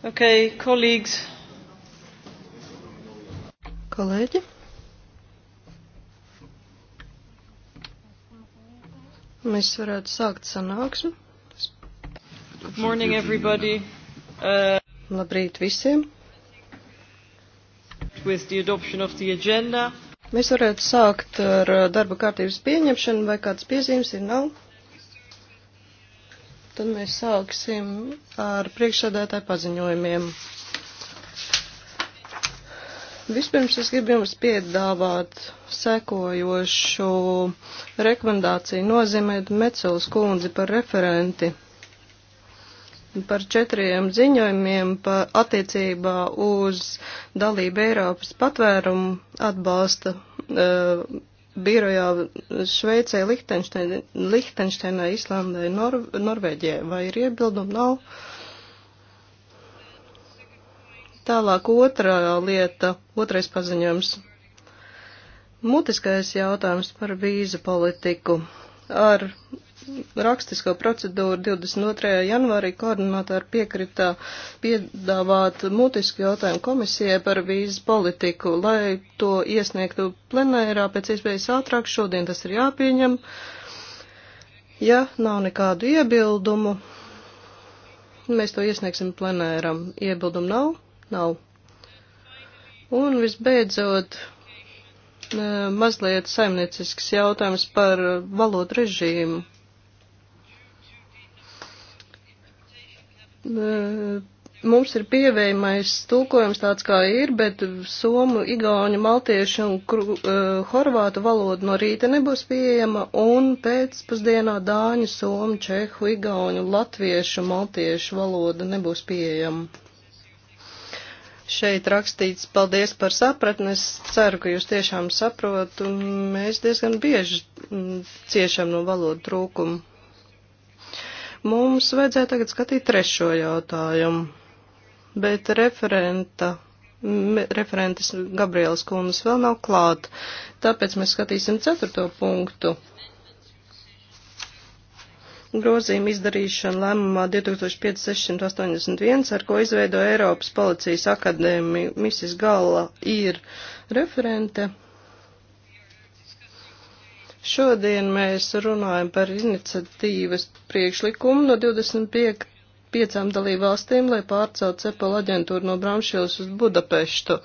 Okay, colleagues. Kolēģi. Mēs varētu sākt sanāksmi. Good morning, everybody. Uh, Labrīt visiem. With the adoption of the agenda. Mēs varētu sākt ar darba kārtības pieņemšanu, vai kādas piezīmes ir nav. No? Tad mēs sāksim ar priekšsēdētāju paziņojumiem. Vispirms es gribu jums piedāvāt sekojošu rekomendāciju nozīmēt Mecels kundzi par referenti par četriem ziņojumiem par attiecībā uz dalību Eiropas patvērumu atbalsta uh, birojā Šveicē, Lihtenšteinā, Islandē, Nor Norvēģijā. Vai ir iebildumi? Nav. Tālāk otrā lieta, otrais paziņojums. Mutiskais jautājums par vīzu politiku ar rakstisko procedūru 22. janvārī koordinātori piekritā piedāvāt mutisku jautājumu komisijai par vīzu politiku, lai to iesniegtu plenērā pēc iespējas ātrāk. Šodien tas ir jāpieņem. Ja nav nekādu iebildumu, mēs to iesniegsim plenēram. Iebildumu nav? Nav. Un visbeidzot, eh, mazliet saimniecisks jautājums par valodu režīmu. Mums ir pieejamais tulkojums tāds kā ir, bet somu, igauņu, maltiešu un kru, uh, horvātu valoda no rīta nebūs pieejama, un pēcpusdienā dāņu, somu, čehu, igauņu, latviešu, maltiešu valoda nebūs pieejama. Šeit rakstīts, paldies par sapratni, es ceru, ka jūs tiešām saprotu, mēs diezgan bieži mm, ciešam no valodu trūkumu. Mums vajadzēja tagad skatīt trešo jautājumu, bet referenta referentes Gabrielas kundas vēl nav klāt. Tāpēc mēs skatīsim ceturto punktu. Grozījuma izdarīšana lēmumā 2581, ar ko izveido Eiropas policijas akadēmiju, Misis Gala ir referente. Šodien mēs runājam par iniciatīvas priekšlikumu no 25 piecām dalībvalstīm, lai pārcelt cepola aģentūru no Bramšils uz Budapeštu.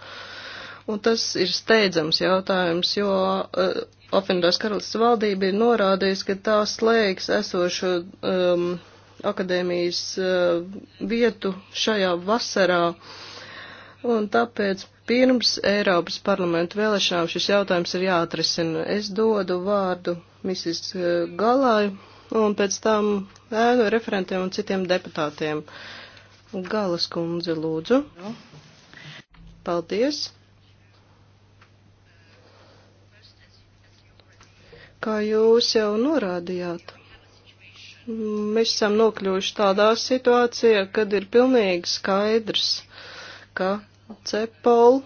Un tas ir steidzams jautājums, jo uh, apvienotās karalists valdība ir norādījusi, ka tā slēgs esošo um, akadēmijas uh, vietu šajā vasarā. Un tāpēc Pirms Eiropas parlamentu vēlēšanām šis jautājums ir jāatrisina. Es dodu vārdu Mrs. Eh, Galāju un pēc tam ēnu referentiem un citiem deputātiem. Galas kundze, lūdzu. Paldies. Kā jūs jau norādījāt, mēs esam nokļuvuši tādā situācijā, kad ir pilnīgi skaidrs, ka CEPOL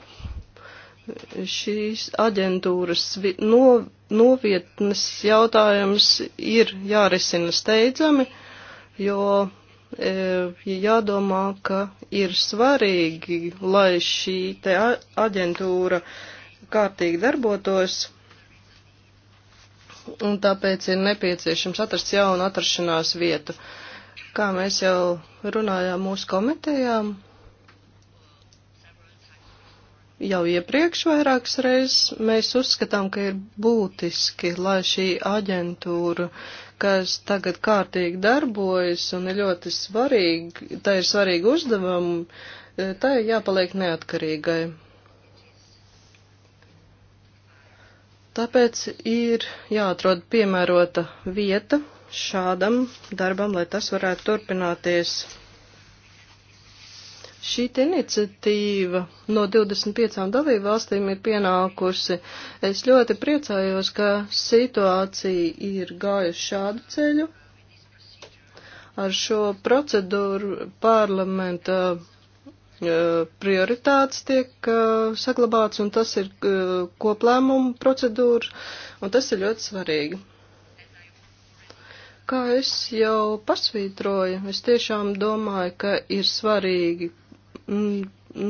šīs aģentūras no, novietnes jautājums ir jārisina steidzami, jo e, jādomā, ka ir svarīgi, lai šī te aģentūra kārtīgi darbotos, un tāpēc ir nepieciešams atrast jaunu atrašanās vietu. Kā mēs jau runājām mūsu komitejām, jau iepriekš vairākas reizes mēs uzskatām, ka ir būtiski, lai šī aģentūra, kas tagad kārtīgi darbojas un ir ļoti svarīga, tā ir svarīga uzdevuma, e, tā ir jāpaliek neatkarīgai. Tāpēc ir jāatrod piemērota vieta šādam darbam, lai tas varētu turpināties Šī iniciatīva no 25 dalību valstīm ir pienākusi. Es ļoti priecājos, ka situācija ir gājusi šādu ceļu. Ar šo procedūru parlamenta e, prioritātes tiek e, saglabāts, un tas ir e, koplēmumu procedūra, un tas ir ļoti svarīgi kā es jau pasvītroju, es tiešām domāju, ka ir svarīgi Mm,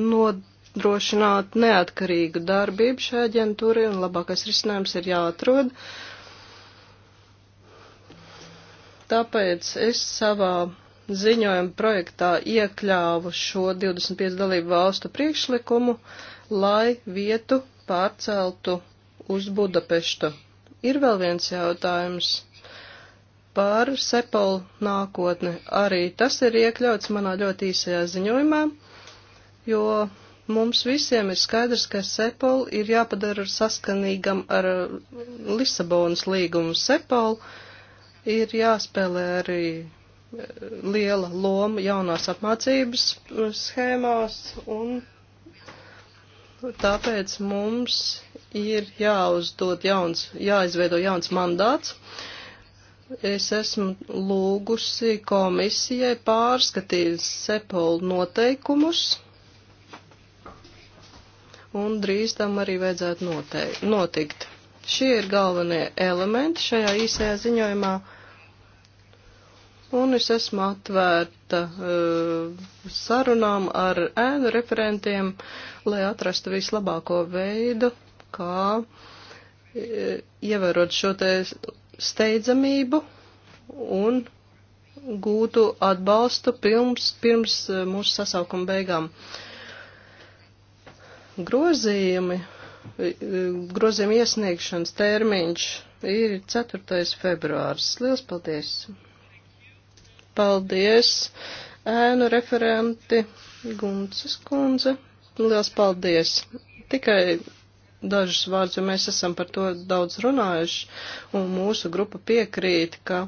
nodrošināt neatkarīgu darbību šai aģentūrai, un labākais risinājums ir jāatrod. Tāpēc es savā ziņojuma projektā iekļāvu šo 25 dalību valstu priekšlikumu, lai vietu pārceltu uz Budapeštu. Ir vēl viens jautājums par Sepolu nākotni. Arī tas ir iekļauts manā ļoti īsajā ziņojumā jo mums visiem ir skaidrs, ka Sepol ir jāpadara saskanīgam ar uh, Lisabonas līgumu. Sepol ir jāspēlē arī uh, liela loma jaunās apmācības uh, schēmās un tāpēc mums ir jāuzdod jauns, jāizveido jauns mandāts. Es esmu lūgusi komisijai pārskatīt Sepol noteikumus un drīz tam arī vajadzētu noteikt, notikt. Šie ir galvenie elementi šajā īsajā ziņojumā, un es esmu atvērta uh, sarunām ar ēnu referentiem, lai atrastu vislabāko veidu, kā uh, ievērot šo te steidzamību un gūtu atbalstu pirms, pirms eh, mūsu sasaukuma beigām. Uh, Grozījumi, grozījumi iesniegšanas termiņš ir 4. februārs. Liels paldies! Paldies, ēnu referenti Gunces kundze. Liels paldies! Tikai dažus vārdus, jo mēs esam par to daudz runājuši, un mūsu grupa piekrīt, ka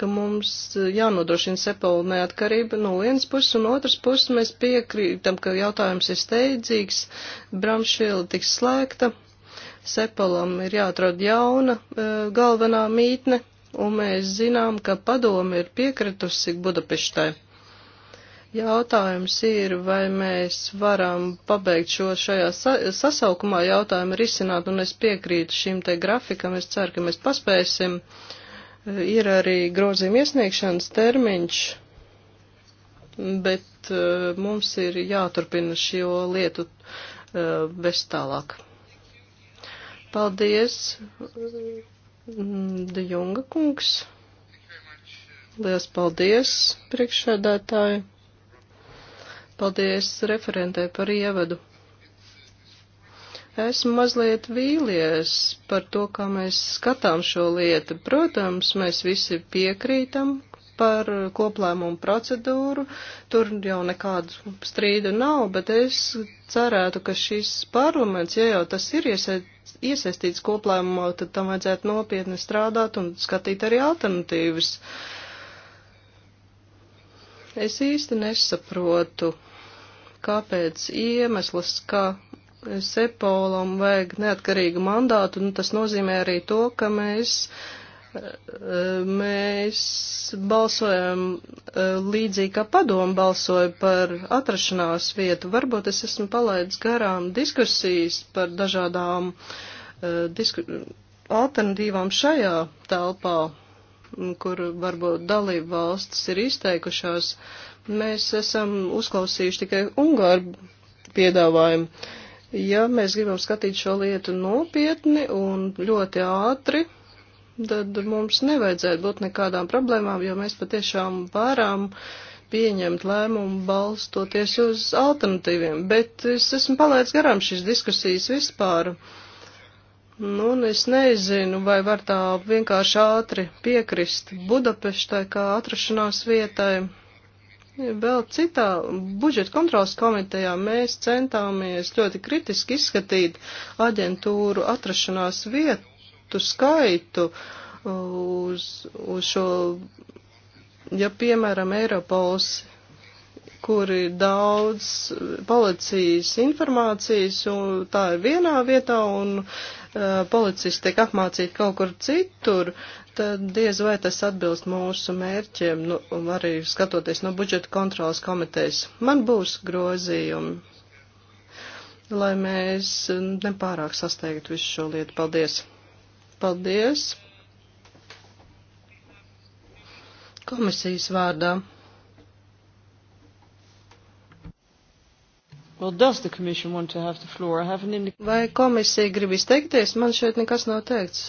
ka mums eh, jānodrošina sepalu neatkarība no vienas puses, un otras puses mēs piekrītam, ka jautājums ir steidzīgs, Bramšviela tiks slēgta, sepalam ir jāatrod jauna e, galvenā mītne, un mēs zinām, ka padomi ir piekritusi Budapeštai. Jautājums ir, vai mēs varam pabeigt šo šajā sa sasaukumā jautājumu risināt, un es piekrītu šim te grafikam, es ceru, ka mēs paspēsim. Uh, Ir arī grozījuma iesniegšanas termiņš, bet uh, mums ir jāturpina šo lietu uh, vest tālāk. Paldies, mm, De Junga kungs. Lielas paldies, priekšsēdētāji. Paldies referentē par ievadu esmu mazliet vīlies par to, kā mēs skatām šo lietu. Protams, mēs visi piekrītam par koplēmumu procedūru, tur jau nekādu strīdu nav, bet es cerētu, ka šis parlaments, ja jau tas ir iesaistīts koplēmumā, tad tam vajadzētu nopietni strādāt un skatīt arī alternatīvas. Es īsti nesaprotu, kāpēc iemesls, ka Sepolam vajag neatkarīgu mandātu, un nu, tas nozīmē arī to, ka mēs, eh, mēs balsojam eh, līdzīgi kā padomu balsoja par atrašanās vietu. Varbūt es esmu palaidis garām diskusijas par dažādām eh, disku, alternatīvām šajā telpā, kur varbūt dalību valstis ir izteikušās. Mēs esam uzklausījuši tikai Ungāru piedāvājumu. Uh, Ja mēs gribam skatīt šo lietu nopietni un ļoti ātri, tad mums nevajadzētu būt nekādām problēmām, jo mēs patiešām varam pieņemt lēmumu balstoties uz alternatīviem. Bet es esmu palaidis garām šīs diskusijas vispār. Nu, un es nezinu, vai var tā vienkārši ātri piekrist Budapeštai kā atrašanās vietai Vēl citā budžeta kontrolas komitejā mēs centāmies ļoti kritiski izskatīt aģentūru atrašanās vietu skaitu uz, uz šo, ja piemēram Eiropols, kur ir daudz policijas informācijas, un tā ir vienā vietā, un policisti tiek apmācīti kaut kur citur, tad diez vai tas atbilst mūsu mērķiem, nu, arī skatoties no budžeta kontrolas komitejas. Man būs grozījumi, lai mēs nepārāk sasteigtu visu šo lietu. Paldies! Paldies! Komisijas vārdā. Well, does the commission want to have the floor? I have an indication. Vai komisija grib izteikties? Man šeit nekas nav teikts.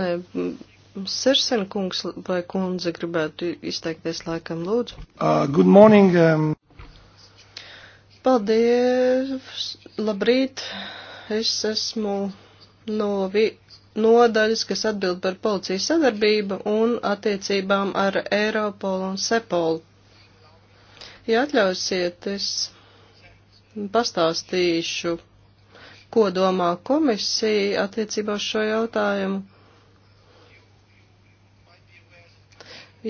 Nē, Sirsen kungs vai kundze gribētu izteikties laikam lūdzu. Uh, good morning. Um... Paldies. Labrīt. Es esmu no vi nodaļas, kas atbild par policijas sadarbību un attiecībām ar Eiropolu un Sepolu. Ja atļausiet, es pastāstīšu, ko domā komisija attiecībā uz šo jautājumu.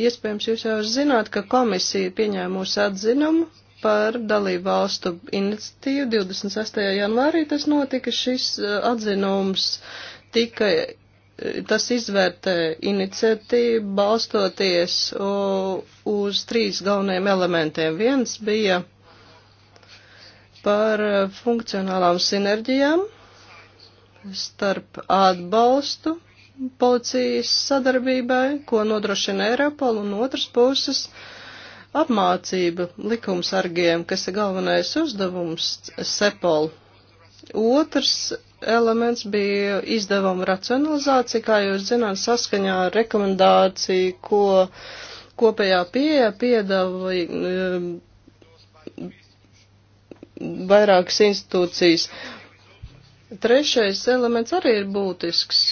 Iespējams, jūs jau zināt, ka komisija pieņēmusi atzinumu par dalību valstu iniciatīvu. 26. janvārī tas notika. Šis eh, atzinums tika tas izvērtē iniciatīvu balstoties uz trīs galvenajiem elementiem. Viens bija par funkcionālām sinerģijām starp atbalstu policijas sadarbībai, ko nodrošina Eiropola, un otras puses apmācība likumsargiem, kas ir galvenais uzdevums Sepol. Otrs elements bija izdevuma racionalizācija, kā jūs zināt, saskaņā ar rekomendāciju, ko kopējā pieeja piedāva um, vairākas institūcijas. Trešais elements arī ir būtisks.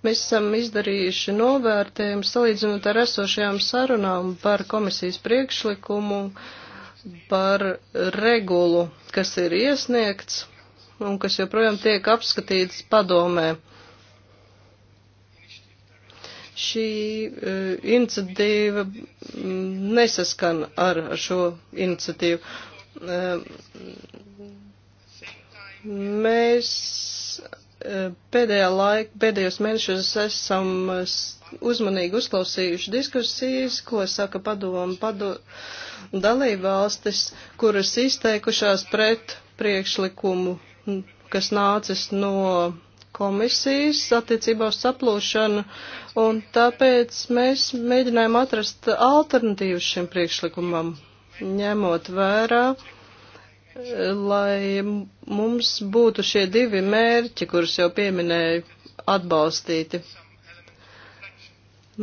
Mēs esam izdarījuši novērtējumu salīdzinot ar esošajām sarunām par komisijas priekšlikumu uh, par regulu, kas ir iesniegts un kas joprojām tiek apskatīts padomē. Šī uh, iniciatīva mm, nesaskan ar šo iniciatīvu. Uh, mēs uh, pēdējā laika, pēdējos mēnešos esam uh, uzmanīgi uzklausījuši diskusijas, ko saka padomu pado, dalībvalstis, kuras izteikušās pret priekšlikumu, kas nācis no komisijas attiecībā uz saplūšanu, un tāpēc mēs mēģinājām atrast alternatīvu šim priekšlikumam, ņemot vērā, lai mums būtu šie divi mērķi, kurus jau pieminēju, atbalstīti.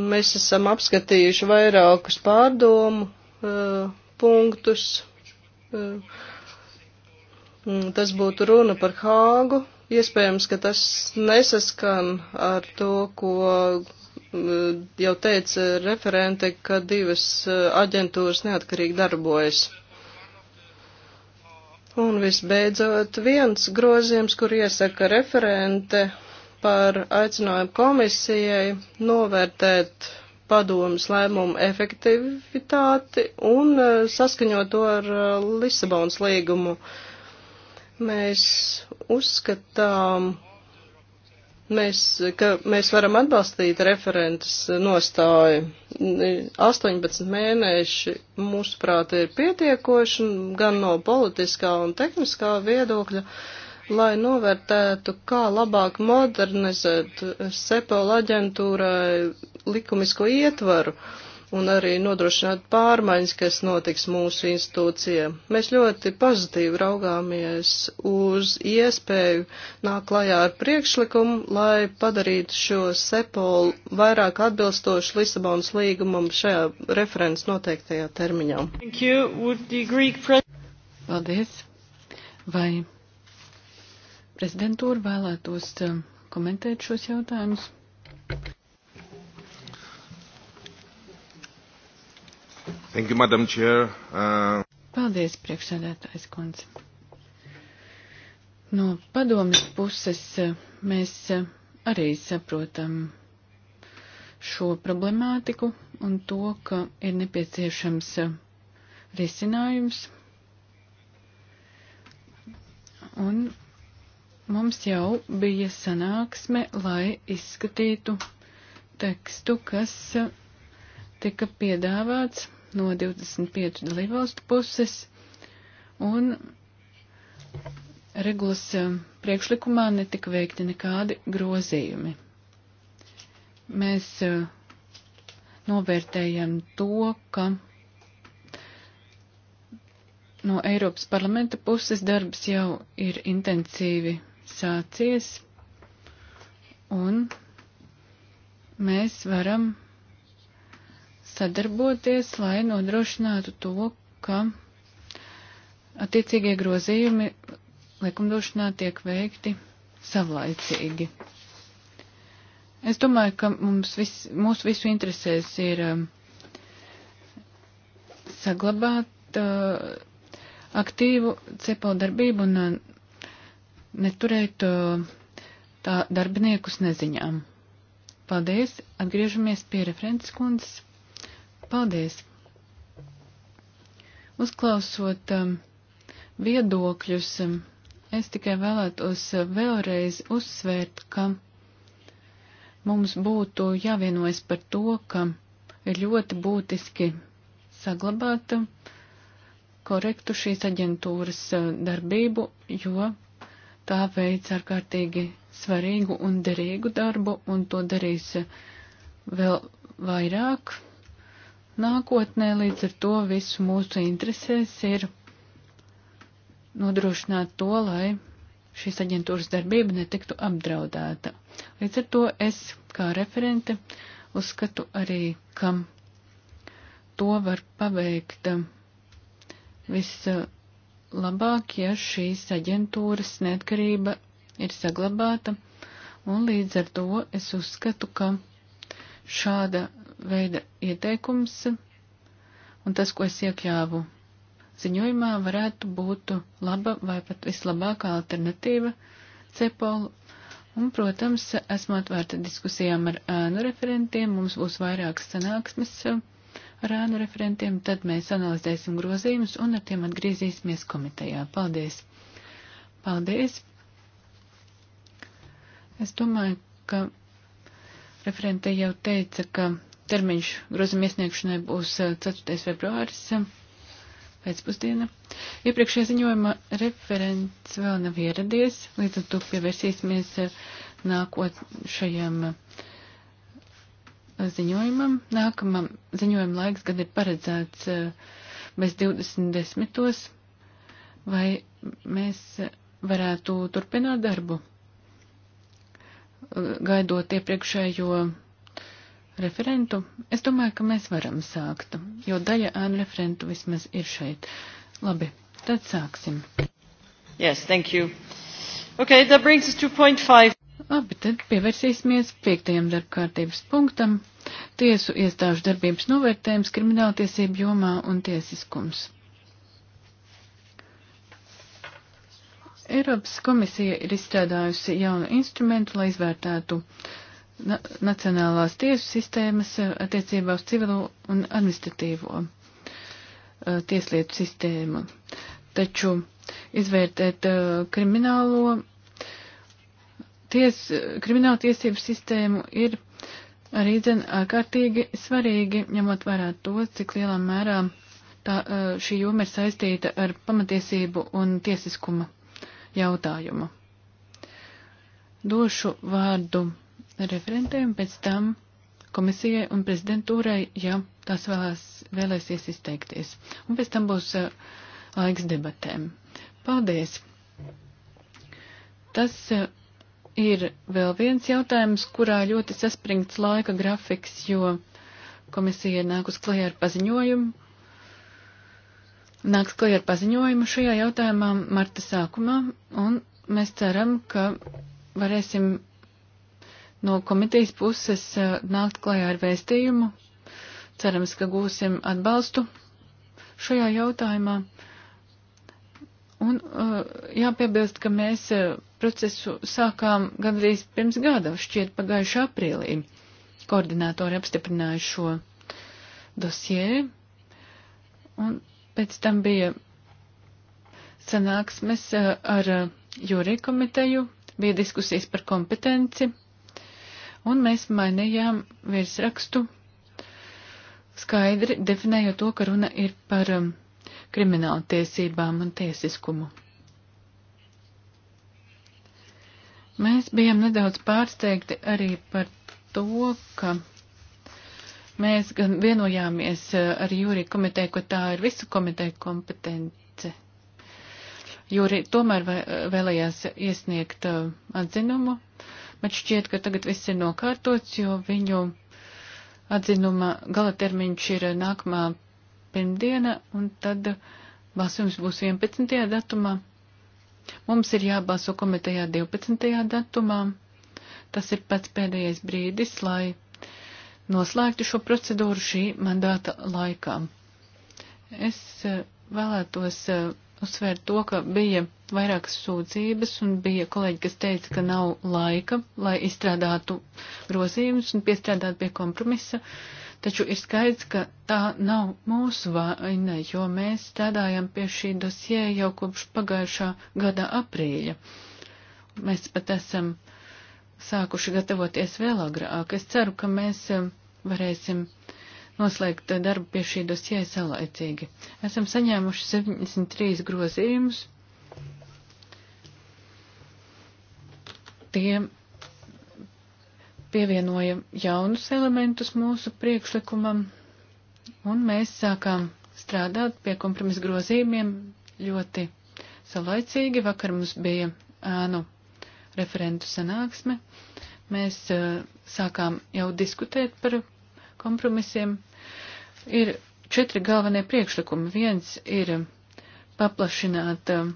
Mēs esam apskatījuši vairākus pārdomu uh, punktus. Uh, tas būtu runa par Hāgu. Iespējams, ka tas nesaskan ar to, ko jau teica referente, ka divas aģentūras neatkarīgi darbojas. Un visbeidzot, viens grozījums, kur iesaka referente, uh, par aicinājumu komisijai novērtēt padomas lēmumu efektivitāti un e, saskaņot to ar e, Lisabonas līgumu. Mēs uzskatām, mēs, ka mēs varam atbalstīt referentes nostāju. 18 mēneši, mūsuprāt, ir pietiekoši gan no politiskā un tehniskā viedokļa. Uh, lai novērtētu, kā labāk modernizēt SEPOL aģentūrai likumisko ietvaru un arī nodrošināt pārmaiņas, kas notiks mūsu institūcijā. Mēs ļoti pozitīvi raugāmies uz iespēju nāk klajā ar priekšlikumu, lai padarītu šo sepolu vairāk atbilstošu Lisabonas līgumam šajā referents noteiktajā termiņā. Paldies! Vai prezidentūra vēlētos eh, komentēt šos jautājumus. Thank you, Madam Chair. Uh... Paldies, priekšsēdētājs kundze. No padomjas puses eh, mēs eh, arī saprotam šo problemātiku un to, ka ir nepieciešams risinājums. Un Mums jau bija sanāksme, lai izskatītu tekstu, kas tika piedāvāts no 25 dalībvalstu puses, un regulas eh, priekšlikumā netika veikti nekādi grozījumi. Mēs eh, novērtējam to, ka no Eiropas parlamenta puses darbs jau ir intensīvi sācies, un mēs varam sadarboties, lai nodrošinātu to, ka attiecīgie grozījumi likumdošanā tiek veikti savlaicīgi. Es domāju, ka mums vis, mūsu visu interesēs ir um, saglabāt uh, aktīvu cepalu darbību un uh, neturēt uh, tā darbiniekus neziņām. Paldies, atgriežamies pie referents kundzes. Paldies! Uzklausot um, viedokļus, um, es tikai vēlētos uh, vēlreiz uzsvērt, ka mums būtu jāvienojas par to, ka ir ļoti būtiski saglabāt um, korektu šīs aģentūras uh, darbību, jo tā veids ārkārtīgi svarīgu un derīgu darbu, un to darīs vēl vairāk nākotnē. Līdz ar to visu mūsu interesēs ir nodrošināt to, lai šīs aģentūras darbība netiktu apdraudēta. Līdz ar to es, kā referente, uzskatu arī, ka to var paveikt viss labāk, ja šīs aģentūras neatkarība ir saglabāta, un līdz ar to es uzskatu, ka šāda veida ieteikums un tas, ko es iekļāvu ziņojumā, varētu būt laba vai pat vislabākā alternatīva cepolu. Un, protams, esmu atvērta diskusijām ar ēnu referentiem, mums būs vairākas sanāksmes. Uh, ar ēnu referentiem, tad mēs analizēsim grozījumus un ar tiem atgriezīsimies komitejā. Paldies! Paldies! Es domāju, ka referente jau teica, ka termiņš grozījuma iesniegšanai būs 4. Eh, februāris eh, pēcpusdiena. Iepriekšējā ziņojuma referents vēl nav ieradies, līdz ar to pievērsīsimies eh, nākotnējiem ziņojumam. Nākamam ziņojuma laiks gan ir paredzēts eh, bez 20.10. Vai mēs varētu turpināt darbu, gaidot iepriekšējo referentu? Es domāju, ka mēs varam sākt, jo daļa ēnu referentu vismaz ir šeit. Labi, tad sāksim. Yes, thank you. Okay, that brings us to point five. Labi, tad pievērsīsimies piektajam darbkārtības punktam - tiesu iestāžu darbības novērtējums krimināltiesību jomā un tiesiskums. Eiropas komisija ir izstrādājusi jaunu instrumentu, lai izvērtētu na nacionālās tiesu sistēmas eh, attiecībā uz civilo un administratīvo uh, tieslietu sistēmu. Taču izvērtēt uh, kriminālo ties, krimināla tiesību sistēmu ir arī dzen ārkārtīgi svarīgi, ņemot vērā to, cik lielā mērā tā, šī joma ir saistīta ar pamatiesību un tiesiskuma jautājumu. Došu vārdu referentiem, pēc tam komisijai un prezidentūrai, ja tās vēlēs, vēlēsies izteikties. Un pēc tam būs uh, laiks debatēm. Paldies! Tas uh, Ir vēl viens jautājums, kurā ļoti saspringts laika grafiks, jo komisija nāk uz klajā ar paziņojumu. Nāks klajā ar paziņojumu šajā jautājumā marta sākumā, un mēs ceram, ka varēsim no komitejas puses nākt klajā ar vēstījumu. Cerams, ka gūsim atbalstu šajā jautājumā. Un jāpiebilst, ka mēs procesu sākām gandrīz pirms gada, šķiet pagājušā aprīlī. Koordinātori apstiprināja šo dosie, un pēc tam bija sanāksmes eh, ar eh, jūrī komiteju, bija diskusijas par kompetenci, un mēs mainījām virsrakstu, skaidri definējot to, ka runa ir par eh, kriminālu tiesībām un tiesiskumu. Mēs bijām nedaudz pārsteigti arī par to, ka mēs gan vienojāmies eh, ar jūriju komiteju, ka tā ir visu komiteju kompetence. Jūri tomēr vēlējās iesniegt eh, atzinumu, bet šķiet, ka tagad viss ir nokārtots, jo viņu atzinuma gala termiņš ir eh, nākamā pirmdiena, un tad balsojums būs 11. datumā. Mums ir jābalso komitejā 12. datumā. Tas ir pats pēdējais brīdis, lai noslēgtu šo procedūru šī mandāta laikā. Es eh, vēlētos eh, uzsvērt to, ka bija vairākas sūdzības un bija kolēģi, kas teica, ka nav laika, lai izstrādātu grozījumus un piestrādātu pie kompromisa. Uh, Taču ir skaidrs, ka tā nav mūsu vaina, jo mēs strādājam pie šī dosie jau kopš pagājušā gada aprīļa. Mēs pat esam sākuši gatavoties vēl agrāk. Es ceru, ka mēs um, varēsim noslēgt darbu pie šī dosie saulaicīgi. Esam saņēmuši 73 grozījumus. Tie pievienoja jaunus elementus mūsu priekšlikumam, un mēs sākām strādāt pie kompromisa grozījumiem ļoti salaicīgi. Vakar mums bija ēnu referentu sanāksme. Mēs uh, sākām jau diskutēt par kompromisiem. Ir četri galvenie priekšlikumi. Viens ir paplašināt uh,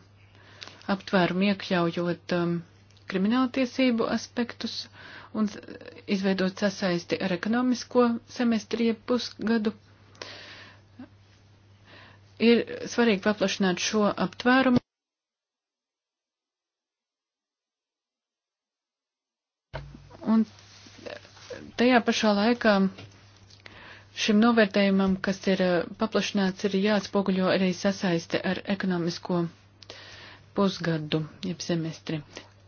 aptvērumu iekļaujot um, krimināltiesību aspektus un izveidot sasaisti ar ekonomisko semestrie pusgadu. Ir svarīgi paplašināt šo aptvērumu. Un tajā pašā laikā šim novērtējumam, kas ir e, paplašināts, ir jāatspoguļo arī sasaiste ar ekonomisko pusgadu, jeb semestri.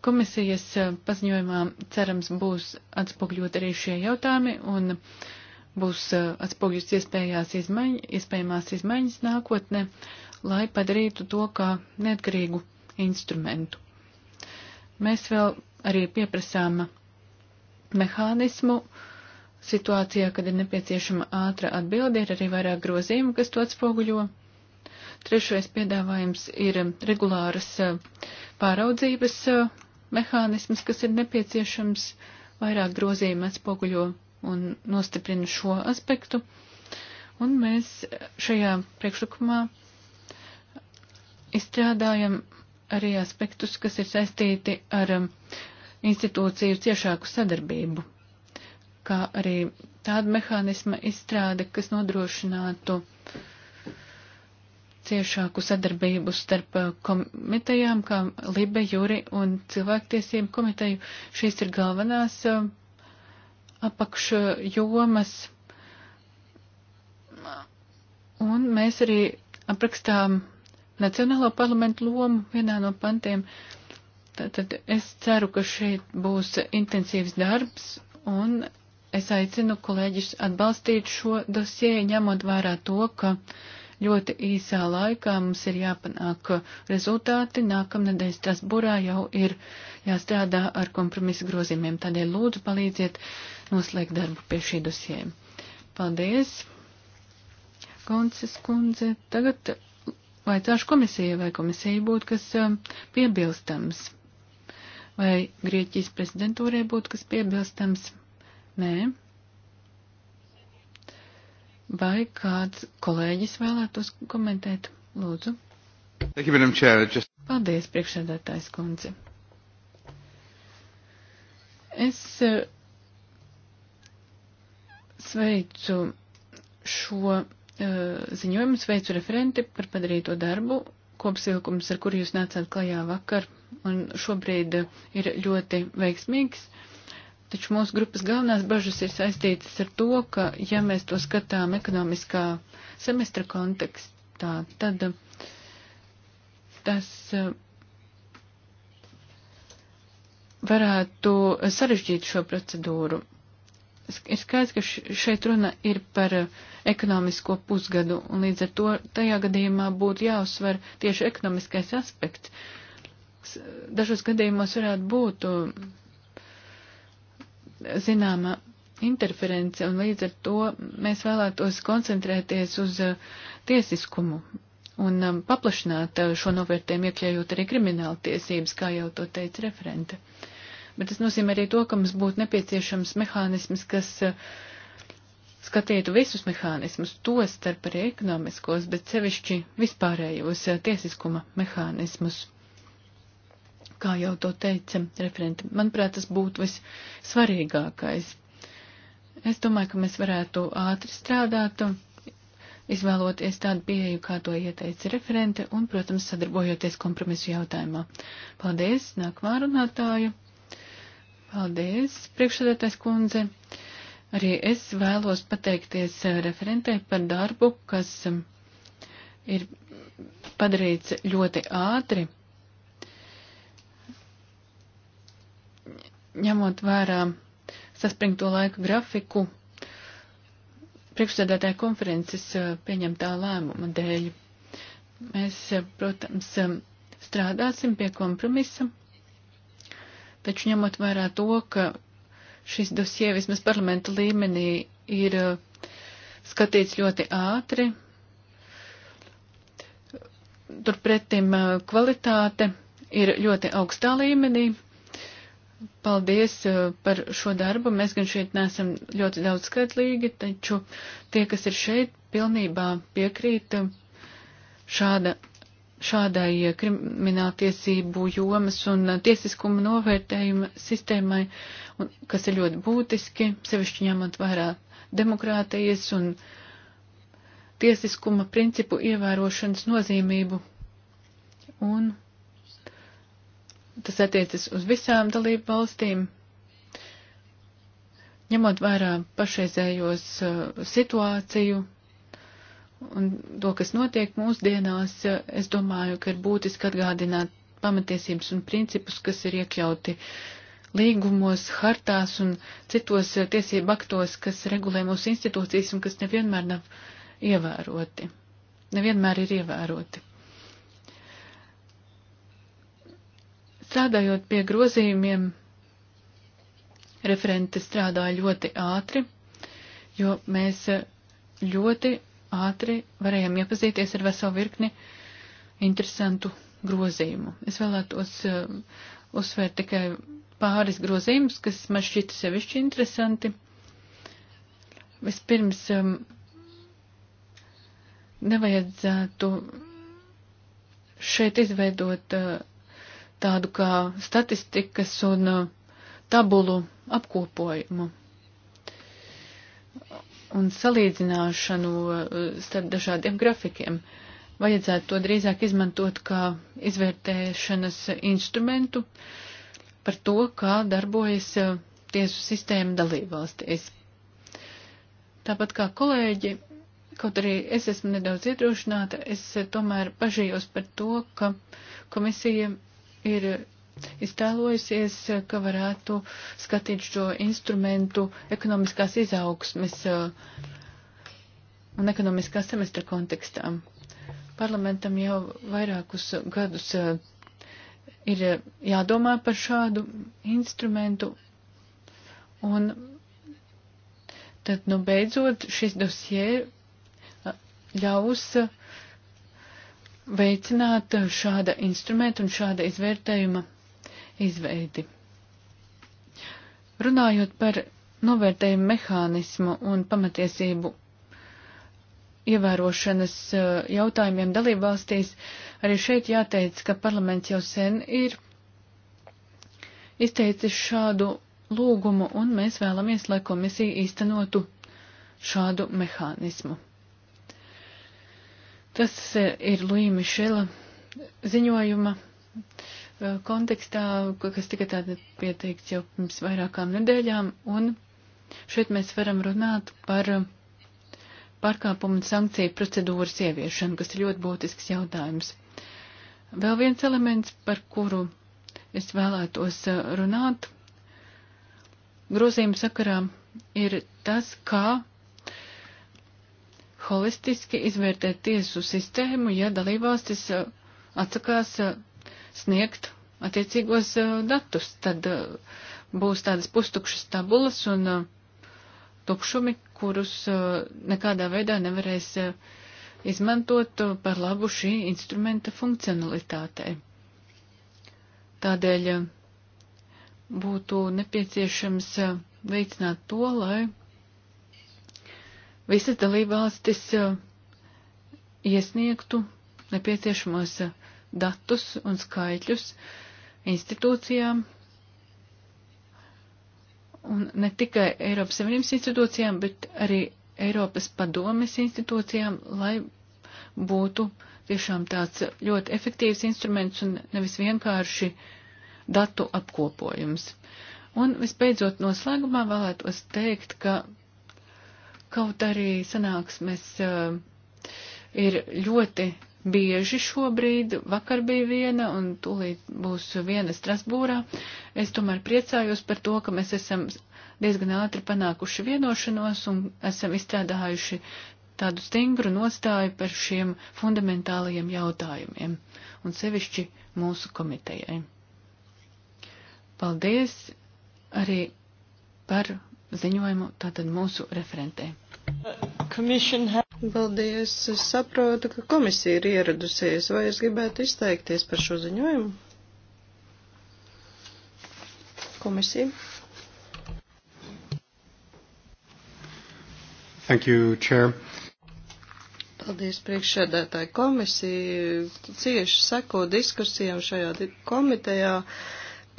Komisijas eh, paziņojumā cerams būs atspogļot arī šie jautājumi un būs eh, atspogļots iespējās izmaiņ, iespējamās izmaiņas nākotnē, lai padarītu to kā neatkarīgu instrumentu. Mēs vēl arī pieprasām mehānismu situācijā, kad ir nepieciešama ātra atbilde, ir arī vairāk grozījumu, kas to atspoguļo. Trešais piedāvājums ir regulāras eh, pāraudzības mehānisms, kas ir nepieciešams, vairāk grozījumi atspoguļo un nostiprina šo aspektu. Un mēs šajā priekšlikumā izstrādājam arī aspektus, kas ir saistīti ar um, institūciju ciešāku sadarbību, kā arī tāda mehānisma izstrāde, kas nodrošinātu ciešāku sadarbību starp uh, komitejām, kā Libe, Juri un cilvēktiesību komiteju. Šīs ir galvenās uh, apakšjomas. Uh, un mēs arī aprakstām Nacionālo parlamentu lomu vienā no pantiem. Tātad es ceru, ka šeit būs intensīvs darbs un es aicinu kolēģis atbalstīt šo dosie, ņemot vērā to, ka uh, Ļoti īsā laikā mums ir jāpanāk rezultāti. Nākamnedēļ Strasburā jau ir jāstrādā ar kompromisu grozījumiem. Tādēļ lūdzu palīdziet noslēgt darbu pie šī dosiem. Paldies, Konces kundze. Tagad vaicāšu komisijai, vai komisija būtu kas um, piebilstams. Vai Grieķijas prezidentūrē būtu kas piebilstams? Nē. Vai kāds kolēģis vēlētos komentēt? Lūdzu. Paldies, priekšsēdētājs kundze. Es eh, sveicu šo eh, ziņojumu, sveicu referenti par padarīto darbu. Kopsilkums, ar kuru jūs nācāt klajā vakar, un šobrīd ir ļoti veiksmīgs. Uh, Taču mūsu grupas galvenās bažas ir saistītas ar to, ka, ja mēs to skatām ekonomiskā semestra kontekstā, tad uh, tas uh, varētu sarežģīt šo procedūru. Ir skaidrs, ka šeit runa ir par uh, ekonomisko pusgadu, un līdz ar to tajā gadījumā būtu jāuzsver tieši ekonomiskais aspekts. Dažos gadījumos varētu būt zināma interference, un līdz ar to mēs vēlētos koncentrēties uz uh, tiesiskumu un um, paplašināt uh, šo novērtējumu, iekļaujot arī krimināla tiesības, kā jau to teica referente. Bet tas nozīmē arī to, ka mums būtu nepieciešams mehānisms, kas uh, skatītu visus mehānismus, tos starp arī ekonomiskos, bet sevišķi vispārējos tiesiskuma mehānismus kā jau to teica referenti. Manuprāt, tas būtu vissvarīgākais. Es domāju, ka mēs varētu ātri strādāt, izvēloties tādu pieeju, kā to ieteica referente, un, protams, sadarbojoties kompromisu jautājumā. Paldies, nākamā runātāja. Paldies, priekšsēdētājs kundze. Arī es vēlos pateikties referentei par darbu, kas ir padarīts ļoti ātri ņemot vērā saspringto laiku grafiku, priekšsēdētāja konferences eh, pieņemtā lēmuma dēļ. Mēs, eh, protams, eh, strādāsim pie kompromisa, taču ņemot vērā to, ka šis dosie vismaz parlamenta līmenī ir skatīts ļoti ātri, turpretim kvalitāte ir ļoti augstā līmenī, paldies eh, par šo darbu. Mēs gan šeit nesam ļoti daudz skatlīgi, taču tie, kas ir šeit, pilnībā piekrīt eh, šāda, šādai eh, krimināltiesību jomas un tiesiskuma novērtējuma sistēmai, un, kas ir ļoti būtiski, sevišķi ņemot vērā demokrātijas un tiesiskuma principu ievērošanas nozīmību. Un Tas attiecas uz visām dalību valstīm. Ņemot vērā pašreizējos uh, situāciju un to, kas notiek mūsdienās, uh, es domāju, ka ir būtiski atgādināt pamatiesības un principus, kas ir iekļauti līgumos, hartās un citos uh, tiesību aktos, kas regulē mūsu institūcijas un kas nevienmēr nav ievēroti. Nevienmēr ir ievēroti. Strādājot pie grozījumiem, referente strādāja ļoti ātri, jo mēs ļoti ātri varējām iepazīties ar veselu virkni interesantu grozījumu. Es vēlētos eh, uzsvērt tikai pāris grozījumus, kas man šķita sevišķi interesanti. Vispirms um, nevajadzētu šeit izveidot uh, tādu kā statistikas un uh, tabulu apkopojumu un salīdzināšanu uh, starp dažādiem grafikiem. Vajadzētu to drīzāk izmantot kā izvērtēšanas instrumentu par to, kā darbojas uh, tiesu sistēma dalībvalstīs. Tāpat kā kolēģi, kaut arī es esmu nedaudz iedrošināta, es tomēr pažījos par to, ka komisija ir iztēlojusies, ka varētu skatīt šo instrumentu ekonomiskās izaugsmes un ekonomiskā semestra kontekstā. Parlamentam jau vairākus gadus eh, ir jādomā par šādu instrumentu, un tad, nu, beidzot, šis dosie eh, ļaus uh, veicināt šāda instrumenta un šāda izvērtējuma izveidi. Runājot par novērtējumu mehānismu un pamatiesību ievērošanas eh, jautājumiem dalībvalstīs, arī šeit jāteic, ka parlaments jau sen ir izteicis šādu lūgumu, un mēs vēlamies, lai komisija īstenotu šādu mehānismu. Tas e, ir Lūija Mišela ziņojuma e, kontekstā, kas tika tāda pieteikts jau pirms vairākām nedēļām, un šeit mēs varam runāt par e, pārkāpumu un sankciju procedūras ieviešanu, kas ir ļoti būtisks jautājums. Vēl viens elements, par kuru es vēlētos runāt, grozījuma sakarā ir tas, kā holistiski izvērtēt tiesu sistēmu, ja dalībvalstis uh, atsakās uh, sniegt attiecīgos uh, datus. Tad būs tādas pustukšas tabulas un tukšumi, kurus nekādā veidā nevarēs izmantot par labu šī instrumenta funkcionalitātei. Tādēļ būtu nepieciešams veicināt to, lai visas dalībvalstis eh, iesniegtu nepieciešamos eh, datus un skaitļus institūcijām, un ne tikai Eiropas Savienības institūcijām, bet arī Eiropas padomes institūcijām, lai būtu tiešām tāds ļoti efektīvs instruments un nevis vienkārši datu apkopojums. Un visbeidzot noslēgumā vēlētos teikt, ka Kaut arī sanāksmes uh, ir ļoti bieži šobrīd, vakar bija viena un tūlīt būs viena Strasbūrā, es tomēr priecājos par to, ka mēs esam diezgan ātri panākuši vienošanos un esam izstrādājuši tādu stingru nostāju par šiem fundamentālajiem jautājumiem, un sevišķi mūsu komitejai. Paldies arī par ziņojumu tātad mūsu referentē. Paldies. Es saprotu, ka komisija ir ieradusies. Vai es gribētu izteikties par šo ziņojumu? Komisija. Thank you, Chair. Paldies priekšsēdētāji komisija. Cieši seko diskusijām šajā komitejā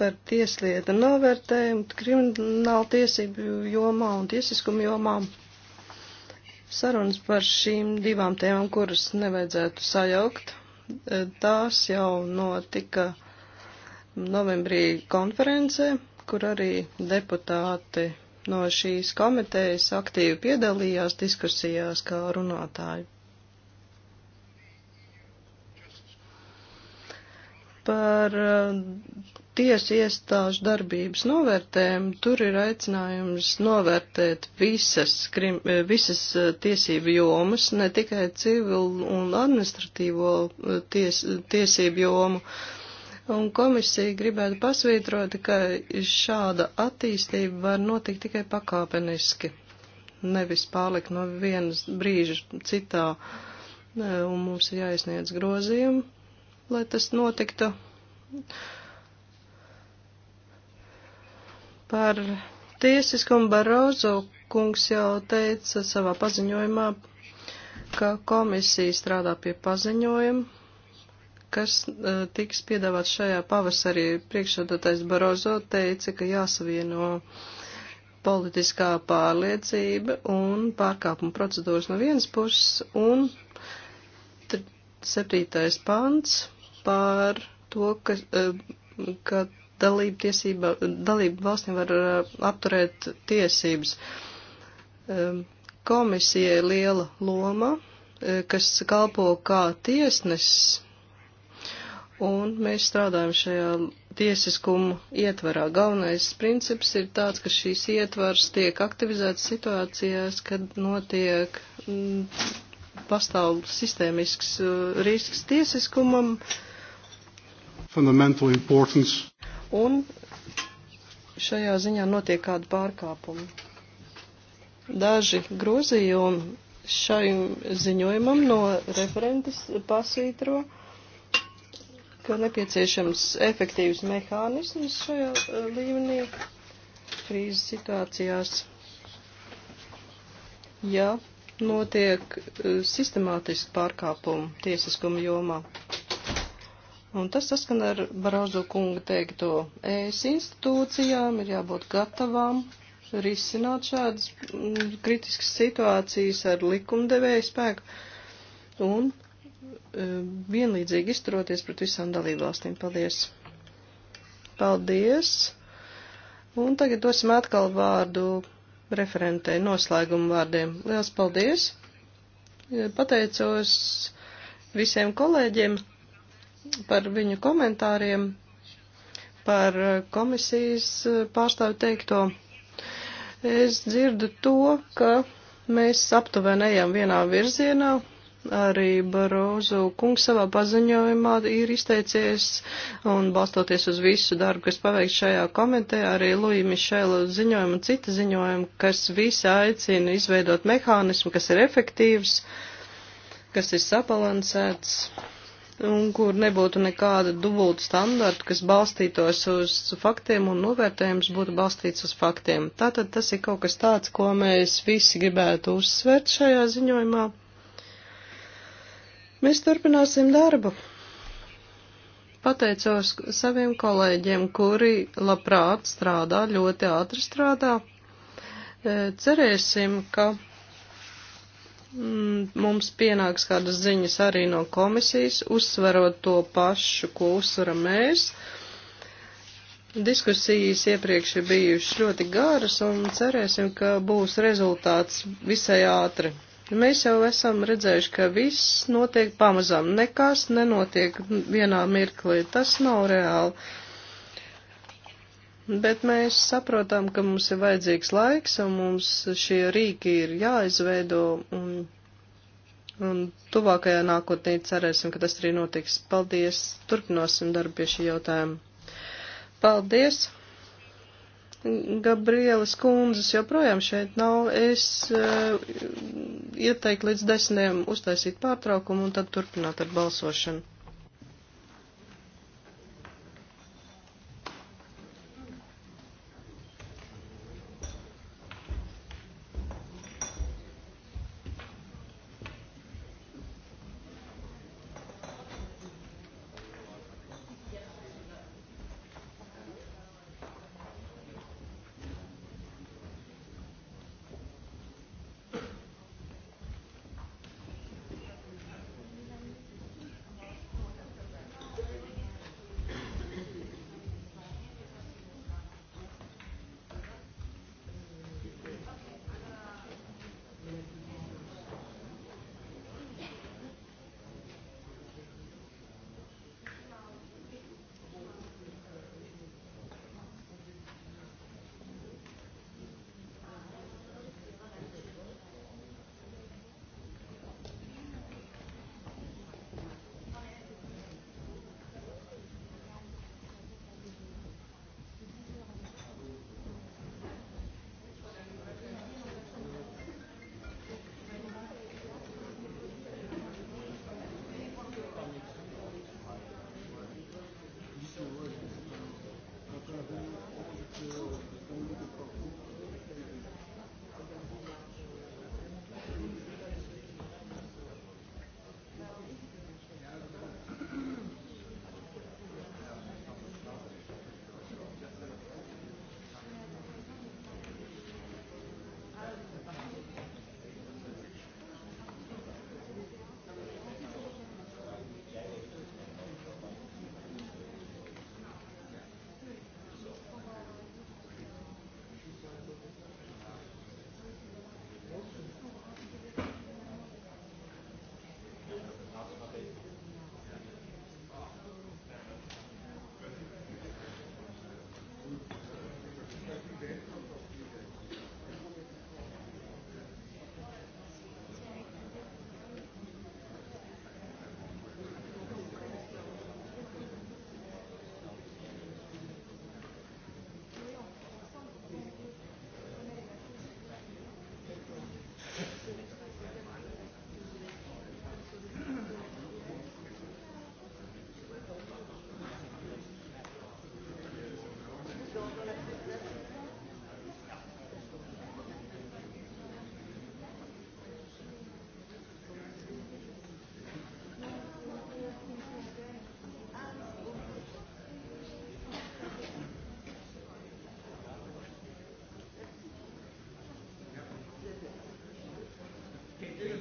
par tieslietu novērtējumu, kriminālu tiesību jomā un tiesiskumu jomām. Sarunas par šīm divām tēmām, kuras nevajadzētu sajaukt, e, tās jau notika novembrī konferencē, kur arī deputāti no šīs komitejas aktīvi piedalījās diskusijās kā runātāji. Par e, tiesu iestāžu darbības novērtējumu, tur ir aicinājums novērtēt visas, krim, eh, visas eh, tiesību jomas, ne tikai civilu un administratīvo eh, ties, tiesību jomu. Un komisija gribētu pasvītrot, ka šāda attīstība var notikt tikai pakāpeniski, nevis pārlikt no vienas brīža citā, un mums ir jāizniedz grozījumi, lai tas notiktu. Uh, Par tiesiskumu Barozo kungs jau teica savā paziņojumā, ka komisija strādā pie paziņojuma, kas uh, tiks piedāvāts šajā pavasarī. Priekšsēdētājs Barozo teica, ka jāsavieno politiskā pārliecība un pārkāpuma procedūras no vienas puses un septītais pants pār to, ka, uh, ka dalību, tiesība, dalību valstīm var uh, apturēt tiesības. Um, komisija ir liela loma, uh, kas kalpo kā tiesnes, un mēs strādājam šajā tiesiskumu ietvarā. Galvenais princips ir tāds, ka šīs ietvars tiek aktivizēts situācijās, kad notiek m, mm, pastāv sistēmisks uh, risks tiesiskumam. Fundamental importance un šajā ziņā notiek kādi pārkāpumi. Daži grozījumi šai ziņojumam no referentes pasvītro, ka nepieciešams efektīvs mehānisms šajā e, līmenī krīzes situācijās. Ja notiek e, sistemātiski pārkāpumi tiesiskuma jomā. Un tas saskan ar Barozo kunga teikto. ES institūcijām ir jābūt gatavām risināt šādas mm, kritiskas situācijas ar likumdevēju spēku un e, vienlīdzīgi izturoties pret visām dalībvalstīm. Paldies! Paldies! Un tagad dosim atkal vārdu referentei noslēgumu vārdiem. Liels paldies! Pateicos visiem kolēģiem! par viņu komentāriem, par komisijas pārstāvu teikto. Es dzirdu to, ka mēs aptuveni ejam vienā virzienā. Arī Barozu kungs savā paziņojumā ir izteicies un balstoties uz visu darbu, kas paveikts šajā komentē, arī Luija Mišela ziņojuma un cita ziņojuma, kas visi aicina izveidot mehānismu, kas ir efektīvs, kas ir sabalansēts un kur nebūtu nekāda dubulta standarta, kas balstītos uz faktiem un novērtējums būtu balstīts uz faktiem. Tātad tas ir kaut kas tāds, ko mēs visi gribētu uzsvērt šajā ziņojumā. Mēs turpināsim darbu. Pateicos saviem kolēģiem, kuri labprāt strādā, ļoti ātri strādā. Cerēsim, ka Mm, mums pienāks kādas ziņas arī no komisijas, uzsverot to pašu, ko uzsveram mēs. Diskusijas iepriekš ir bijušas ļoti garas un cerēsim, ka būs rezultāts visai ātri. Mēs jau esam redzējuši, ka viss notiek pamazām, nekas nenotiek vienā mirklī, tas nav reāli Bet mēs saprotam, ka mums ir vajadzīgs laiks, un mums šie rīki ir jāizveido, un, un tuvākajā nākotnē cerēsim, ka tas arī notiks. Paldies! Turpināsim darbu pie šī jautājuma. Paldies! Gabrielas kundzes joprojām šeit nav. Es uh, ieteiktu līdz desmitiem uztaisīt pārtraukumu un tad turpināt ar balsošanu.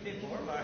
niet voor, maar...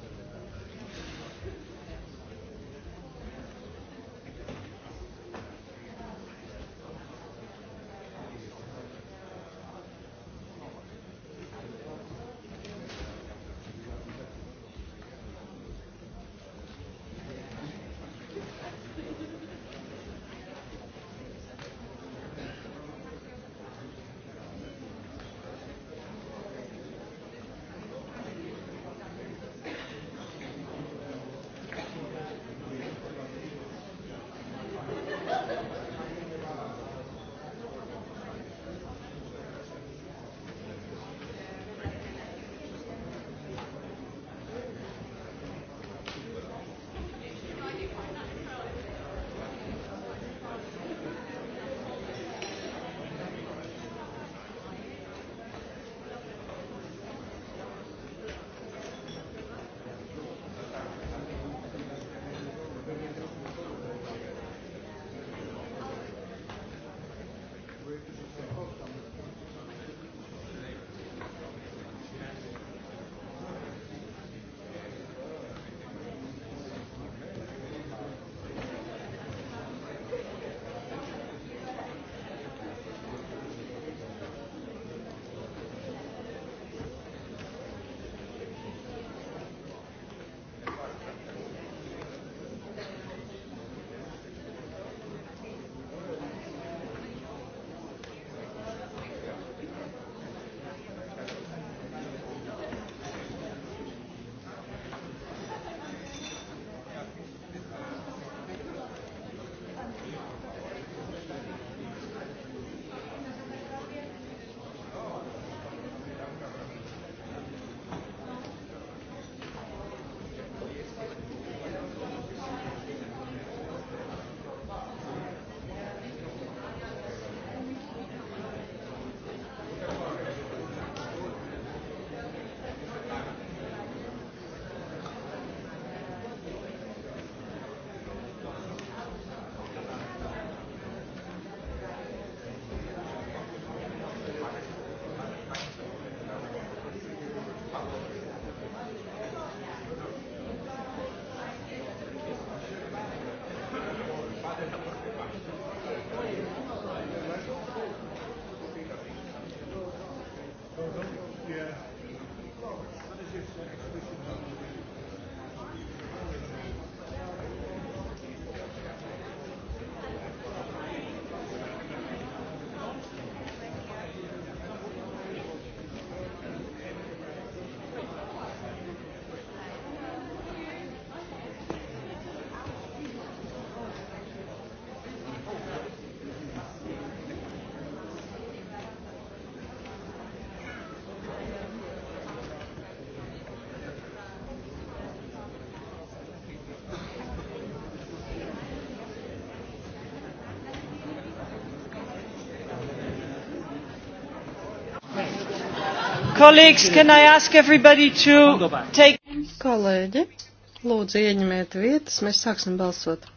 Colleagues, can I ask everybody to take... Kolēģi, lūdzu ieņemiet vietas, mēs sāksim balsot.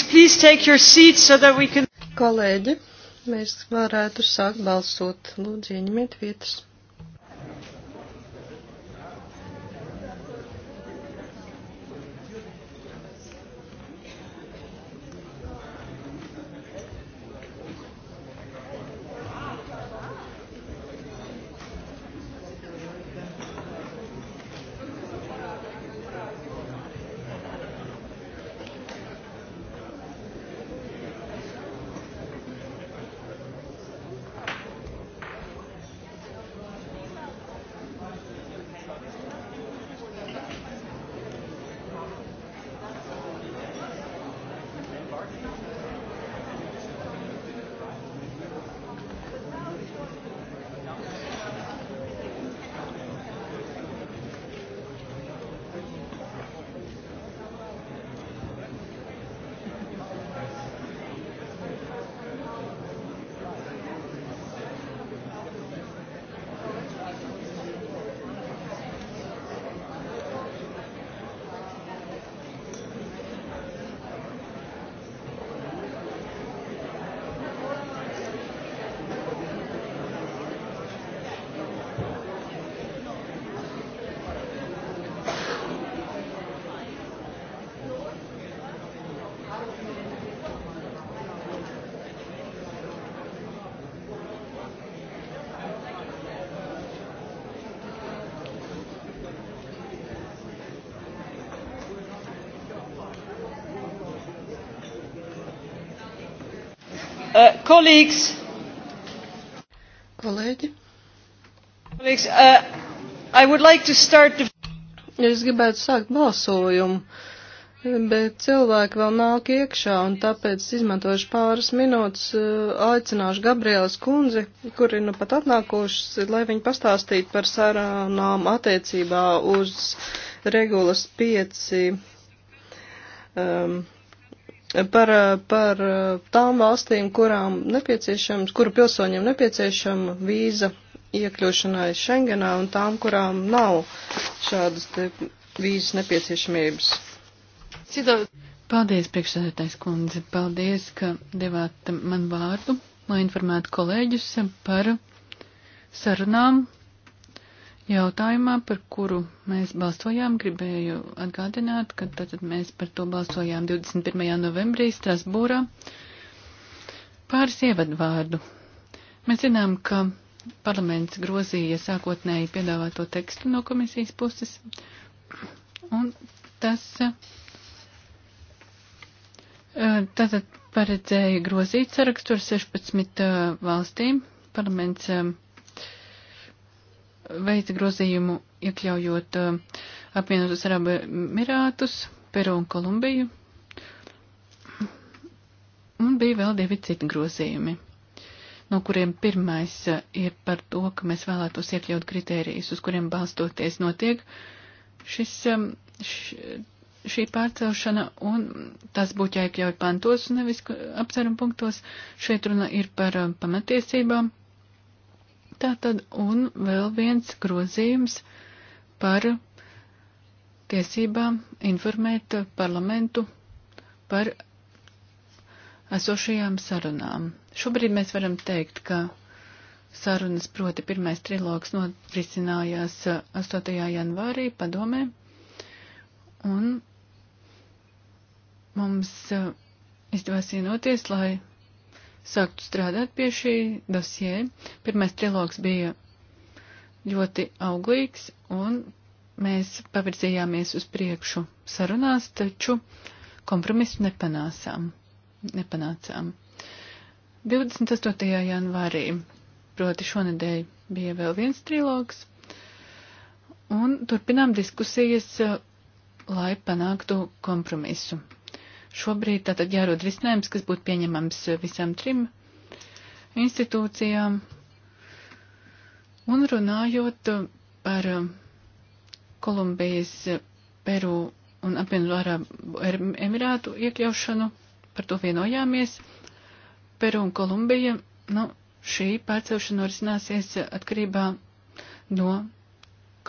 So can... Kolēģi, mēs varētu sākt balsot. Lūdzu, ieņemiet vietas. Kolēģis. Kolēģi. Kolēģis, uh, like the... Es gribētu sākt balsojumu, bet cilvēki vēl nāk iekšā, un tāpēc izmantošu pāris minūtes, uh, aicināšu Gabrielas kundzi, kur ir nu pat atnākušas, lai viņi pastāstītu par sarunām attiecībā uz regulas pieci. Um, par, par tām valstīm, kurām nepieciešams, kuru pilsoņiem nepieciešama vīza iekļūšanai Schengenā un tām, kurām nav šādas vīzas nepieciešamības. Citādi. Paldies, priekšsēdētājs kundze. Paldies, ka devāt man vārdu, lai informētu kolēģus par sarunām jautājumā, par kuru mēs balsojām, gribēju atgādināt, ka tātad mēs par to balsojām 21. novembrī Strasbūrā. Pāris ievadvārdu. Mēs zinām, ka parlaments grozīja sākotnēji piedāvāto tekstu no komisijas puses, un tas eh, tātad paredzēja grozīt sarakstu ar 16 eh, valstīm. Parlaments eh, veica grozījumu iekļaujot eh, apvienotos Arabu Emirātus, Peru un Kolumbiju. Un bija vēl divi citi grozījumi, no kuriem pirmais eh, ir par to, ka mēs vēlētos iekļaut kritērijus, uz kuriem balstoties notiek šis, eh, š, šī pārcelšana, un tas būtu jāiekļauj pantos un nevis apcerumu punktos. Šeit runa ir par pamatiesībām, Tātad un vēl viens grozījums par tiesībām informēt parlamentu par esošajām sarunām. Šobrīd mēs varam teikt, ka sarunas, proti pirmais trilogs notrisinājās 8. Eh, janvārī padomē, un mums eh, izdevās vienoties, lai sāktu strādāt pie šī dosie. Pirmais trilogs bija ļoti auglīgs un mēs pavirzījāmies uz priekšu sarunās, taču kompromisu nepanāsām. nepanācām. 28. janvārī, proti šonedēļ, bija vēl viens trilogs un turpinām diskusijas, lai panāktu kompromisu šobrīd tātad jārod risinājums, kas būtu pieņemams visām trim institūcijām. Un runājot par Kolumbijas, Peru un apvienoto Arābu Emirātu iekļaušanu, par to vienojāmies. Peru un Kolumbija, nu, šī pārcelšana norisināsies atkarībā no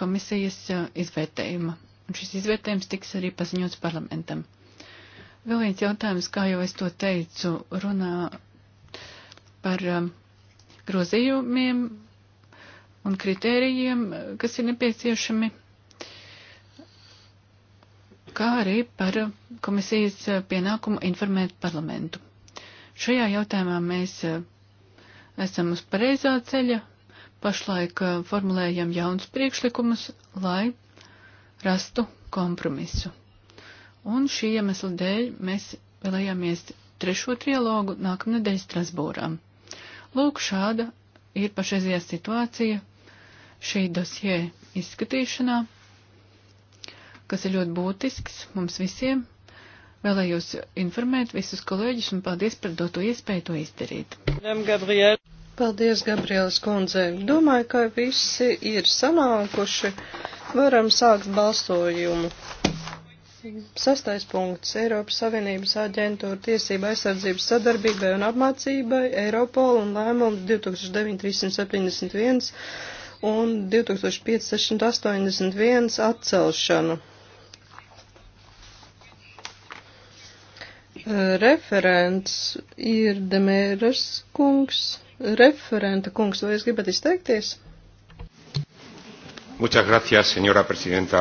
komisijas izvērtējuma. Un šis izvērtējums tiks arī paziņots parlamentam. Vēl viens jautājums, kā jau es to teicu, runā par um, grozījumiem un kritērijiem, kas ir nepieciešami, kā arī par komisijas pienākumu informēt parlamentu. Šajā jautājumā mēs uh, esam uz pareizā ceļa, pašlaik uh, formulējam jaunus priekšlikumus, lai rastu kompromisu. Un šī iemesla dēļ mēs vēlējāmies trešo trilogu nākamnedēļ Strasbūrā. Lūk, šāda ir pašreizajā situācija šī dosie izskatīšanā, kas ir ļoti būtisks mums visiem. Vēlējos informēt visus kolēģus un paldies par doto iespēju to izdarīt. Gabriel. Paldies, Gabrielas kundze. Domāju, ka visi ir sanākuši. Varam sākt balsojumu. Sastais punkts - Eiropas Savienības aģentūra tiesība aizsardzības sadarbībai un apmācībai Eiropola un lēmumu 2971 un 2581 atcelšanu. Referents ir Demēras kungs. Referenta kungs, vai jūs gribat izteikties? Muchas gracias, señora presidenta.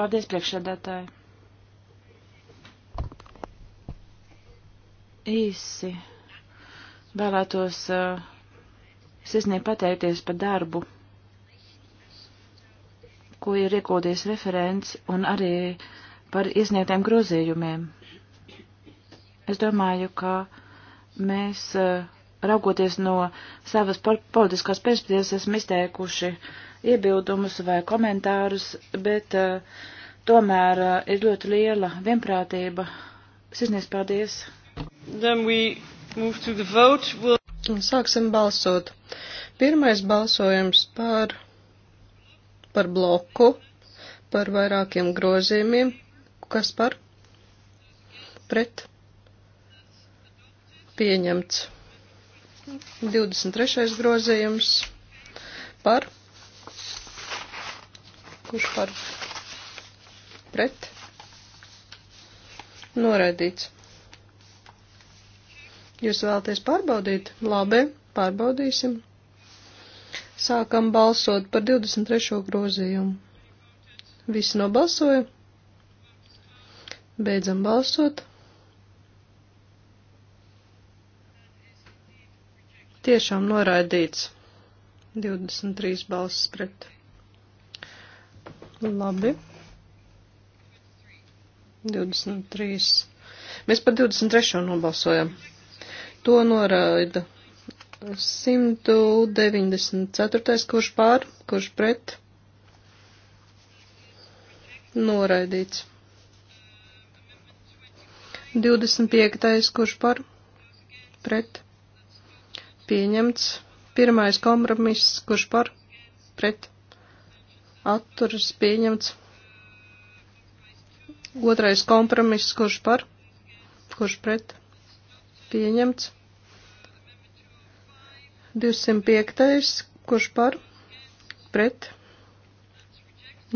Paldies, priekšsēdētāji. īsi vēlētos uh, eh, sirsnīgi pateikties par darbu, ko ir iegūties referents un arī par iesniegtiem grozījumiem. Es domāju, ka mēs, uh, raugoties no savas politiskās perspektīvas, esam izteikuši iebildumus vai komentārus, bet uh, tomēr ir ļoti liela vienprātība. Sirsnīgi paldies! We'll... Sāksim balsot. Pirmais balsojums par, par bloku, par vairākiem grozījumiem. Kas par? Pret? Pieņemts. 23. grozījums par. Kurš par? Pret? Noraidīts. Jūs vēlaties pārbaudīt? Labi, pārbaudīsim. Sākam balsot par 23. grozījumu. Visi nobalsoja. Beidzam balsot. Tiešām noraidīts. 23 balsis pret. Labi. 23. Mēs par 23. nobalsojam to noraida. 194. kurš pār, kurš pret, noraidīts. 25. kurš par, pret, pieņemts. Pirmais kompromiss, kurš par, pret, atturas, pieņemts. Otrais kompromiss, kurš par, kurš pret, pieņemts. 205. kurš par pret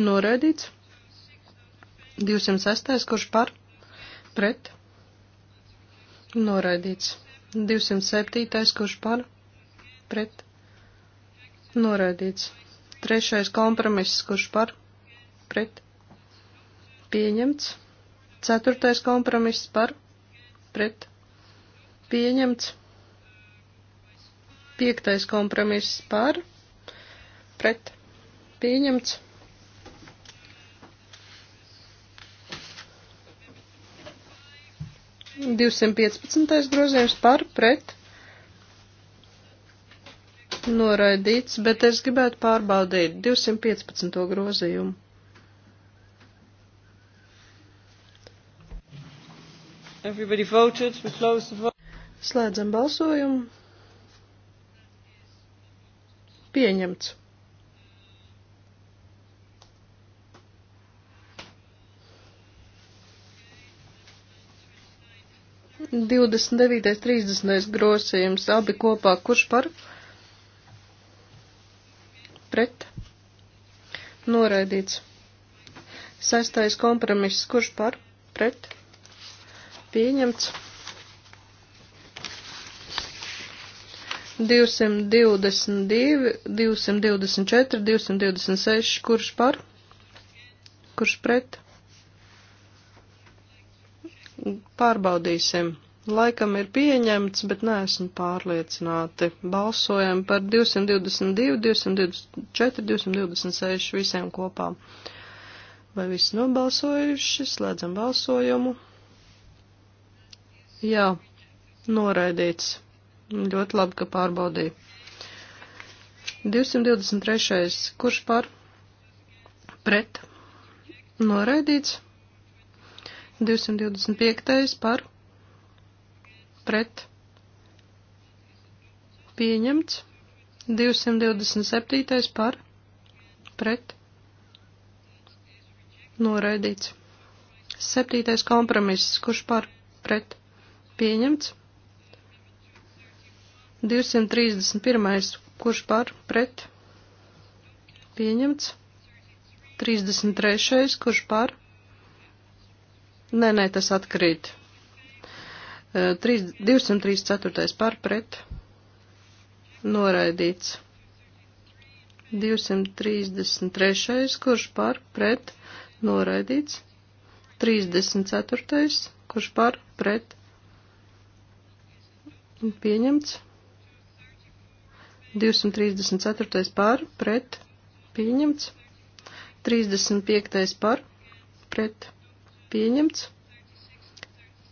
noraidīts. 206. kurš par pret noraidīts. 207. kurš par pret noraidīts. Trešais kompromiss, kurš par pret pieņemts. Ceturtais kompromiss par pret noraidīts pieņemts. Piektais kompromiss par, pret, pieņemts. Divsimt piecpadsmitais grozījums par, pret, noraidīts, bet es gribētu pārbaudīt 215. grozījumu. Everybody voted. We closed the vote. Slēdzam balsojumu. Pieņemts. Divdesmit devītais, trīsdesmitais grosījums, abi kopā, kurš par? Pret. Noraidīts. Sestais kompromiss, kurš par? Pret. Pieņemts. 222, 224, 226, kurš par, kurš pret. Pārbaudīsim. Laikam ir pieņemts, bet neesmu pārliecināti. Balsojam par 222, 224, 226 visiem kopā. Vai visi nobalsojuši? Slēdzam balsojumu. Jā, noraidīts. Ļoti labi, ka pārbaudīja. 223. Kurš par? Pret. Noraidīts. 225. par? Pret. Pieņemts. 227. par? Pret. Noraidīts. Septītais kompromiss. Kurš par? Pret. Pieņemts. 231. Kurš par pret? Pieņemts. 33. Kurš par? Nē, nē, tas atkrīt. 3, 234. par pret. Noraidīts. 233. Kurš par pret? Noraidīts. 34. Kurš par pret? Pieņemts. 234. par pret pieņemts. 35. par pret pieņemts.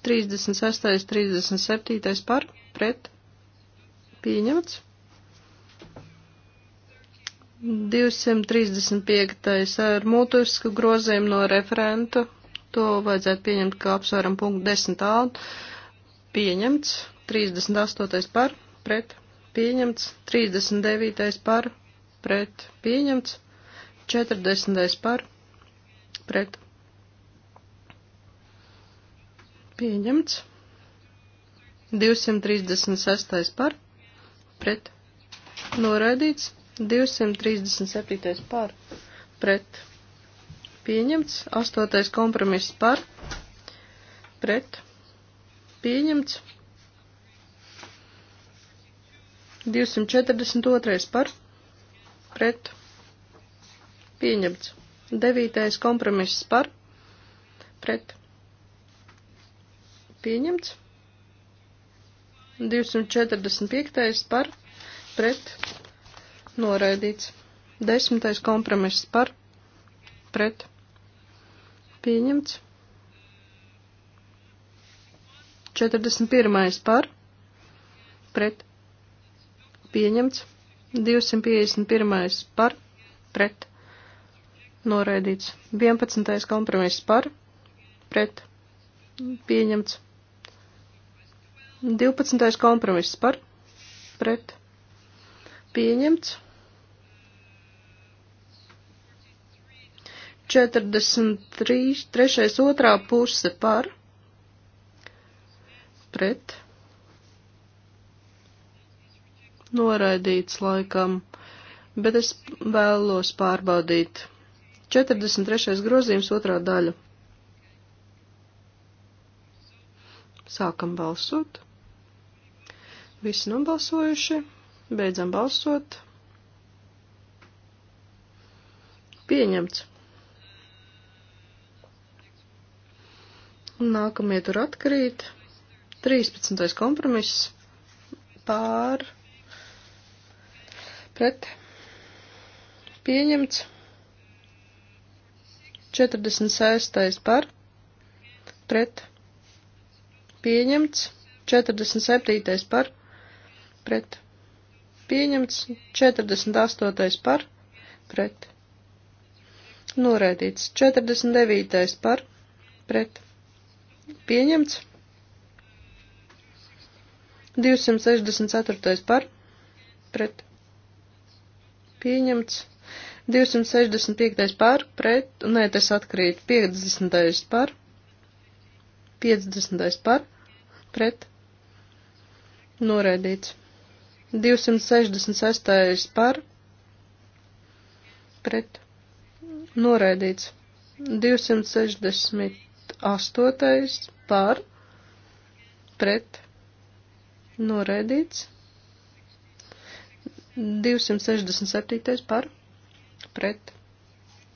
36. 37. par pret pieņemts. 235. ar mūtisku grozījumu no referentu. To vajadzētu pieņemt, kā apsvēram punktu 10. Pieņemts. 38. par pret pieņemts, 39. par, pret, pieņemts, 40. par, pret, pieņemts, 236. par, pret, noraidīts, 237. par, pret, pieņemts, 8. kompromiss par, pret, pieņemts, 242. par pret pieņemts. 9. kompromiss par pret pieņemts. 245. par pret noraidīts. 10. kompromiss par pret pieņemts. 41. par pret pieņemts pieņemts. 251. par, pret, noraidīts. 11. kompromiss par, pret, pieņemts. 12. kompromiss par, pret, pieņemts. 43. trešais otrā puse par, pret, pieņemts noraidīts laikam, bet es vēlos pārbaudīt. 43. grozījums otrā daļa. Sākam balsot. Visi nobalsojuši. Beidzam balsot. Pieņemts. Nākamie tur atkrīt. 13. kompromiss pār pret pieņemts 46. par pret pieņemts 47. par pret pieņemts 48. par pret noraidīts 49. par pret pieņemts 264. par pret pieņemts. 265. par, pret, nē, tas atkrīt, 50. par, 50. par, pret, noraidīts. 266. par, pret, noraidīts. 268. par, pret, noraidīts. 267. par pret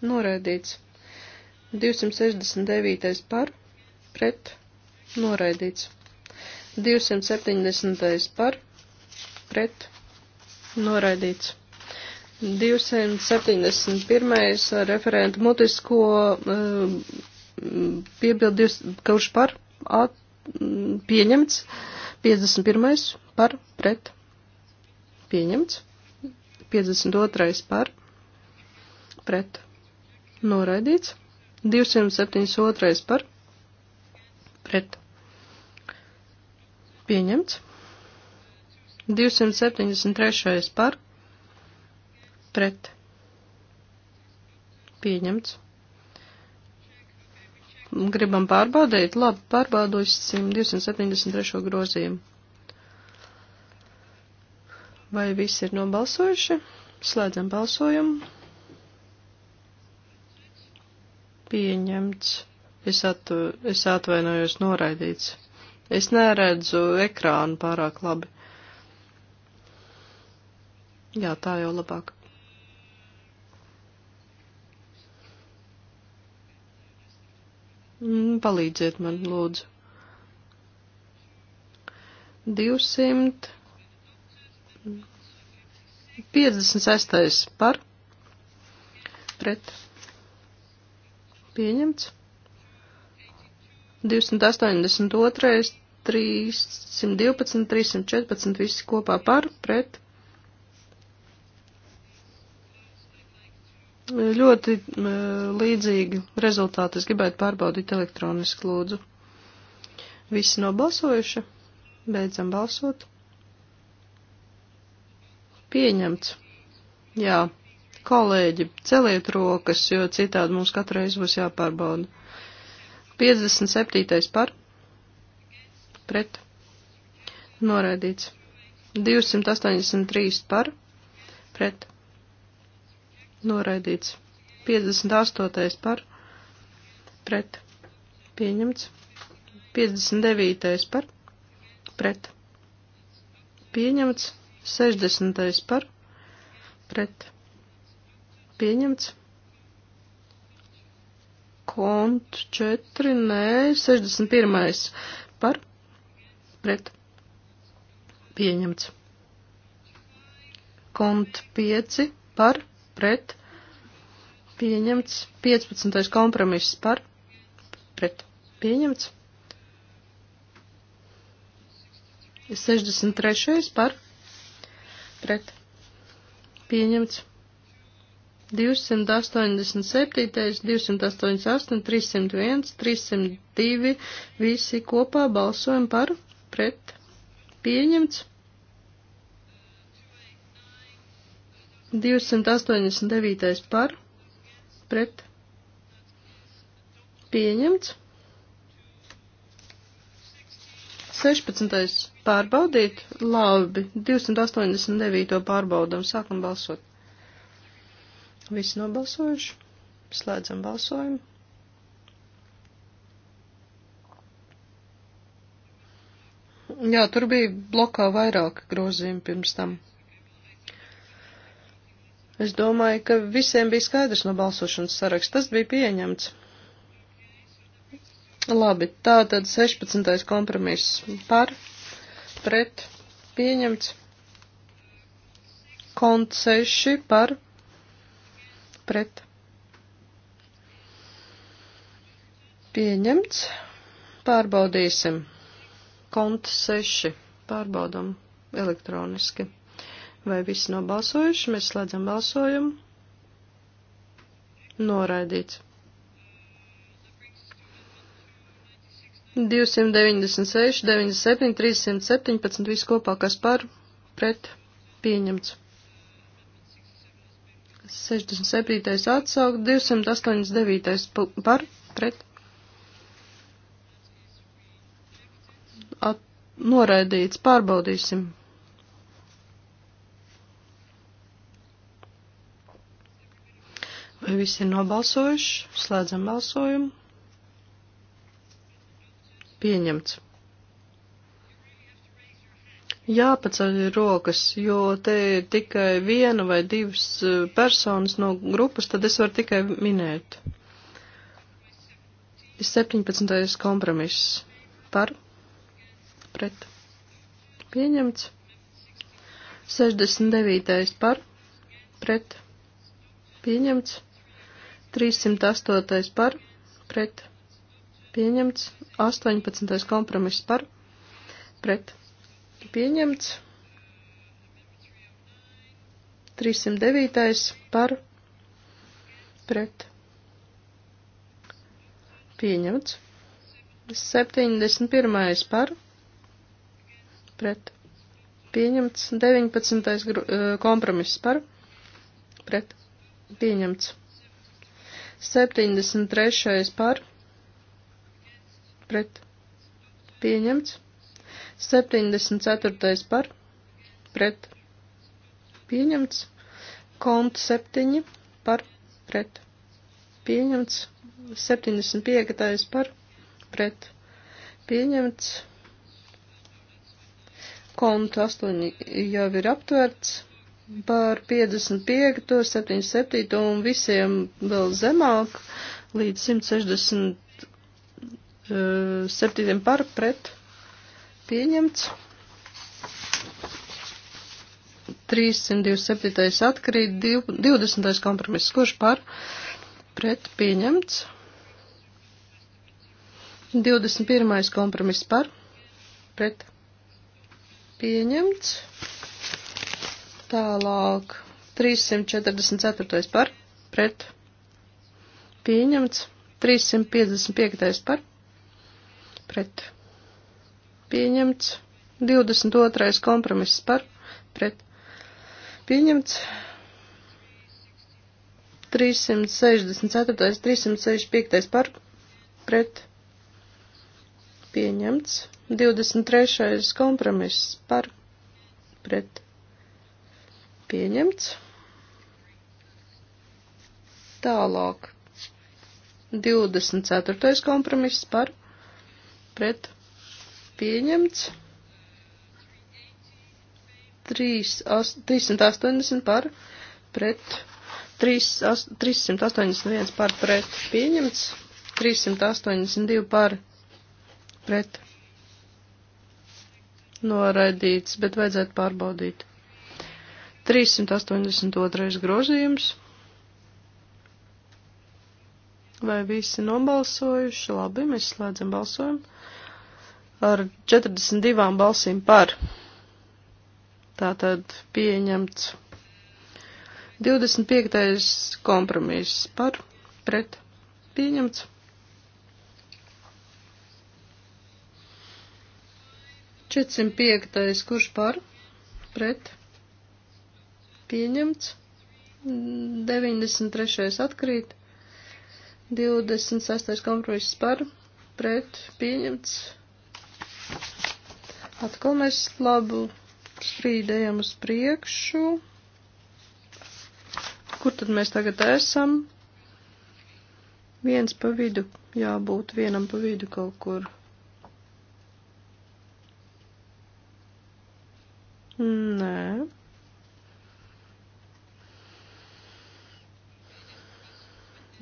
noraidīts. 269. par pret noraidīts. 270. par pret noraidīts. 271. referenta mutisko uh, eh, piebildījis, ka kurš par at, mm, pieņemts. 51. par pret pieņemts. 52. par pret noraidīts. 272. par pret pieņemts. 273. par pret pieņemts. Gribam pārbaudīt, labi, pārbaudosim 273. grozījumu. Vai visi ir nobalsojuši? Slēdzam balsojumu. Pieņemts. Es, atv es atvainojos noraidīts. Es neredzu ekrānu pārāk labi. Jā, tā jau labāk. Mm, palīdziet man, lūdzu. 200. 56. par pret pieņemts. 282, 312, 314 visi kopā par pret. Ļoti līdzīgi rezultāti es gribētu pārbaudīt elektroniski lūdzu. Visi nobalsojuši, beidzam balsot. Pieņemts. Jā, kolēģi, celiet rokas, jo citādi mums katreiz būs jāpārbauda. 57. par. Pret. Noraidīts. 283 par. Pret. Noraidīts. 58. par. Pret. Pieņemts. 59. par. Pret. Pieņemts. 60. par pret pieņemts. Kont 4, nē, 61. par pret pieņemts. Kont 5 par pret pieņemts. 15. kompromiss par pret pieņemts. 63. par pret pret pieņemts 287, 288, 301, 302, visi kopā balsojam par pret pieņemts 289 par pret pieņemts 16. pārbaudīt, labi, 289. pārbaudam, sākam balsot. Visi nobalsojuši, slēdzam balsojumu. Jā, tur bija blokā vairāk grozījumi pirms tam. Es domāju, ka visiem bija skaidrs no balsošanas saraksta, tas bija pieņemts. Labi, tā tad 16. kompromiss par, pret, pieņemts. Kont 6 par, pret. Pieņemts. Pārbaudīsim. Kont 6. Pārbaudam elektroniski. Vai visi nobalsojuši? Mēs slēdzam balsojumu. Noraidīts. 296, 97, 317, viss kopā, kas par, pret, pieņemts. 67. atsaukt, 289. par, pret. At, noraidīts, pārbaudīsim. Vai visi ir nobalsojuši? Slēdzam balsojumu. Pieņemts. Jāpaceļ rokas, jo te ir tikai viena vai divas e, personas no grupas, tad es varu tikai minēt. 17. kompromiss par pret pieņemts. 69. par pret pieņemts. 308. par pret pieņemts. 18. kompromiss par pret pieņemts. 309. par pret pieņemts. 71. par pret pieņemts. 19. Eh, kompromiss par pret pieņemts. 73. par pret pret pieņemts. 74. par pret pieņemts. Kont 7 par pret pieņemts. 75. par pret pieņemts. Kontu 8 jau ir aptverts par 55, 77 un visiem vēl zemāk līdz 160 Septītiem par pret pieņemts. 327. atkrīt 20. kompromiss. Kurš par pret pieņemts? 21. kompromiss par pret pieņemts. Tālāk 344. par pret pieņemts. 355. par pret pret pieņemts, 22. kompromiss par pret pieņemts, 364. 365. par pret pieņemts, 23. kompromiss par pret pieņemts. Tālāk 24. kompromiss par pret pret pieņemts. 3, 380 par pret 3, 381 par pret pieņemts. 382 par pret noraidīts, bet vajadzētu pārbaudīt. 382 grozījums. Vai visi nobalsojuši? Labi, mēs slēdzam balsojumu ar 42 balsīm par. Tātad pieņemts 25. kompromiss par pret pieņemts. Četsim piektais, kurš par, pret, pieņemts, 93. atkrīt, 26. kompromiss par, pret, pieņemts, Atkal mēs labu strīdējam uz priekšu. Kur tad mēs tagad esam? Viens pa vidu, jābūt vienam pa vidu kaut kur. Nē.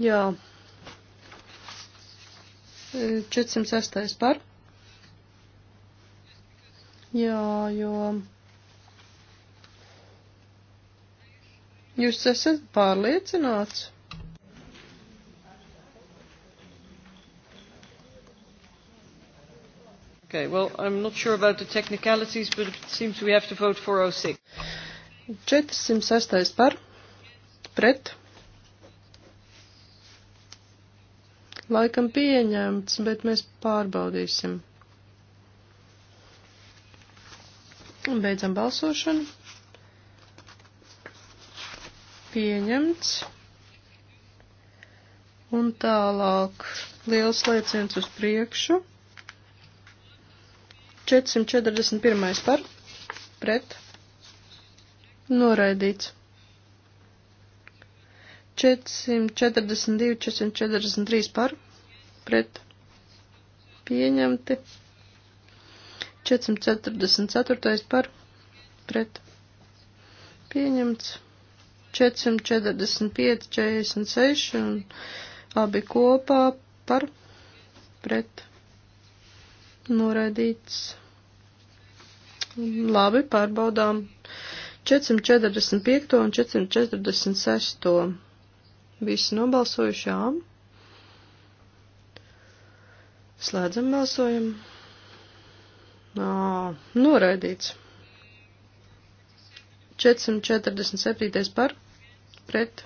Jā. 406. par. Jā, jo jūs esat pārliecināts. Okay, well, I'm not sure about the technicalities, but it seems we have to vote 406. 406 par, pret. Laikam pieņemts, bet mēs pārbaudīsim. Un beidzam balsošanu. Pieņemts. Un tālāk liels lēciens uz priekšu. 441. par pret noraidīts. 442, 443 par pret pieņemti. 444. par pret pieņemts. 445, 46 un abi kopā par pret noraidīts. Labi, pārbaudām 445 un 446. Visi nobalsojušām. Slēdzam balsojumu. Nā, noraidīts. 447. par pret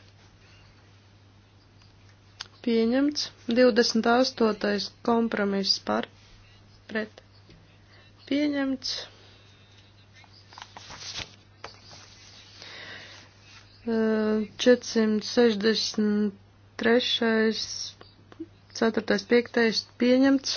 pieņemts. 28. kompromiss par pret pieņemts. Četsimt sešdesmit trešais, ceturtais, piektais pieņemts.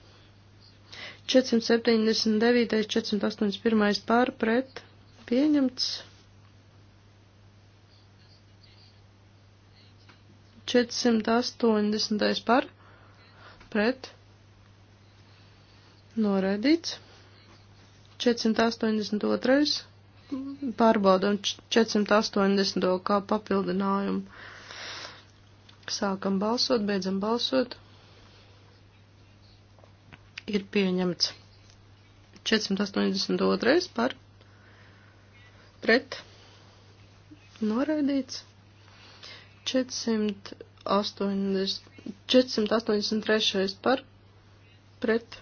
479, 481 pār pret pieņemts. 480 par pret noraidīts. 482 pārbauda un 480 kā papildinājumu. Sākam balsot, beidzam balsot ir pieņemts. 482 par pret noraidīts. 480, 483 par pret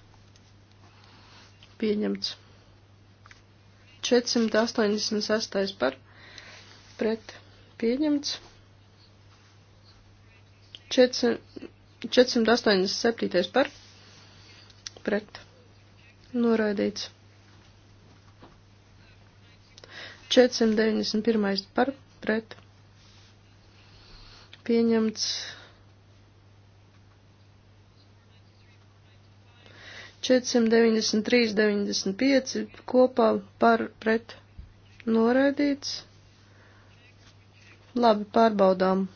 pieņemts. 486 par pret pieņemts. 487 par pret noraidīts. 491 par pret pieņemts 493, 95 kopā par pret noraidīts. Labi, pārbaudām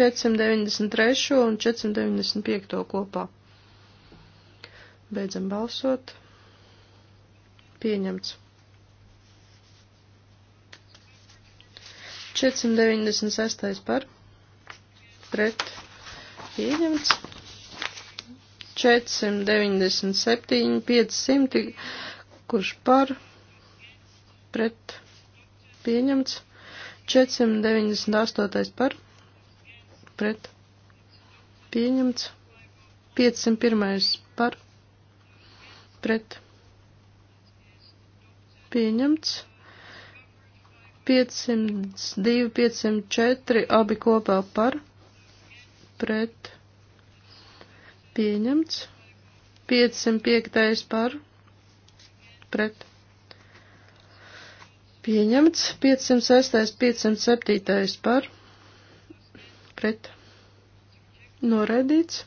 493 un 495 kopā. Beidzam balsot. Pieņemts. 496. par. Pret. Pieņemts. 497, 500, kurš par. Pret. Pieņemts. 498. par. Pret. Pieņemts. 501. par pret pieņemts. 502, 504 abi kopā par pret pieņemts. 505 par pret pieņemts. 506, 507 par pret noraidīts.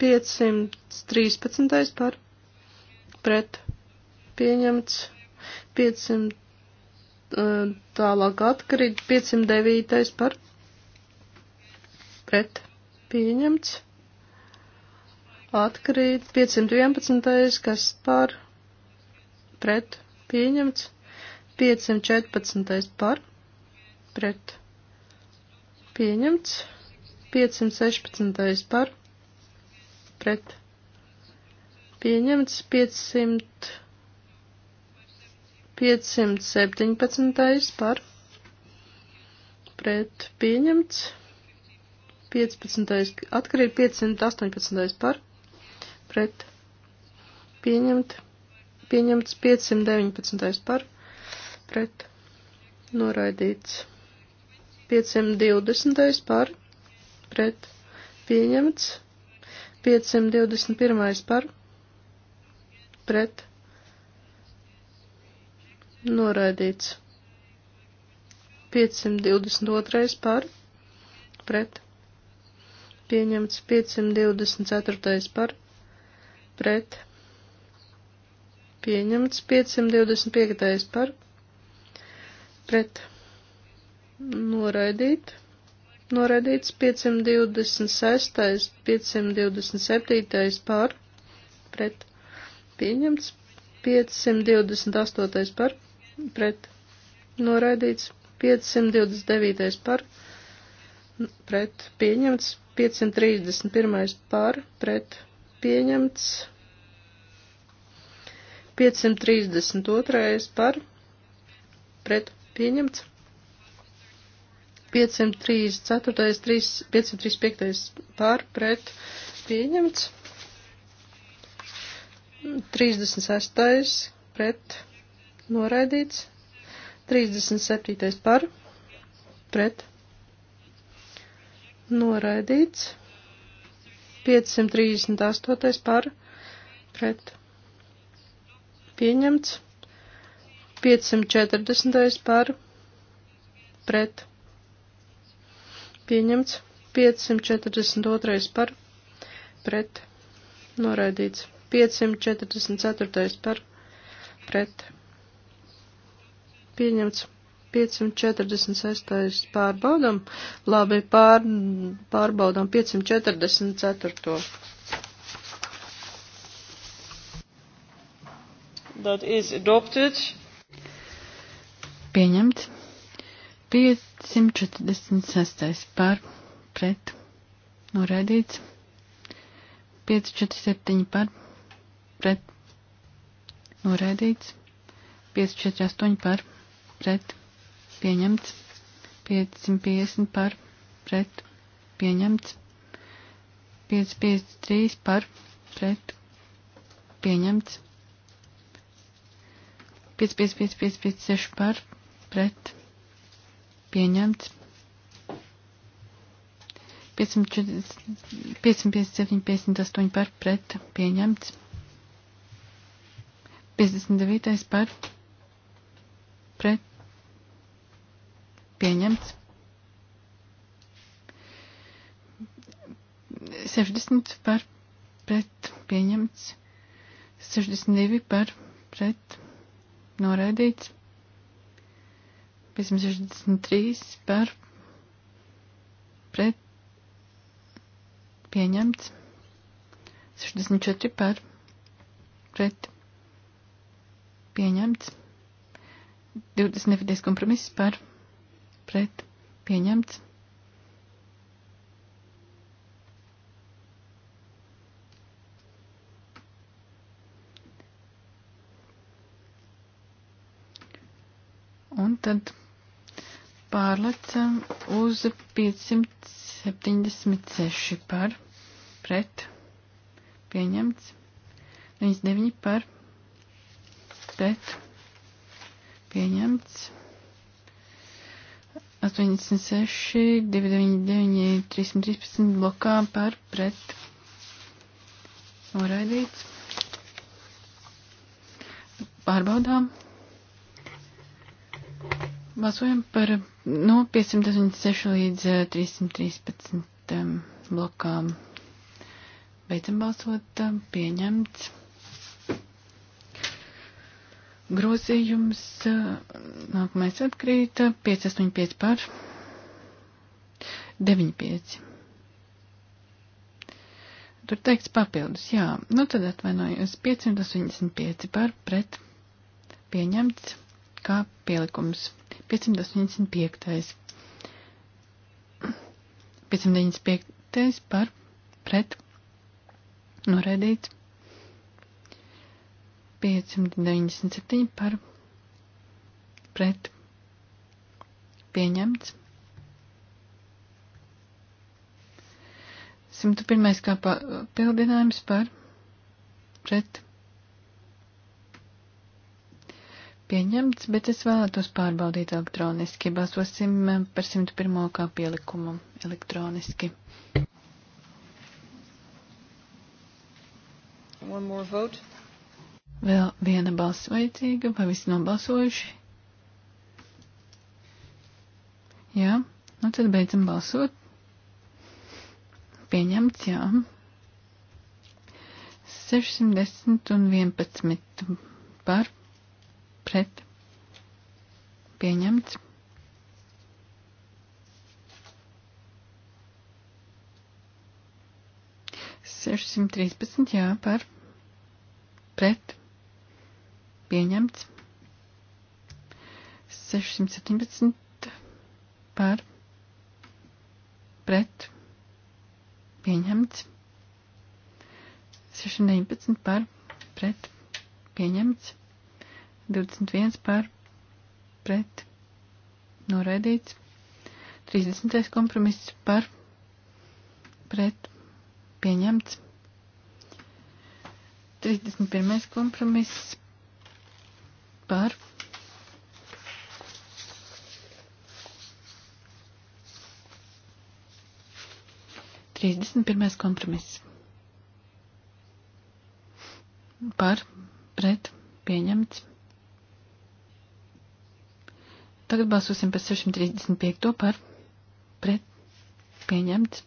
513 par pret pieņemts 500, tālāk atkarīt 509 par pret pieņemts, atkarīt 511, kas par pret pieņemts, 514 par pret pieņemts, 516 par pret pieņemts pieņemts 500, 517 par pret pieņemts 15. atkarīgi 518 par pret pieņemt pieņemts 519 par pret noraidīts 520 par pret pieņemts 521 par pret pret noraidīts. 522 par pret pieņemts 524 par pret pieņemts 525 par pret noraidīt noraidīts 526 527 par pret pieņemts, 528 par, pret, noraidīts, 529 par, pret, pieņemts, 531 par, pret, pieņemts, 532 par, pret, pieņemts, 534, 3, 535 par, pret, pieņemts, 36. pret noraidīts. 37. par pret noraidīts. 538. par pret pieņemts. 540. par pret pieņemts. 542. par pret noraidīts. 544. par pret. Pieņemts 546. pārbaudam. Labi, pār, pārbaudam 544. That is adopted. Pieņemts. 546. par pret. Noraidīts. 547 par pret pret noraidīts, 548 par pret pieņemts, 550 par pret pieņemts, 553 par pret pieņemts, 55556 par pret pieņemts. 557, 58 par pret pieņemts. 59. par pret pieņemts. 60 par pret pieņemts. 62 par pret noraidīts. 563 par pret pieņemts. 64 par pret pieņemts pieņemts. 29. kompromiss par pret pieņemts. Un tad pārlecam uz 576 par pret pieņemts. 99 par pret pieņemts. 86, 299, 313 blokā par pret noraidīts. Pārbaudām. Balsojam par no nu, 586 līdz 313 eh, blokām. Beidzam balsot, eh, pieņemts grozījums eh, nākamais atkrīt 585 par 95. Tur teikts papildus, jā, nu tad atvainojos 585 par pret pieņemts kā pielikums 585. 595 par pret noraidīts 597 par pret pieņemts. 101. kā papildinājums par pret pieņemts, bet es vēlētos pārbaudīt elektroniski. Balsosim eh, par 101. kā pielikumu elektroniski. One more vote. Vēl viena balss vajadzīga, vai visi nobalsojuši? Jā, nu tad beidzam balsot. Pieņemts, jā. 610 un 11 par pret pieņemts. Sešsimt trīspadsmit, jā, par pret pieņemts. 617 par pret pieņemts. 619 par pret pieņemts. 21 par pret noraidīts. 30. kompromiss par pret pieņemts. 31. kompromiss par trīsdesmit pirmais kompromiss. Par pret pieņemts. Tagad balsosim par 635. par pret pieņemts.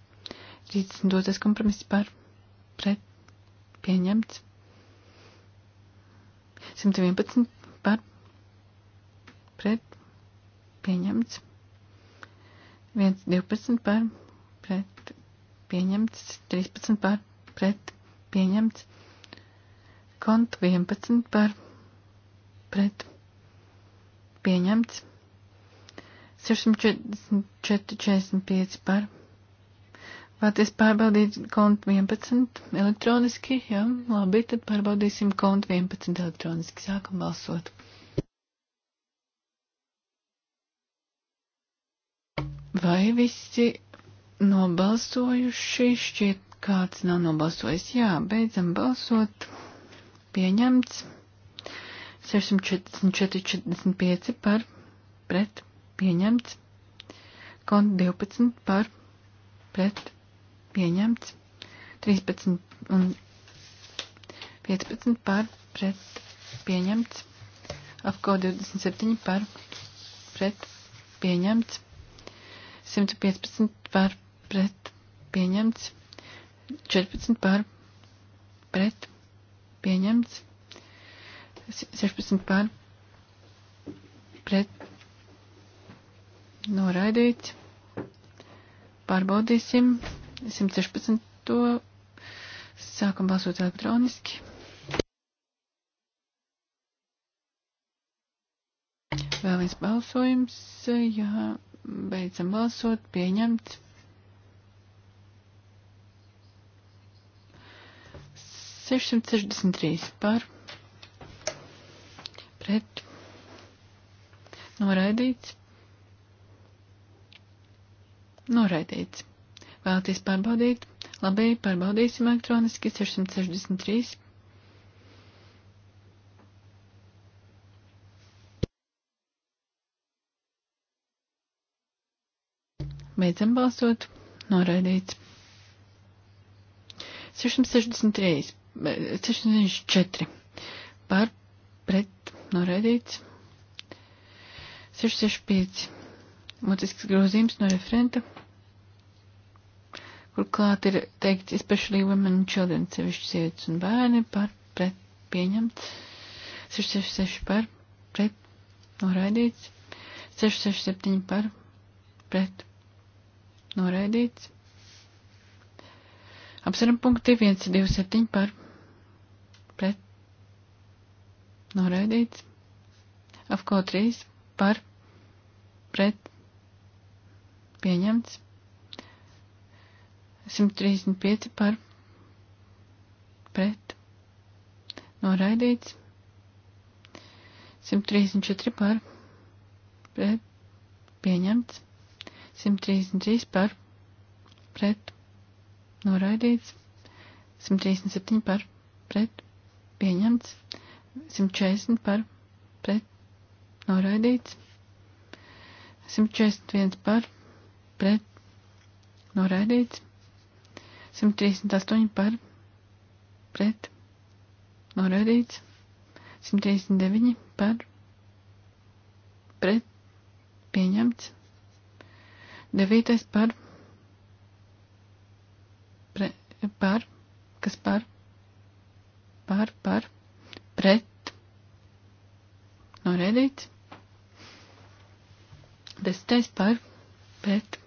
32. kompromiss par pret pieņemts. 111 pieņemts. 1.12 par pret pieņemts, 13 par pret pieņemts, kont 11 par pret pieņemts, 645 par. Vēlties pārbaudīt kontu 11 elektroniski, jā, labi, tad pārbaudīsim kontu 11 elektroniski, sākam balsot. Vai visi nobalsojuši? Šķiet, kāds nav nobalsojis. Jā, beidzam balsot. Pieņemts. 644,45 par pret pieņemts. Kont 12 par pret pieņemts. 13 un 15 par pret pieņemts. Afko 27 par pret pieņemts. 115 par pret pieņemts, 14 par pret pieņemts, 16 par pret noraidīts. Pārbaudīsim 116. Sākam balsot elektroniski. Vēl viens balsojums. Jā, Beidzam balsot. Pieņemts. 663 par pret noraidīts. Noraidīts. Vēlaties pārbaudīt? Labi, pārbaudīsim elektroniski 663. Beidzam balsot. Noraidīts. 663. 664. Par pret noraidīts. 665. Motisks grozījums no referenta. Turklāt ir teikts, especially women and children, sevišķi sievietes un bērni par pret pieņemts. 666 par pret noraidīts. 667 par pret Noraidīts. Apsveram punkti 1, 2, 7 par pret. Noraidīts. Afko 3 par pret. Pieņemts. 135 par pret. Noraidīts. 134 par pret. Pieņemts. 133 par pret noraidīts, 137 par pret pieņemts, 140 par pret noraidīts, 141 par pret noraidīts, 138 par pret noraidīts, 139 par pret pieņemts. Devītais par. Pre, par. Kas par? Par, par. Pret. Noraidīts. Desmitais par. Pret.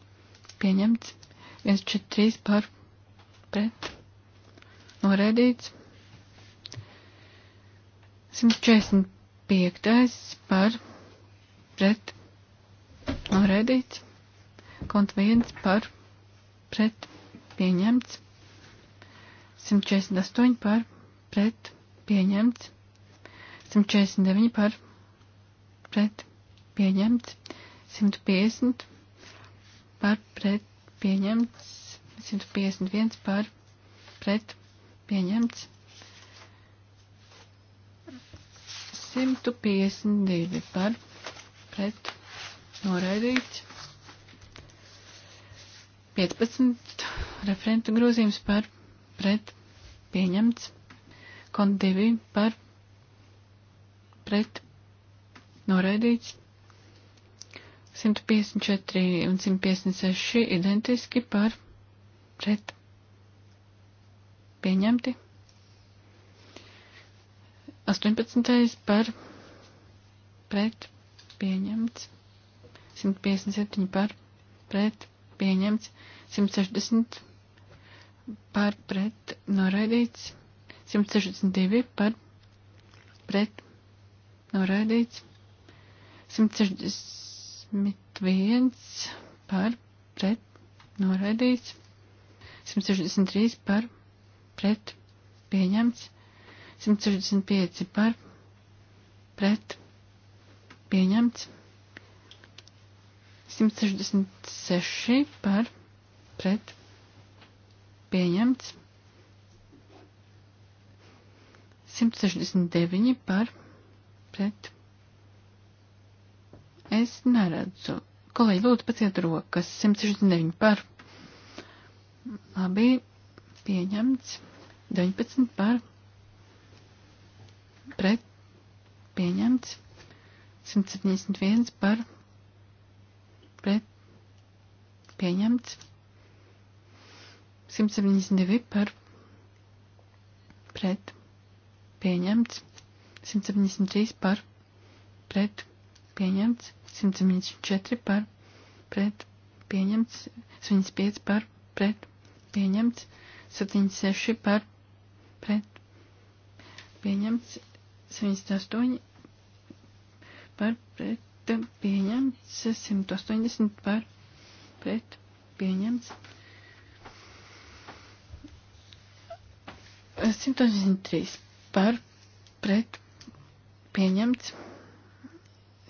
Pieņemts. 1, 4, 3 par. Pret. Noraidīts. 145 par. Pret. Noraidīts. Kont 1 par pret pieņemts. 148 par pret pieņemts. 149 par pret pieņemts. 150 par pret pieņemts. 151 par pret pieņemts. 152 par pret noraidīts. 15 referenta grozījums par pret pieņemts. Kont 2 par pret noraidīts. 154 un 156 identiski par pret pieņemti. 18. par pret pieņemts. 157 par pret pieņemts pieņemts, 160 par pret noraidīts, 162 par pret noraidīts, 161 par pret noraidīts, 163 par pret pieņemts, 165 par pret pieņemts. 166 par pret pieņemts. 169 par pret. Es neredzu. Kolēģi, lūdzu, paciet rokas. 169 par. Labi, pieņemts. 19 par. Pret. Pieņemts. 171 par pret pieņemts. 172 par pret pieņemts. 173 par pret pieņemts. 174 par pret pieņemts. 75 par pret pieņemts. 76 par pret pieņemts. 78 par pret pieņemts, 180 par pret pieņemts. 183 par pret pieņemts.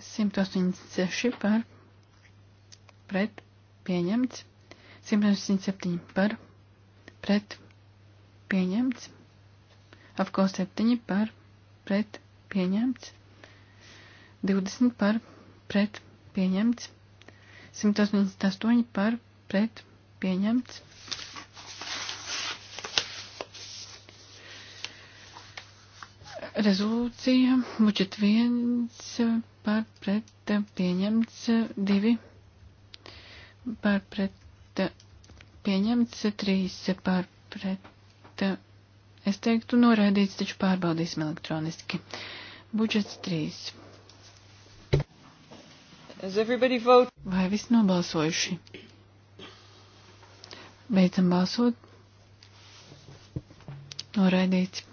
186 par pret pieņemts. 187 par pret pieņemts. Apko 7 par pret pieņemts. 20 par pret pret pieņemts. 188 par pret pieņemts. Rezolūcija budžet 1 par pret pieņemts 2 par pret pieņemts 3 par pret. Es teiktu noraidīts, taču pārbaudīsim elektroniski. Budžets 3. Vai viss nobalsojuši? Beidzam balsot. Noraidīts.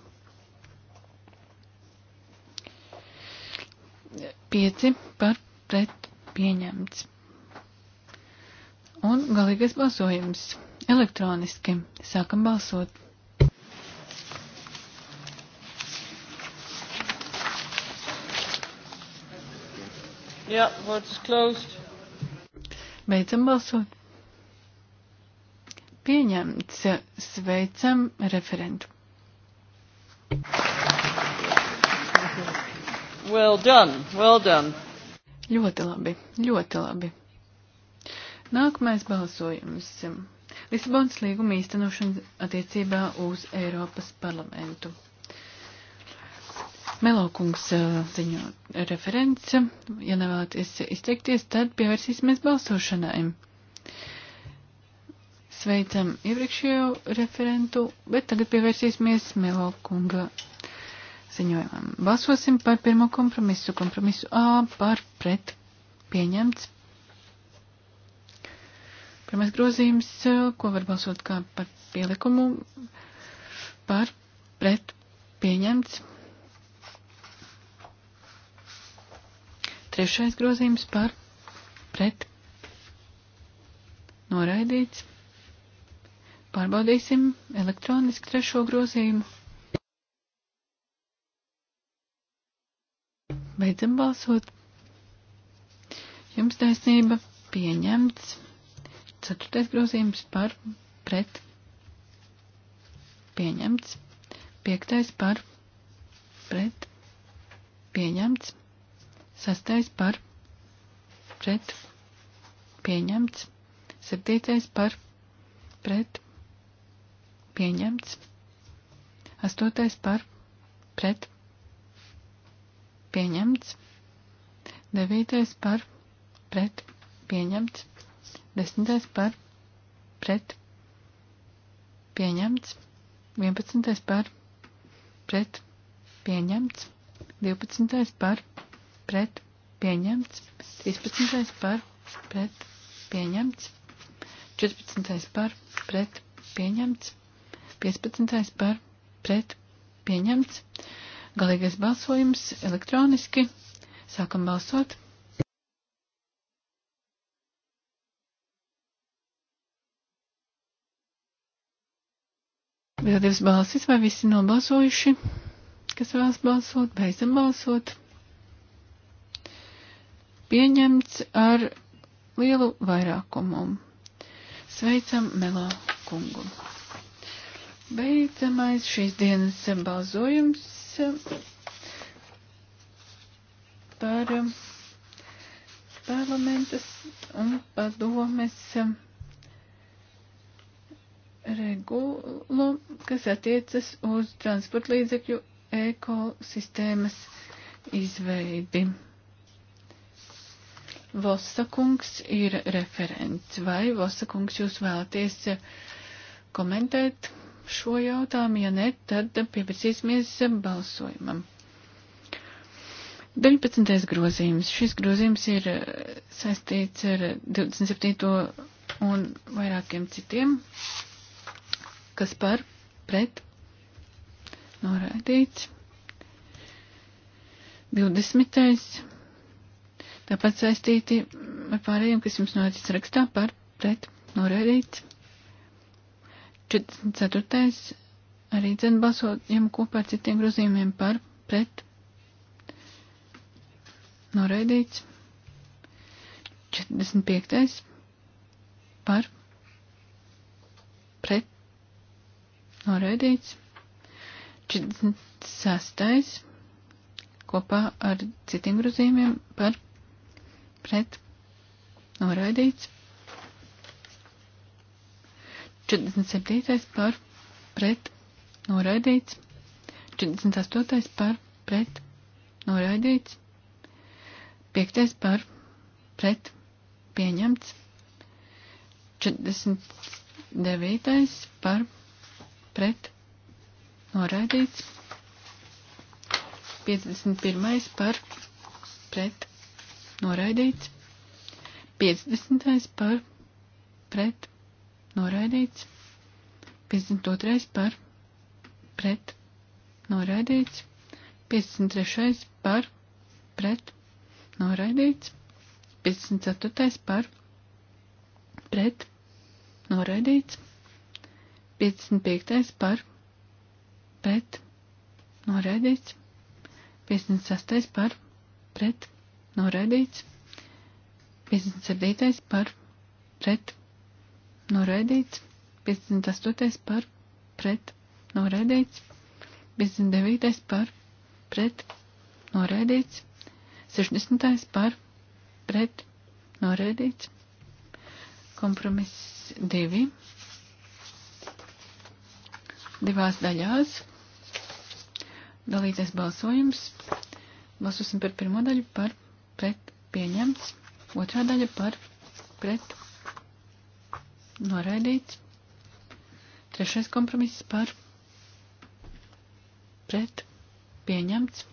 Pieci par pret pieņemts. Un galīgais balsojums elektroniski. Sākam balsot. Yeah, vote's closed. Beidzam balsot. Pieņemts. Sveicam referentu. Well done, well done. Ļoti labi, ļoti labi. Nākamais balsojums. Lisabonas līguma īstenošana attiecībā uz Eiropas parlamentu. Melokungs ziņo referents. Ja nevēlaties izteikties, tad pievērsīsimies balsošanai. Sveicam iepriekšējo referentu, bet tagad pievērsīsimies Melokunga ziņojumam. Balsosim par pirmo kompromisu. Kompromisu A par pret pieņemts. Pirmais grozījums, ko var balsot kā par pielikumu, par pret pieņemts. Trešais grozījums par pret noraidīts. Pārbaudīsim elektroniski trešo grozījumu. Beidzam balsot. Jums taisnība pieņemts. Ceturtais grozījums par pret pieņemts. Piektais par pret pieņemts. Sastais par pret pieņemts. Septītais par pret pieņemts. Astotais par pret pieņemts. Devītais par pret pieņemts. Desmitais par pret pieņemts. Vienpadsmitais par pret pieņemts. Divpadsmitais par pret pret pieņemts, 13. par pret pieņemts, 14. par pret pieņemts, 15. par pret pieņemts. Galīgais balsojums elektroniski. Sākam balsot. Vēl divas balsis, vai visi nobalsojuši, kas vēlas balsot, beidzam balsot pieņemts ar lielu vairākumu. Sveicam Melo kungu. Beidzamais šīs dienas balsojums eh, par eh, parlamentas un padomes eh, regulu, kas attiecas uz transportlīdzekļu ekosistēmas izveidi. Vosakungs ir referents. Vai Vosakungs jūs vēlaties komentēt šo jautājumu? Ja ne, tad pievērsīsimies balsojumam. 19. grozījums. Šis grozījums ir saistīts ar 27. un vairākiem citiem, kas par pret noraidīts. 20. Tāpat saistīti ar pārējiem, kas jums noricis rakstā par pret noraidīts. 44. arī dzen balsojam kopā ar citiem grozījumiem par pret noraidīts. 45. par pret noraidīts. 46. kopā ar citiem grozījumiem par pret pret noraidīts. 47. par pret noraidīts. 48. par pret noraidīts. 5. par pret pieņemts. 49. par pret noraidīts. 51. par pret noraidīts. 50. par pret noraidīts. 52. par pret noraidīts. 53. par pret noraidīts. 54. par pret noraidīts. 55. par pret noraidīts. 56. par pret noraidīts noraidīts. 57. par pret noraidīts. 58. par pret noraidīts. 59. par pret noraidīts. 60. par pret noraidīts. Kompromiss 2. Divās daļās. Dalīties balsojums. Balsosim par pirmo daļu par pret pret pieņemts. Otrā daļa par pret noraidīts. Trešais kompromiss par pret pieņemts.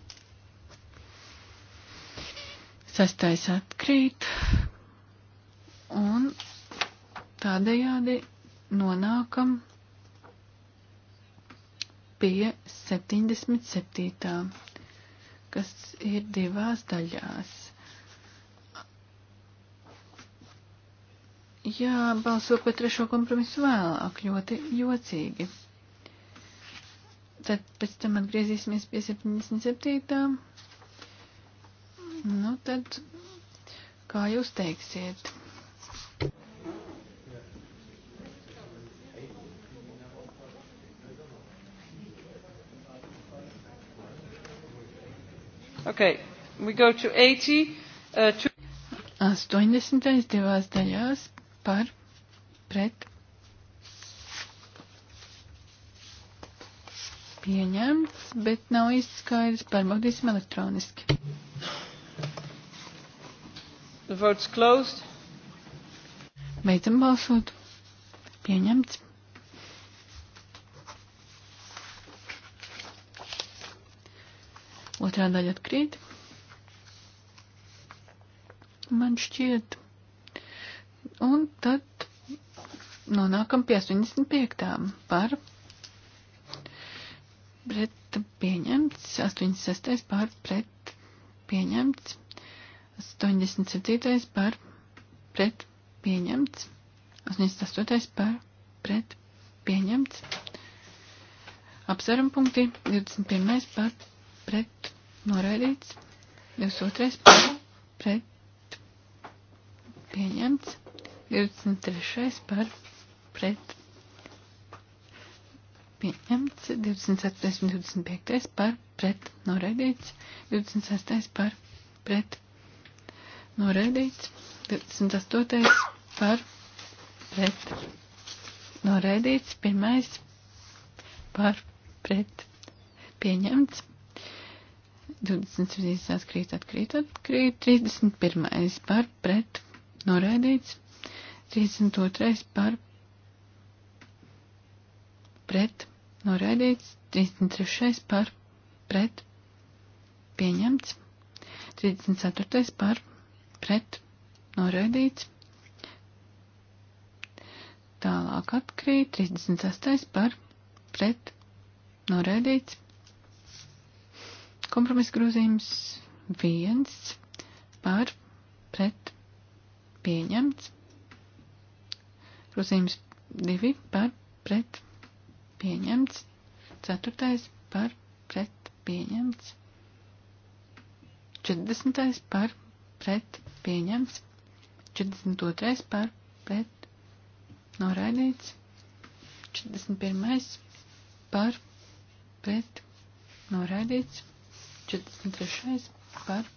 Sastais atkrīt. Un tādējādi nonākam pie 77. kas ir divās daļās. jābalso par trešo kompromisu vēlāk, ļoti jocīgi. Tad pēc tam atgriezīsimies pie 77. Nu tad, kā jūs teiksiet? Okay, we go to 80. Uh, to... 80. divās daļās par pret pieņemts, bet nav īsti skaidrs. Pārbaudīsim elektroniski. The vote's closed. Beidzam balsot. Pieņemts. Otrā daļa atkrīt. Man šķiet. Un tad nonākam pie 85. par pret pieņemts, 86. par pret pieņemts, 87. par pret pieņemts, 88. par pret pieņemts. Apsveram punkti 21. par pret noraidīts, 22. par pret pieņemts. 23. par pret pieņemts, 24. un 25. par pret noraidīts, 26. par pret noraidīts, 28. par pret noraidīts, 1. par pret pieņemts, 27. atkrīt, atkrīt, atkrīt, 31. par pret noraidīts, 32. par pret noraidīts, 33. par pret pieņemts, 34. par pret noraidīts, tālāk atkrīt, 36. par pret noraidīts, kompromisa grozījums 1 par pret pieņemts, Grozījums 2 par pret pieņemts. 4. par pret pieņemts. 40. par pret pieņemts. 42. par pret noraidīts. 41. par pret noraidīts. 43. par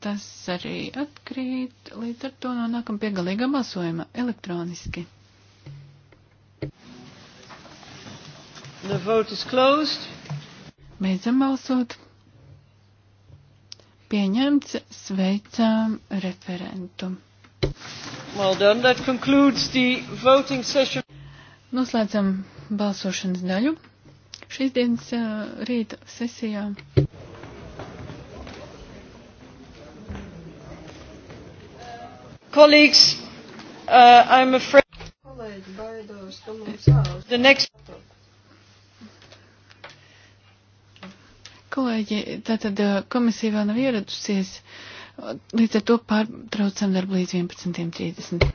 Tas arī atkrīt, līdz ar to nonākam pie galīga balsojuma elektroniski. The vote is closed. Beidzam balsot. Pieņemts sveicām referentu. Well done. That concludes the voting session. Noslēdzam balsošanas daļu šīs dienas rīta sesijā. Kolēģis, uh, I'm afraid. Kolēģi, baidos, ka mums jāuz. The next. Kolēģi, tātad uh, komisija vēl nav ieradusies, līdz ar to pārtraucam darbu līdz 11.30.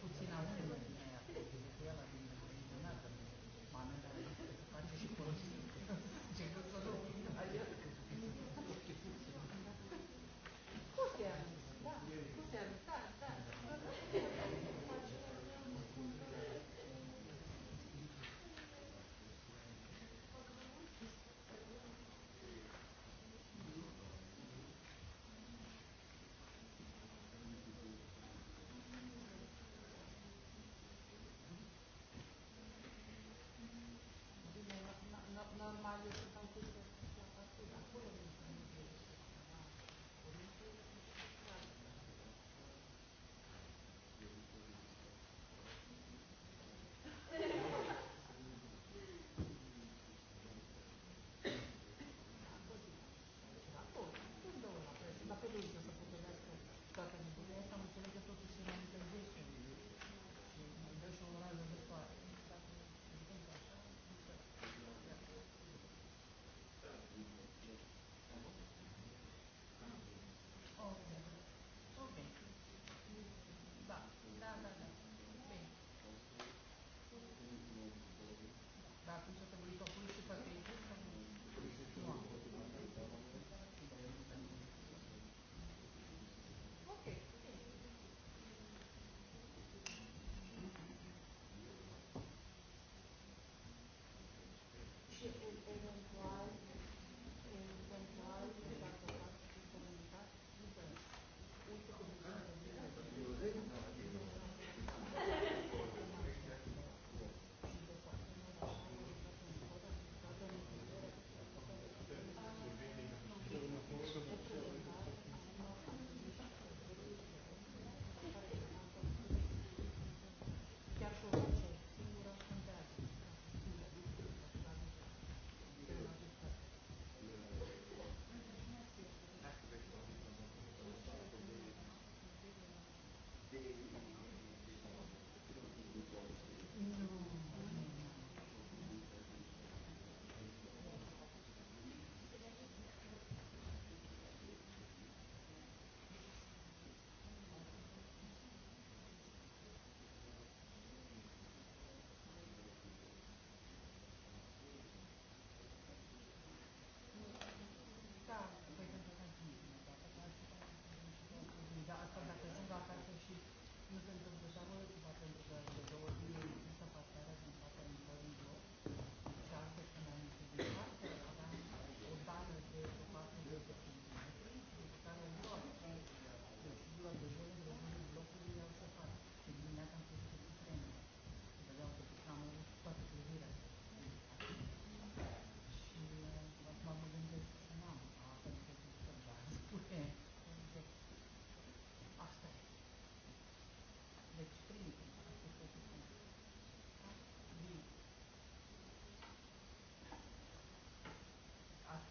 puțin având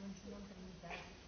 continuam trinitate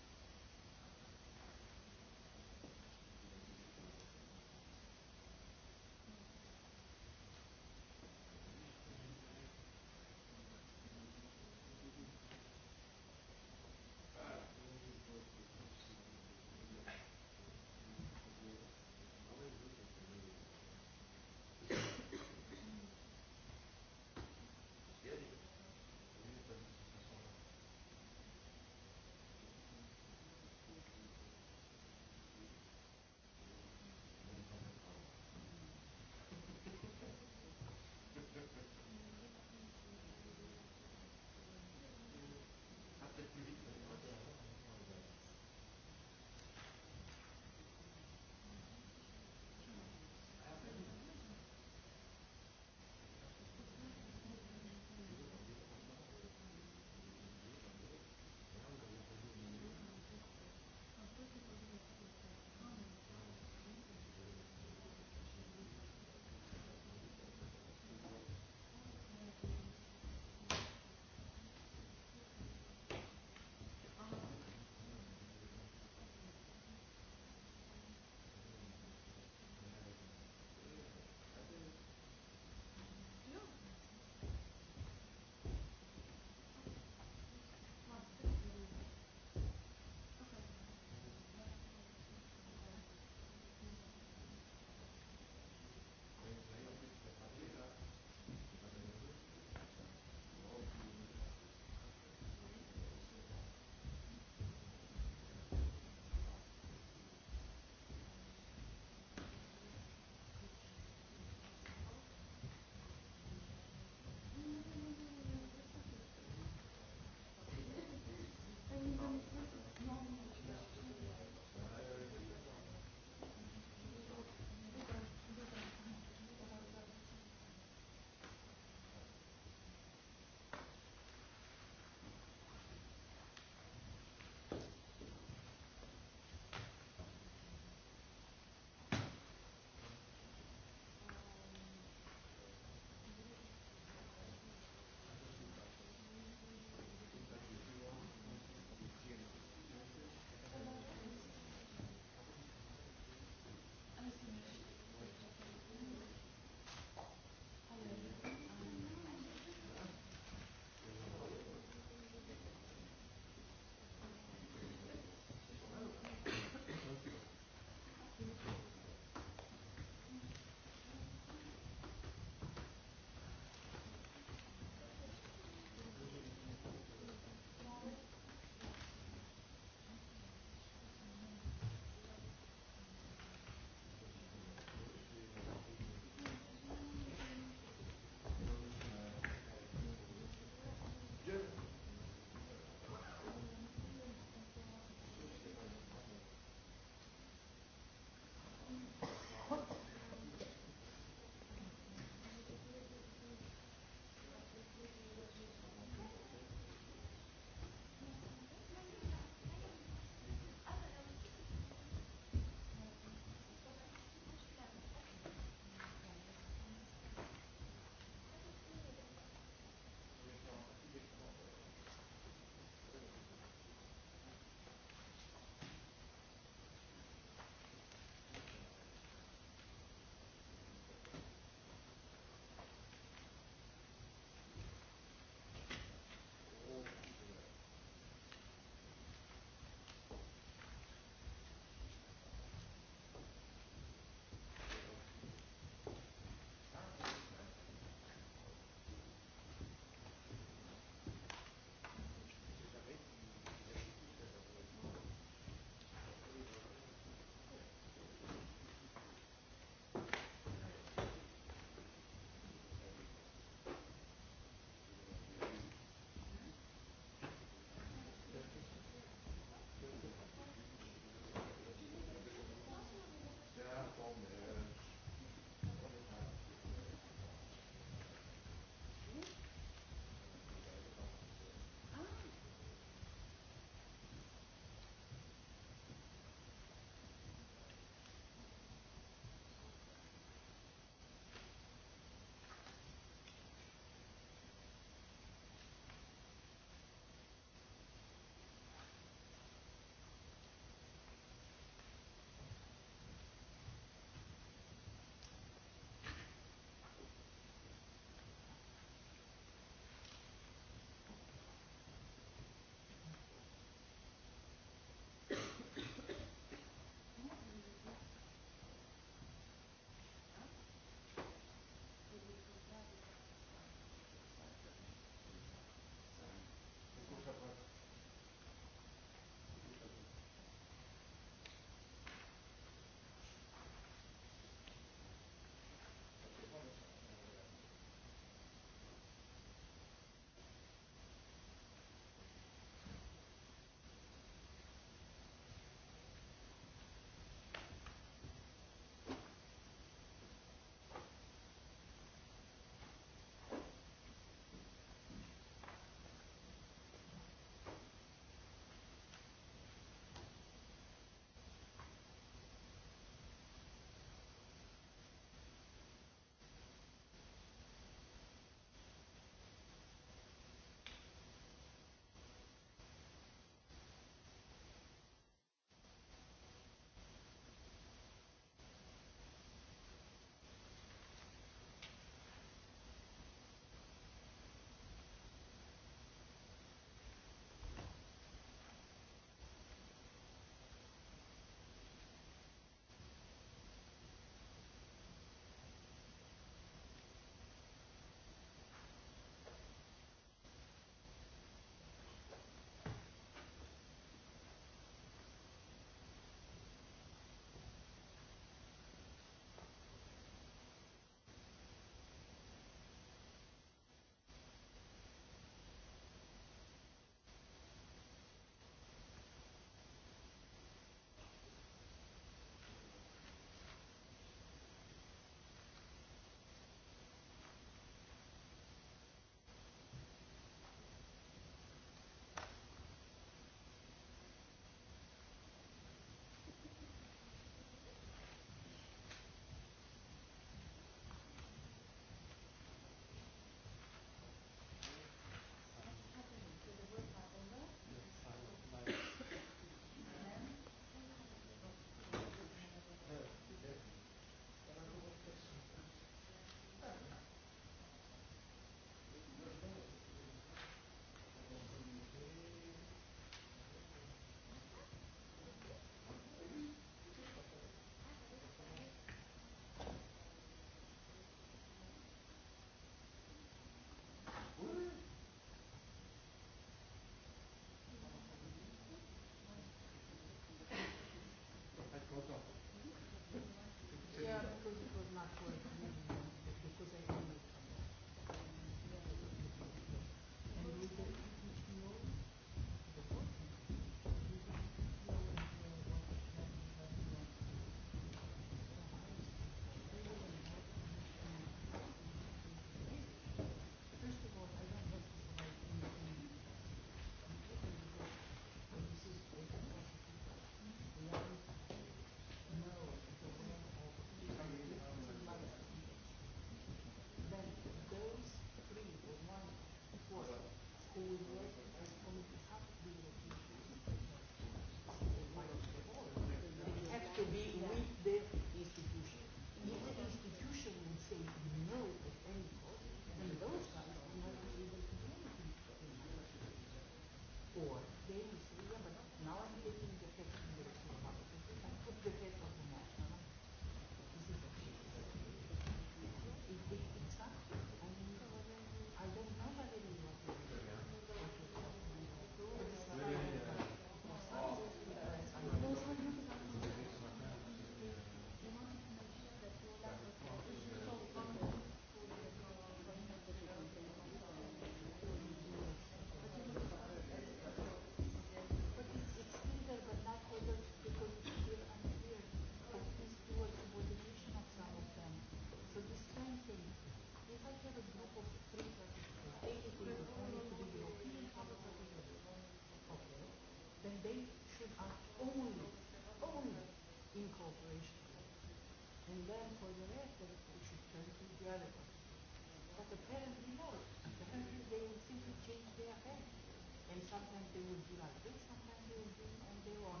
sometimes they will do like this, sometimes they will do, and they want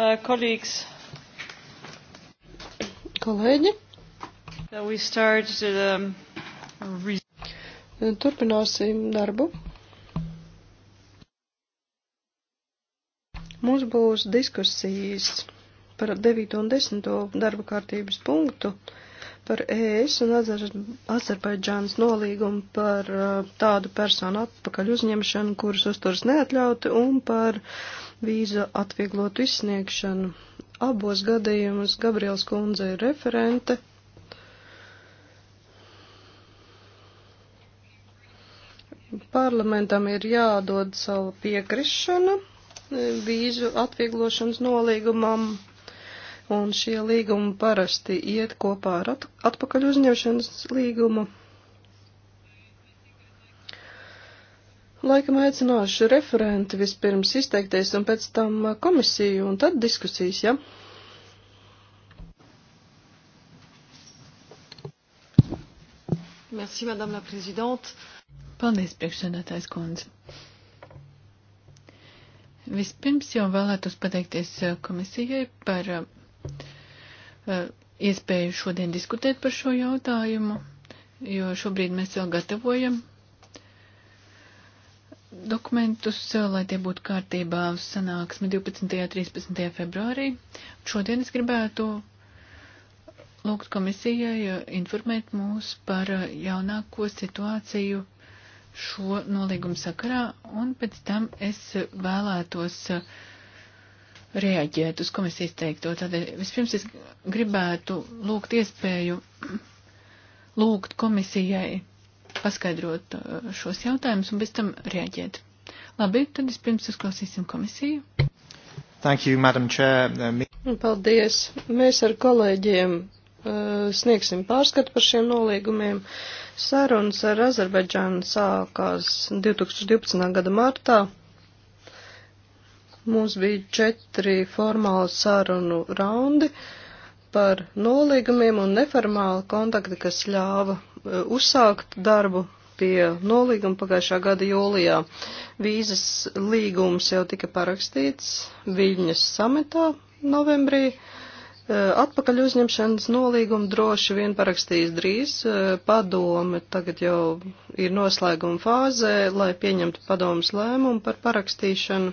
Uh, colleagues. Kolēģi. We started, um, Turpināsim darbu. Mums būs diskusijas par 9. un 10. darba kārtības punktu par ES un Azerbaidžānas nolīgumu par uh, tādu personu atpakaļ uzņemšanu, kuras uzturas neatļauti, un par uh, vīza atvieglotu izsniegšanu. Abos gadījumos Gabriels kundze ir referente. Parlamentam ir jādod savu piekrišanu vīzu atvieglošanas nolīgumam, un šie līgumi parasti iet kopā ar atpakaļ uzņemšanas līgumu Laikam aicināšu referenti vispirms izteikties un pēc tam uh, komisiju un tad diskusijas, ja? Merci, madame la présidente. Paldies, priekšsēdētājs kundze. Vispirms jau vēlētos pateikties uh, komisijai par uh, iespēju šodien diskutēt par šo jautājumu, jo šobrīd mēs vēl gatavojam dokumentus, lai tie būtu kārtībā uz sanāksmi 12. un 13. februārī. Šodien es gribētu lūgt komisijai informēt mūs par jaunāko situāciju šo nolīgumu sakarā, un pēc tam es vēlētos reaģēt uz komisijas teikto. Tādēļ vispirms es gribētu lūgt iespēju lūgt komisijai paskaidrot uh, šos jautājumus un pēc tam reaģēt. Labi, tad vispirms uzklausīsim komisiju. Thank you, Madam Chair. Uh, Paldies. Mēs ar kolēģiem uh, sniegsim pārskatu par šiem nolīgumiem. Sarunas ar Azerbaidžānu sākās 2012. gada martā. Mums bija četri formāli sarunu raundi par nolīgumiem un neformāli kontakti, kas ļāva Eh, uzsākt darbu pie nolīguma pagājušā gada jūlijā. Vīzas līgums jau tika parakstīts Viļņas sametā novembrī. Eh, atpakaļ uzņemšanas nolīgumu droši vien parakstīs drīz. Eh, padome tagad jau ir noslēguma fāzē, lai pieņemtu padomas lēmumu par parakstīšanu.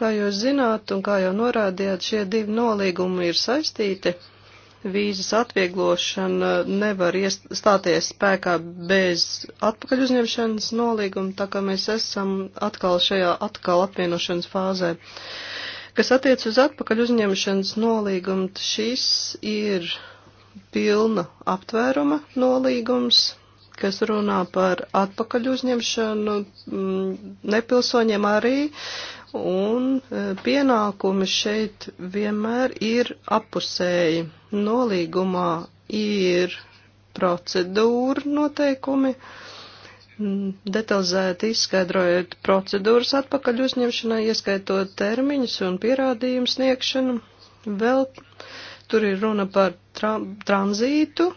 Kā jūs zināt un kā jau norādījāt, šie divi nolīgumi ir saistīti vīzas atvieglošana nevar iestāties spēkā bez atpakaļ uzņemšanas nolīguma, tā kā mēs esam atkal šajā atkal apvienošanas fāzē. Kas attiec uz atpakaļ uzņemšanas nolīgumu, šis ir pilna aptvēruma nolīgums, kas runā par atpakaļ uzņemšanu mm, nepilsoņiem arī un e, pienākumi šeit vienmēr ir apusēji. Nolīgumā ir procedūra noteikumi, detalizēti izskaidrojot procedūras atpakaļ uzņemšanai, ieskaitot termiņus un pierādījumu sniegšanu. Vēl tur ir runa par tra tranzītu,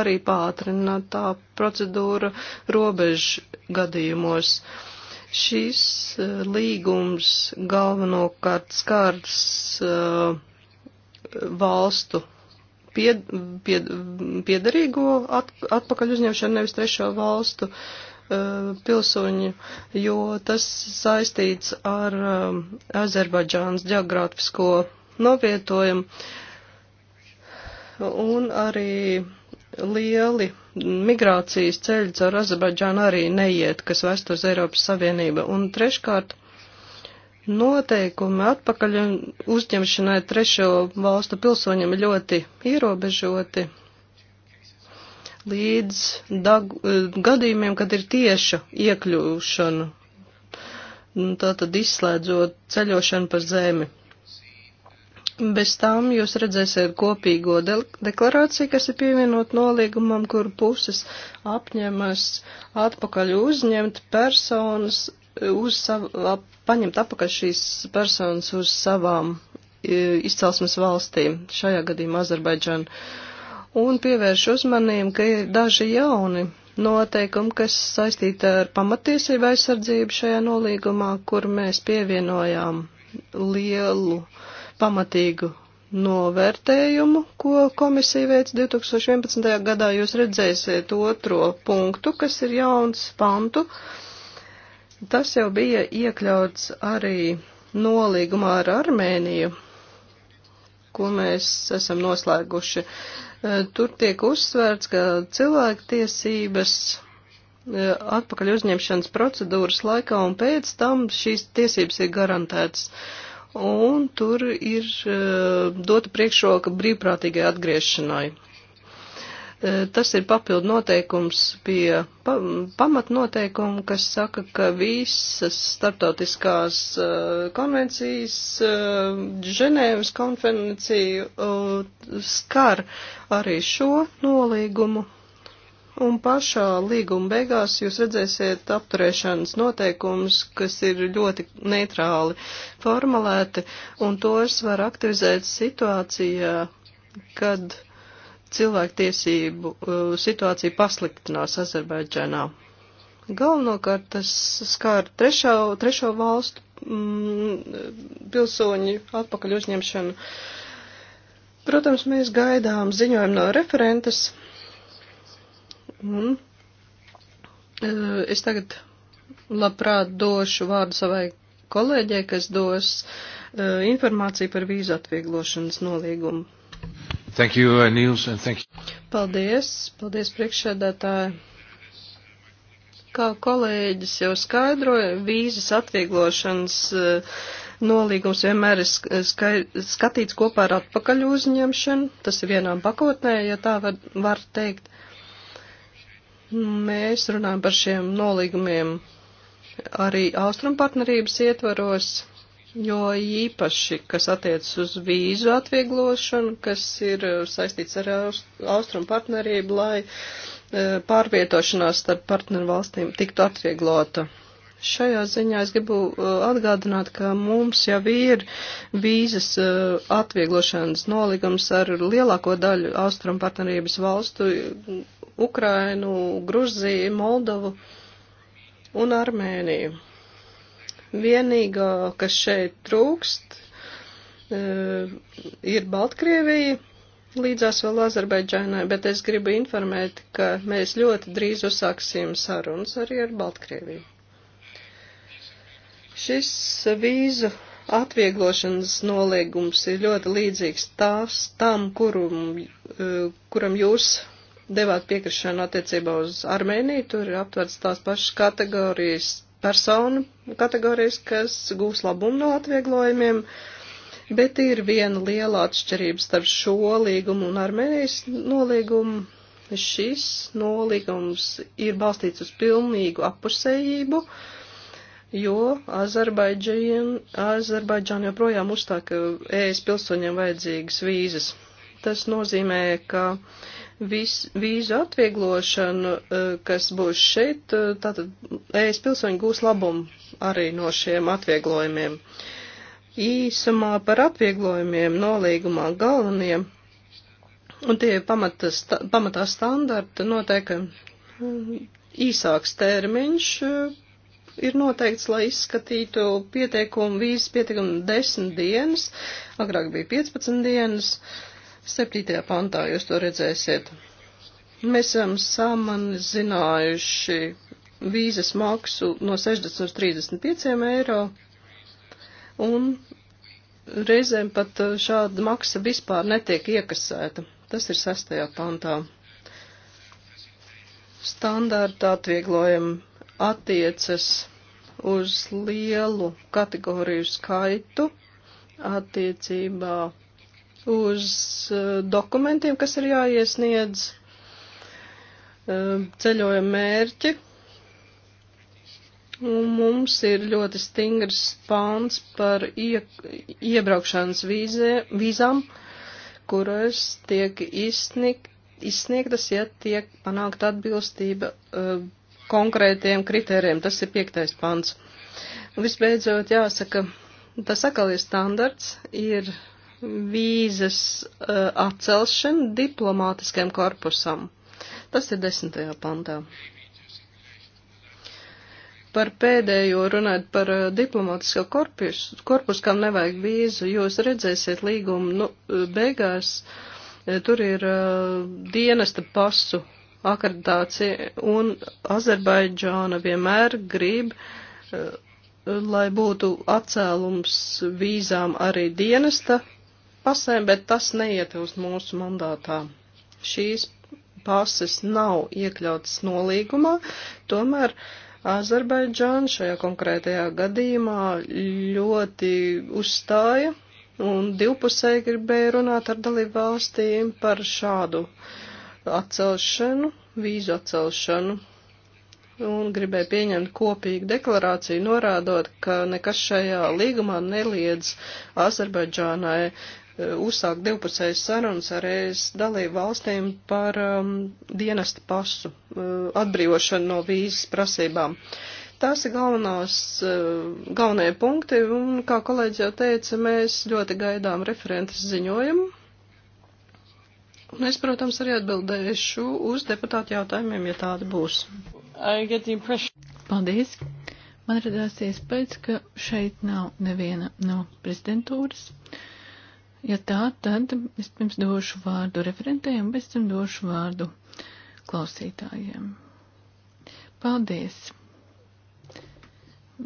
arī pātrinātā procedūra robežu gadījumos. Uh, Šis eh, līgums galvenokārt skars uh, eh, valstu pied, pied, piedarīgo at, atpakaļ uzņemšanu, nevis trešo valstu uh, pilsoņu, jo tas saistīts ar uh, Azerbaidžānas geogrāfisko novietojumu un arī uh, lieli migrācijas ceļi caur Azerbaidžānu arī neiet, kas vest uz Eiropas Savienību. Un treškārt, noteikumi atpakaļ uzņemšanai trešo valstu pilsoņiem ļoti ierobežoti līdz dag, gadījumiem, kad ir tieša iekļūšana, tātad izslēdzot ceļošanu pa zemi. Bez tām jūs redzēsiet kopīgo de deklarāciju, kas ir pievienot noliegumam, kur puses apņemas atpakaļ uzņemt personas, uz savu, ap, paņemt atpakaļ šīs personas uz savām e, izcelsmes valstīm, šajā gadījumā Azerbaidžanu. Un pievērš uzmanību, ka ir daži jauni noteikumi, kas saistīti ar pamatiesību aizsardzību šajā nolīgumā, kur mēs pievienojām lielu uh, pamatīgu novērtējumu, ko komisija veic 2011. gadā. Jūs redzēsiet otro punktu, kas ir jauns pantu. Tas jau bija iekļauts arī nolīgumā ar Armēniju, ko mēs esam noslēguši. E, tur tiek uzsvērts, ka cilvēktiesības e, atpakaļ uzņemšanas procedūras laikā un pēc tam šīs tiesības ir garantētas. Uh, un tur ir eh, dota priekšroka brīvprātīgai atgriešanai. Eh, tas ir papildu noteikums pie pa, pamatnoteikumu, kas saka, ka visas starptautiskās uh, konvencijas, uh, Ženēvas konvenciju uh, skar arī šo nolīgumu Un pašā līguma beigās jūs redzēsiet apturēšanas noteikumus, kas ir ļoti neitrāli formulēti, un tos var aktivizēt situācijā, kad cilvēktiesību uh, situācija pasliktinās Azerbaidžanā. Galvenokārt tas skār trešo, trešo valstu mm, pilsoņu atpakaļ uzņemšanu. Protams, mēs gaidām ziņojumu no referentes Un e, es tagad labprāt došu vārdu savai kolēģei, kas dos uh, informāciju par vīzu atvieglošanas nolīgumu. Thank you, uh, Nils, and thank you. Paldies, paldies priekšsēdētāji. Kā kolēģis jau skaidroja, vīzas atvieglošanas uh, nolīgums vienmēr ir ska skatīts kopā ar atpakaļ uzņemšanu. Tas ir vienām pakotnē, ja tā var, var teikt. Mēs runājam par šiem nolīgumiem arī austrumpartnerības ietvaros, jo īpaši, kas attiec uz vīzu atvieglošanu, kas ir uh, saistīts ar austrumpartnerību, lai uh, pārvietošanās starp partneru valstīm tiktu atvieglota. Šajā ziņā es gribu uh, atgādināt, ka mums jau ir vīzas atvieglošanas noligums ar lielāko daļu austrumu partnerības valstu, Ukrainu, Gruziju, Moldovu un Armēniju. Vienīgā, kas šeit trūkst, e, ir Baltkrievija, līdzās vēl Azerbaidžānai, bet es gribu informēt, ka mēs ļoti drīz uzsāksim sarunas arī ar Baltkrieviju. Šis vīzu atvieglošanas noliegums ir ļoti līdzīgs tās, tam, kurum, e, kuram jūs devāt piekrišanu attiecībā uz Armēniju, tur ir aptverts tās pašas kategorijas personu kategorijas, kas gūs labumu no atvieglojumiem, bet ir viena liela atšķirība starp šo līgumu un Armēnijas nolīgumu. Šis nolīgums ir balstīts uz pilnīgu apusējību, jo Azerbaidžāna joprojām uzstāja, ka ES pilsoņiem vajadzīgas vīzas. Tas nozīmē, ka uh, vis, vīzu atvieglošanu, eh, kas būs šeit, eh, tātad ES pilsoņi gūs labumu arī no šiem atvieglojumiem. Īsumā par atvieglojumiem nolīgumā galveniem, un tie pamata, sta, pamatā standarta noteikti mm, īsāks termiņš eh, ir noteikts, lai izskatītu pieteikumu vīzas pieteikumu 10 dienas, agrāk bija 15 dienas. Uh, Septītajā pantā jūs to redzēsiet. Mēs esam samazinājuši vīzas maksu no 60 uz 35 eiro un reizēm pat šāda maksa vispār netiek iekasēta. Tas ir sastajā pantā. Standārta atvieglojumi attiecas uz lielu kategoriju skaitu attiecībā uz eh, dokumentiem, kas ir jāiesniedz, eh, ceļojuma mērķi. Un mums ir ļoti stingrs pāns par ie, iebraukšanas vīzē, vīzām, kuras tiek izsniegt, izsniegtas, ja tiek panākt atbilstība uh, konkrētiem kritērijiem. Tas ir piektais pāns. Visbeidzot, jāsaka, tas atkal ir standarts, ir vīzas uh, atcelšanu diplomātiskajam korpusam. Tas ir desmitajā pantā. Par pēdējo runājot par uh, diplomātisko korpusu, korpus, kam nevajag vīzu, jūs redzēsiet līgumu nu, eh, beigās, tur ir uh, dienesta pasu akreditācija, un Azerbaidžāna vienmēr grib uh, lai būtu atcēlums vīzām arī dienesta pasēm, bet tas neietilst mūsu mandātā. Šīs pases nav iekļautas nolīgumā, tomēr Azerbaidžāna šajā konkrētajā gadījumā ļoti uzstāja un divpusēji gribēja runāt ar dalību valstīm par šādu atcelšanu, vīzu atcelšanu. Un gribēja pieņemt kopīgu deklarāciju, norādot, ka nekas šajā līgumā neliedz Azerbaidžānai Eh, uzsākt divpusējas sarunas ar ES dalību valstīm par um, dienesta pasu uh, atbrīvošanu no vīzas prasībām. Tās ir galvenās, uh, galvenie punkti, un, kā kolēģi jau teica, mēs ļoti gaidām referentes ziņojumu. Un es, protams, arī atbildēšu uz deputātu jautājumiem, ja tādi būs. Paldies! Man radās iespējas, ka šeit nav neviena no prezidentūras. Ja tā, tad es pirms došu vārdu referentējiem, bet tam došu vārdu klausītājiem. Paldies!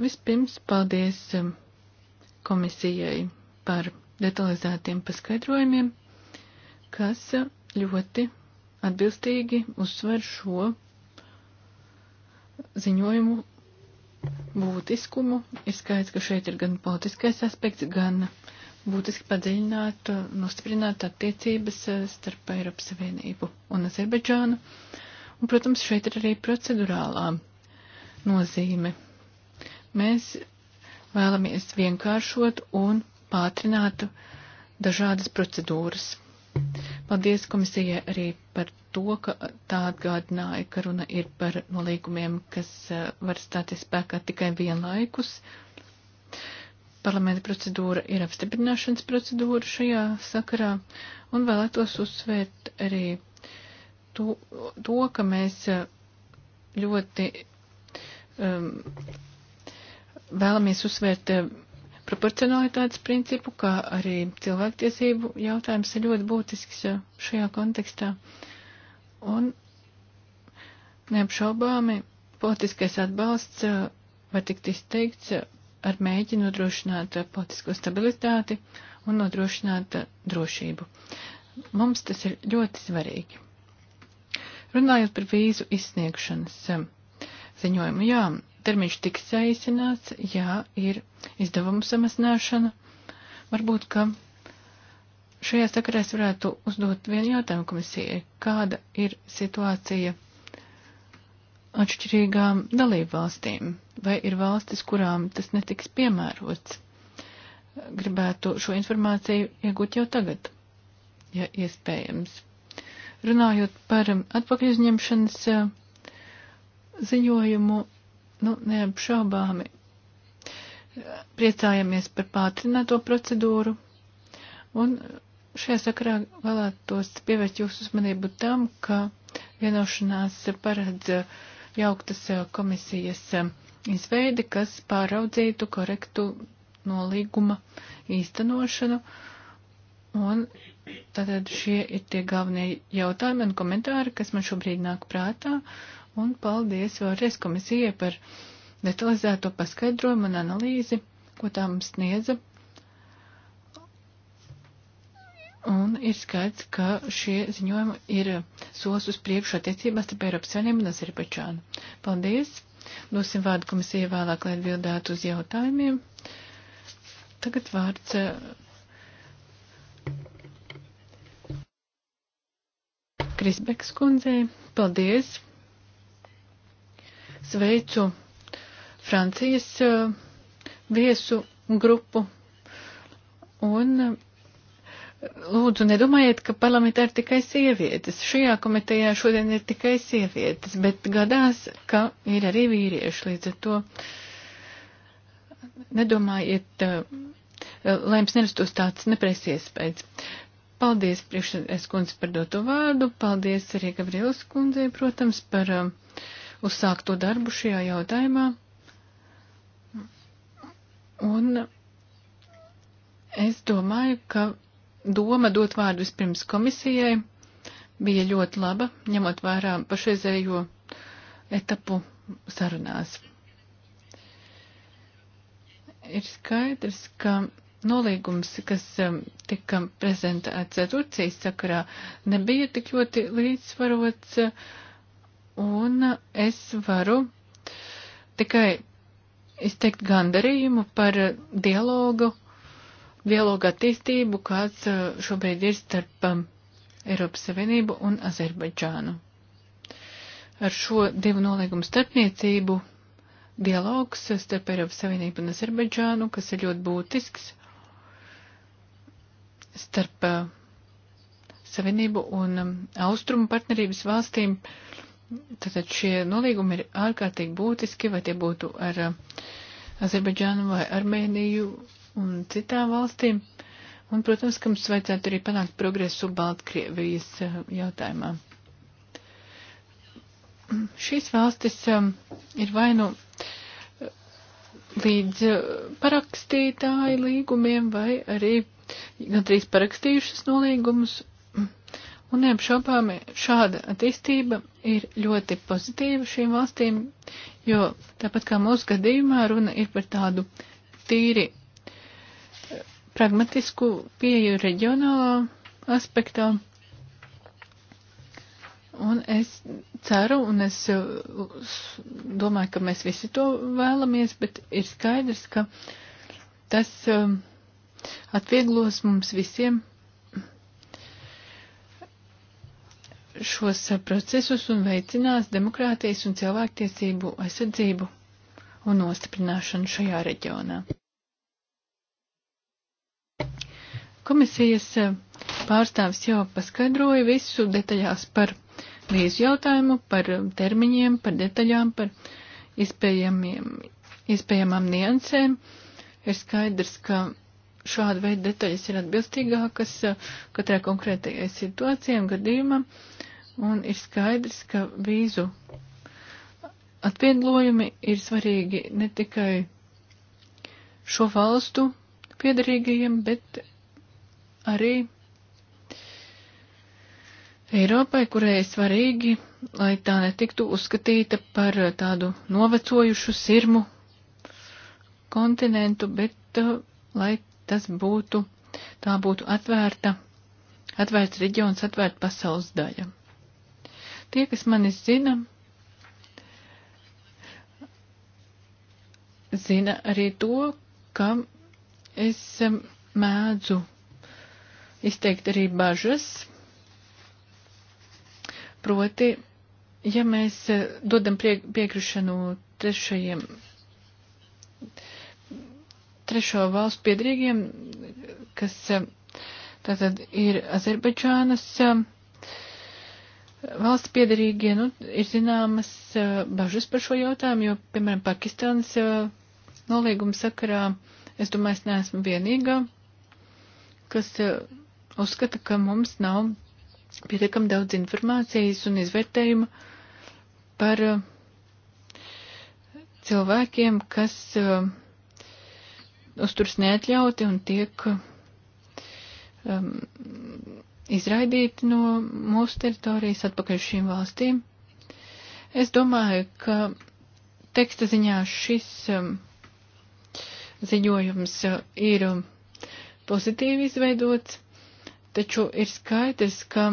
Vispirms paldies um, komisijai par detalizētiem paskaidrojumiem, kas ļoti atbilstīgi uzsver šo ziņojumu būtiskumu. Ir skaidrs, ka šeit ir gan politiskais aspekts, gan uh, būtiski padziļināt, nostiprināt attiecības eh, starp Eiropas Savienību un Azerbaidžānu. Un, protams, šeit ir arī procedurālā nozīme. Mēs vēlamies vienkāršot un pātrināt dažādas procedūras. Paldies komisijai arī par to, ka tā atgādināja, ka runa ir par nolīgumiem, kas eh, var stāties spēkā tikai vienlaikus. Uh, parlamenta procedūra ir apstiprināšanas procedūra šajā sakarā, un vēlētos uzsvērt arī to, to ka mēs e, ļoti um, vēlamies uzsvērt e, proporcionalitātes principu, kā arī cilvēktiesību jautājums ir ļoti būtisks e, šajā kontekstā. Un neapšaubāmi politiskais atbalsts var tikt izteikts ar mēģi nodrošināt politisko stabilitāti un nodrošināt drošību. Mums tas ir ļoti svarīgi. Runājot par vīzu izsniegšanas um, ziņojumu, jā, termiņš tiks saīsināts, jā, ir izdevumu samazināšana. Varbūt, ka šajā sakarā es varētu uzdot vienu jautājumu komisijai, kāda ir situācija atšķirīgām dalību valstīm, vai ir valstis, kurām tas netiks piemērots. Gribētu šo informāciju iegūt jau tagad, ja iespējams. Runājot par atpakaļuzņemšanas eh, ziņojumu, nu, neapšaubāmi eh, priecājamies par pātrināto procedūru un šajā sakarā vēlētos pievērst jūsu uzmanību tam, ka vienošanās paredz uh, jauktas eh, komisijas eh, izveidi, kas pāraudzītu korektu nolīguma īstenošanu. Un tātad šie ir tie galvenie jautājumi un komentāri, kas man šobrīd nāk prātā. Un paldies vēlreiz komisijai par detalizēto paskaidrojumu un analīzi, ko tā mums sniedza Un ir skaidrs, ka šie ziņojumi ir sos uz priekšu attiecībās starp Eiropas Savienību un Azerbaidžānu. Paldies! Dosim vārdu komisijai vēlāk, lai atbildētu uz jautājumiem. Tagad vārds. Eh, Krisbeks kundzei, paldies! Sveicu Francijas eh, viesu grupu un eh, Lūdzu, nedomājiet, ka parlamentā ir tikai sievietes. Šajā komitejā šodien ir tikai sievietes, bet gadās, ka ir arī vīrieši. Līdz ar to nedomājiet, eh, lai jums nerastos tāds nepreiz iespējas. Paldies priekšsēdētājas kundze par doto vārdu, paldies arī Gabrielas kundzei, protams, par eh, uzsākto darbu šajā jautājumā. Un es domāju, ka doma dot vārdu vispirms komisijai bija ļoti laba, ņemot vērā pašreizējo etapu sarunās. Ir skaidrs, ka nolīgums, kas um, tika prezentēts Turcijas sakarā, nebija tik ļoti līdzsvarots, un es varu tikai izteikt gandarījumu par dialogu dialogu attīstību, kāds eh, šobrīd ir starp um, Eiropas Savienību un Azerbaidžānu. Ar šo divu nolīgumu starpniecību dialogs starp Eiropas Savienību un Azerbaidžānu, kas ir ļoti būtisks starp eh, Savienību un um, Austrumu partnerības valstīm, tātad šie nolīgumi ir ārkārtīgi būtiski, vai tie būtu ar eh, Azerbaidžānu vai Armēniju un citām valstīm. Un, protams, ka mums vajadzētu arī panākt progresu Baltkrievijas eh, jautājumā. Šīs valstis eh, ir vai nu eh, līdz parakstītāji līgumiem, vai arī gandrīz parakstījušas nolīgumus. Un neapšaubāmi šāda attīstība ir ļoti pozitīva šīm valstīm, jo tāpat kā mūsu gadījumā runa ir par tādu tīri pragmatisku pieju reģionālā aspektā. Un es ceru, un es uh, domāju, ka mēs visi to vēlamies, bet ir skaidrs, ka tas um, atvieglos mums visiem šos uh, procesus un veicinās demokrātijas un cilvēktiesību aizsardzību un nostiprināšanu šajā reģionā. Komisijas e, pārstāvis jau paskaidroja visu detaļās par vīzu jautājumu, par e, termiņiem, par detaļām, par iespējamām niansēm. Ir skaidrs, ka šāda veida detaļas ir atbilstīgākas e, katrai konkrētajai situācijai un gadījumam, un ir skaidrs, ka vīzu atvieglojumi ir svarīgi ne tikai šo valstu piedarīgajiem, bet arī Eiropai, kurai ir svarīgi, lai tā netiktu uzskatīta par tādu novecojušu sirmu kontinentu, bet uh, lai tas būtu, tā būtu atvērta, atvērts reģions, atvērta pasaules daļa. Tie, kas mani zina, zina arī to, ka es um, mēdzu izteikt arī bažas. Proti, ja mēs e, dodam prie, piekrišanu trešajiem, trešo valstu piedrīgiem, kas e, tātad ir Azerbaidžānas e, valsts piedarīgie, nu, ir zināmas bažas par šo jautājumu, jo, piemēram, Pakistānas nolīguma sakarā, es domāju, es neesmu vienīgā, kas uzskata, ka mums nav pietiekam daudz informācijas un izvērtējuma par uh, cilvēkiem, kas uh, uzturs neatļauti un tiek um, izraidīti no mūsu teritorijas atpakaļ šīm valstīm. Es domāju, ka teksta ziņā šis um, ziņojums uh, ir um, pozitīvi izveidots taču ir skaidrs, ka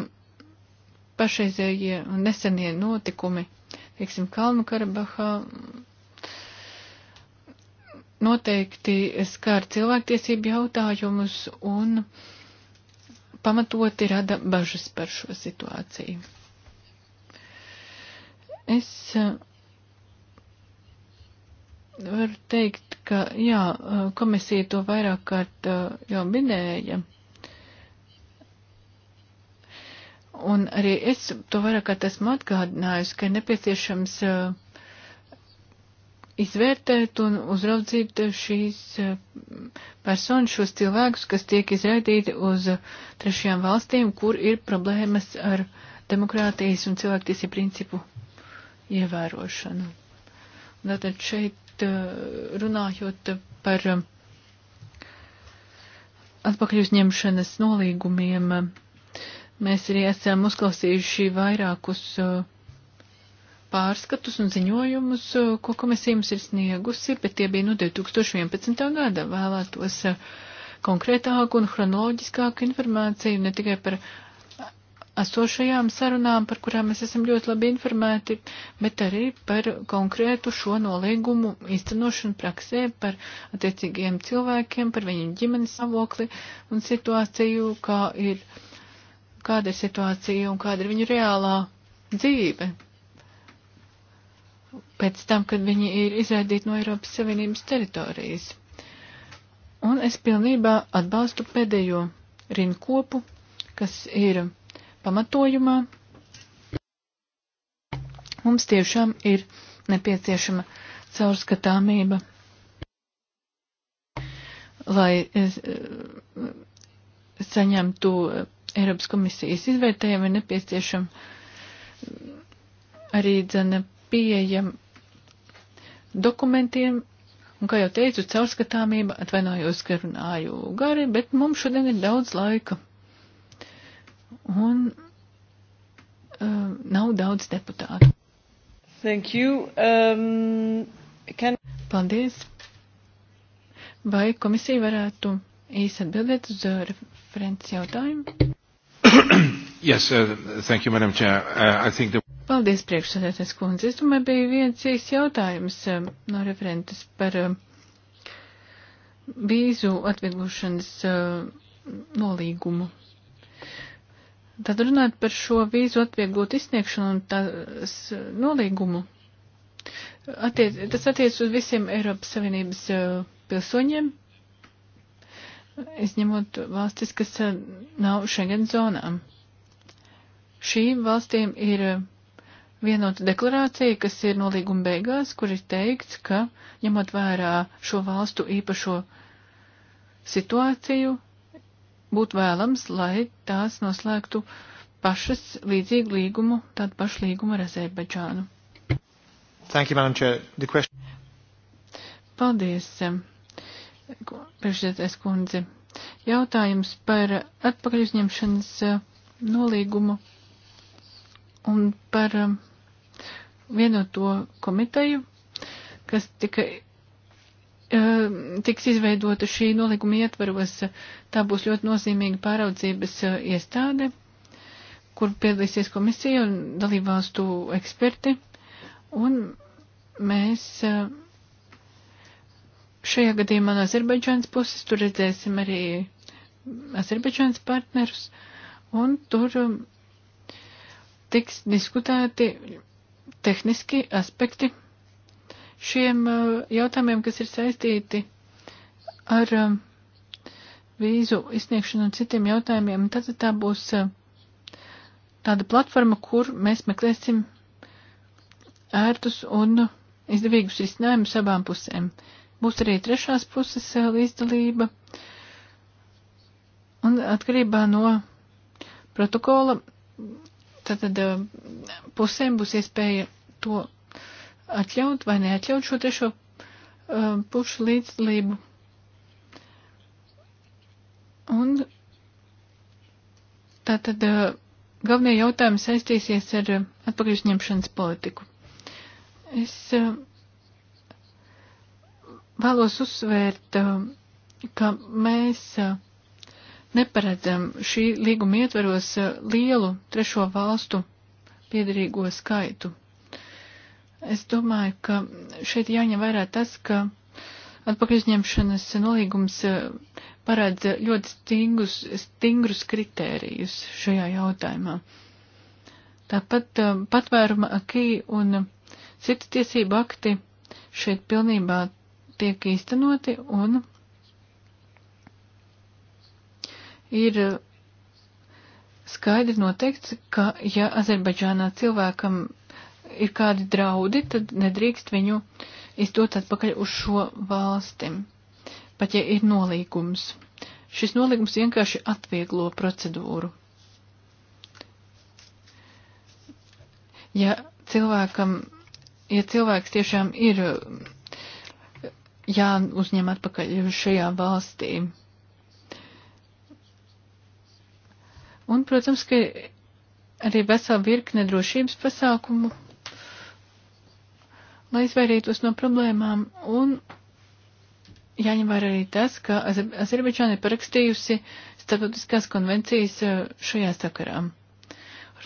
pašreizējie un nesenie notikumi, teiksim, Kalnu Karabahā, noteikti skar cilvēktiesību jautājumus un pamatoti rada bažas par šo situāciju. Es eh, varu teikt, ka jā, eh, komisija to vairāk kārt eh, jau minēja. Un arī es to vairāk kā esmu atgādinājusi, ka nepieciešams uh, izvērtēt un uzraudzīt šīs uh, personas, šos cilvēkus, kas tiek izraidīti uz trešajām valstīm, kur ir problēmas ar demokrātijas un cilvēktiesību principu ievērošanu. Tātad šeit uh, runājot par atpakaļ uzņemšanas nolīgumiem Mēs arī esam uzklausījuši vairākus uh, pārskatus un ziņojumus, uh, ko komisija mums ir sniegusi, bet tie bija no 2011. gada. Vēlētos uh, konkrētāku un chronoloģiskāku informāciju ne tikai par esošajām sarunām, par kurām mēs esam ļoti labi informēti, bet arī par konkrētu šo nolīgumu īstenošanu praksē, par attiecīgiem cilvēkiem, par viņu ģimenes avokli un situāciju, kā ir kāda ir situācija un kāda ir viņu reālā dzīve. Pēc tam, kad viņi ir izraidīti no Eiropas Savienības teritorijas. Un es pilnībā atbalstu pēdējo rinkopu, kas ir pamatojumā. Mums tiešām ir nepieciešama caurskatāmība, lai es, eh, saņemtu Eiropas komisijas izvērtējumu ir nepieciešama arī dzene pieejam dokumentiem, un, kā jau teicu, caurskatāmība, atvainojos, ka runāju gari, bet mums šodien ir daudz laika. Un um, nav daudz deputātu. Thank you. Um, can... Paldies. Vai komisija varētu īsi atbildēt uz uh, referents jautājumu? yes, uh, thank you, Madam Chair. Uh, I think the... Paldies, priekšsēdētājs kundze. Es domāju, bija viens īs jautājums um, no referentes par um, vīzu atvieglošanas uh, nolīgumu. Tad runāt par šo vīzu atvieglot izsniegšanu un tās uh, nolīgumu. Attiec, tas attiec uz visiem Eiropas Savienības uh, pilsoņiem, izņemot valstis, kas eh, nav Schengen zonām. Šīm valstīm ir eh, vienota deklarācija, kas ir nolīguma beigās, kur ir teikts, ka ņemot vērā šo valstu īpašo situāciju, būtu vēlams, lai tās noslēgtu pašas līdzīgu līgumu, tādu pašu līgumu ar Azerbaidžānu. Thank you, Madam Chair. The question... Paldies. Eh, priekšsēdētājs kundze. Jautājums par atpakaļ uzņemšanas eh, nolīgumu un par eh, vienoto komiteju, kas tika, eh, tiks izveidota šī nolīguma ietvaros. Tā būs ļoti nozīmīga pāraudzības iestāde, kur piedalīsies komisija un dalībvalstu eksperti. Un mēs uh, Šajā gadījumā no Azerbaidžānas puses tur redzēsim arī Azerbaidžānas partnerus, un tur um, tiks diskutēti tehniski aspekti šiem uh, jautājumiem, kas ir saistīti ar um, vīzu izsniegšanu un citiem jautājumiem. Tad tā būs uh, tāda platforma, kur mēs meklēsim ērtus un izdevīgus risinājumus abām pusēm. Būs arī trešās puses eh, līdzdalība. Un atkarībā no protokola, tātad eh, pusēm būs iespēja to atļaut vai neatļaut šo trešo uh, pušu līdzdalību. Un tātad uh, galvenie jautājumi saistīsies ar uh, atpakaļ uzņemšanas politiku. Es uh, vēlos uzsvērt, eh, ka mēs eh, neparedzam šī līguma ietveros eh, lielu trešo valstu piedarīgo skaitu. Es domāju, ka šeit jāņem vērā tas, ka atpakaļņemšanas nolīgums paredz ļoti stingrus, stingrus kritērijus šajā jautājumā. Tāpat patvēruma akī un citu tiesību akti šeit pilnībā tiek īstenoti un ir skaidri noteikts, ka ja Azerbaidžānā cilvēkam ir kādi draudi, tad nedrīkst viņu izdot atpakaļ uz šo valsti, pat ja ir nolīgums. Šis nolīgums vienkārši atvieglo procedūru. Ja cilvēkam, ja cilvēks tiešām ir jāuzņem atpakaļ šajā valstī. Un, protams, ka arī vesela virkne drošības pasākumu, lai izvairītos no problēmām. Un jāņem vērā arī tas, ka Azerbaidžāna ir parakstījusi starptautiskās konvencijas eh, šajā sakarā.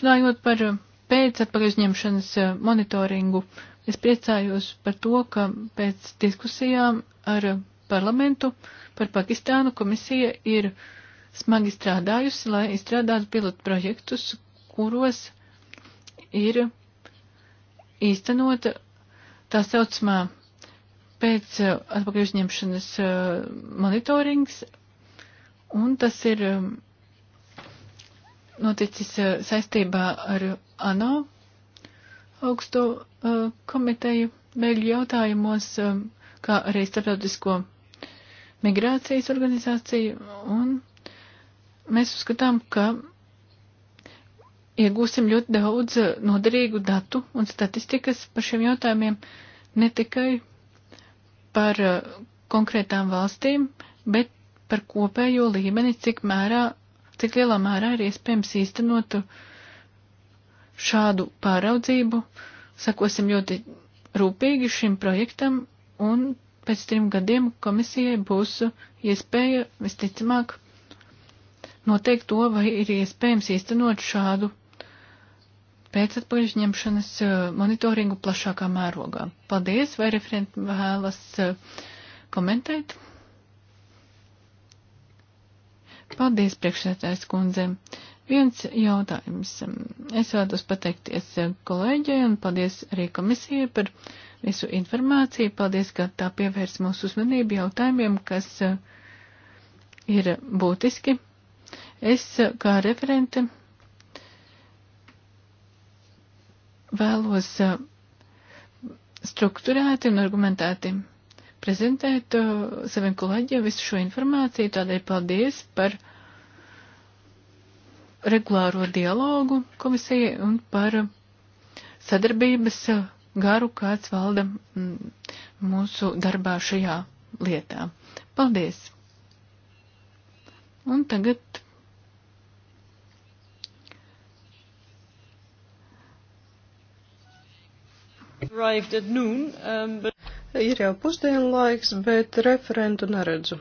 Runājot par eh, pēc atpakaļuzņemšanas eh, monitoringu, uh, Es priecājos par to, ka pēc diskusijām ar parlamentu par Pakistānu komisija ir smagi strādājusi, lai izstrādātu pilotu projektus, kuros ir īstenota tā saucamā pēc atpakaļ uzņemšanas uh, monitorings, un tas ir um, noticis uh, saistībā ar ANO augsto uh, komiteju bēgļu jautājumos, um, kā arī starptautisko migrācijas organizāciju, un mēs uzskatām, ka iegūsim ļoti daudz uh, noderīgu datu un statistikas par šiem jautājumiem, ne tikai par uh, konkrētām valstīm, bet par kopējo līmeni, cik mērā, cik lielā mērā ir iespējams īstenot uh, šādu pāraudzību, sakosim ļoti rūpīgi šim projektam, un pēc trim gadiem komisijai būs iespēja, visticamāk, noteikt to, vai ir iespējams īstenot šādu pēcatpakaļņemšanas eh, monitoringu plašākā mērogā. Paldies, vai referenti vēlas eh, komentēt? Paldies, priekšsētājs kundze. Viens jautājums. Es vēlos pateikties kolēģei un paldies arī komisijai par visu informāciju. Paldies, ka tā pievērs mūsu uzmanību jautājumiem, kas ir būtiski. Es kā referente vēlos strukturēti un argumentēti prezentēt saviem kolēģiem visu šo informāciju, tādēļ paldies par regulāro dialogu komisijai un par sadarbības garu, kāds valda mm, mūsu darbā šajā lietā. Paldies! Un tagad Noon, um, but... Ir jau pusdienlaiks, bet referentu neredzu.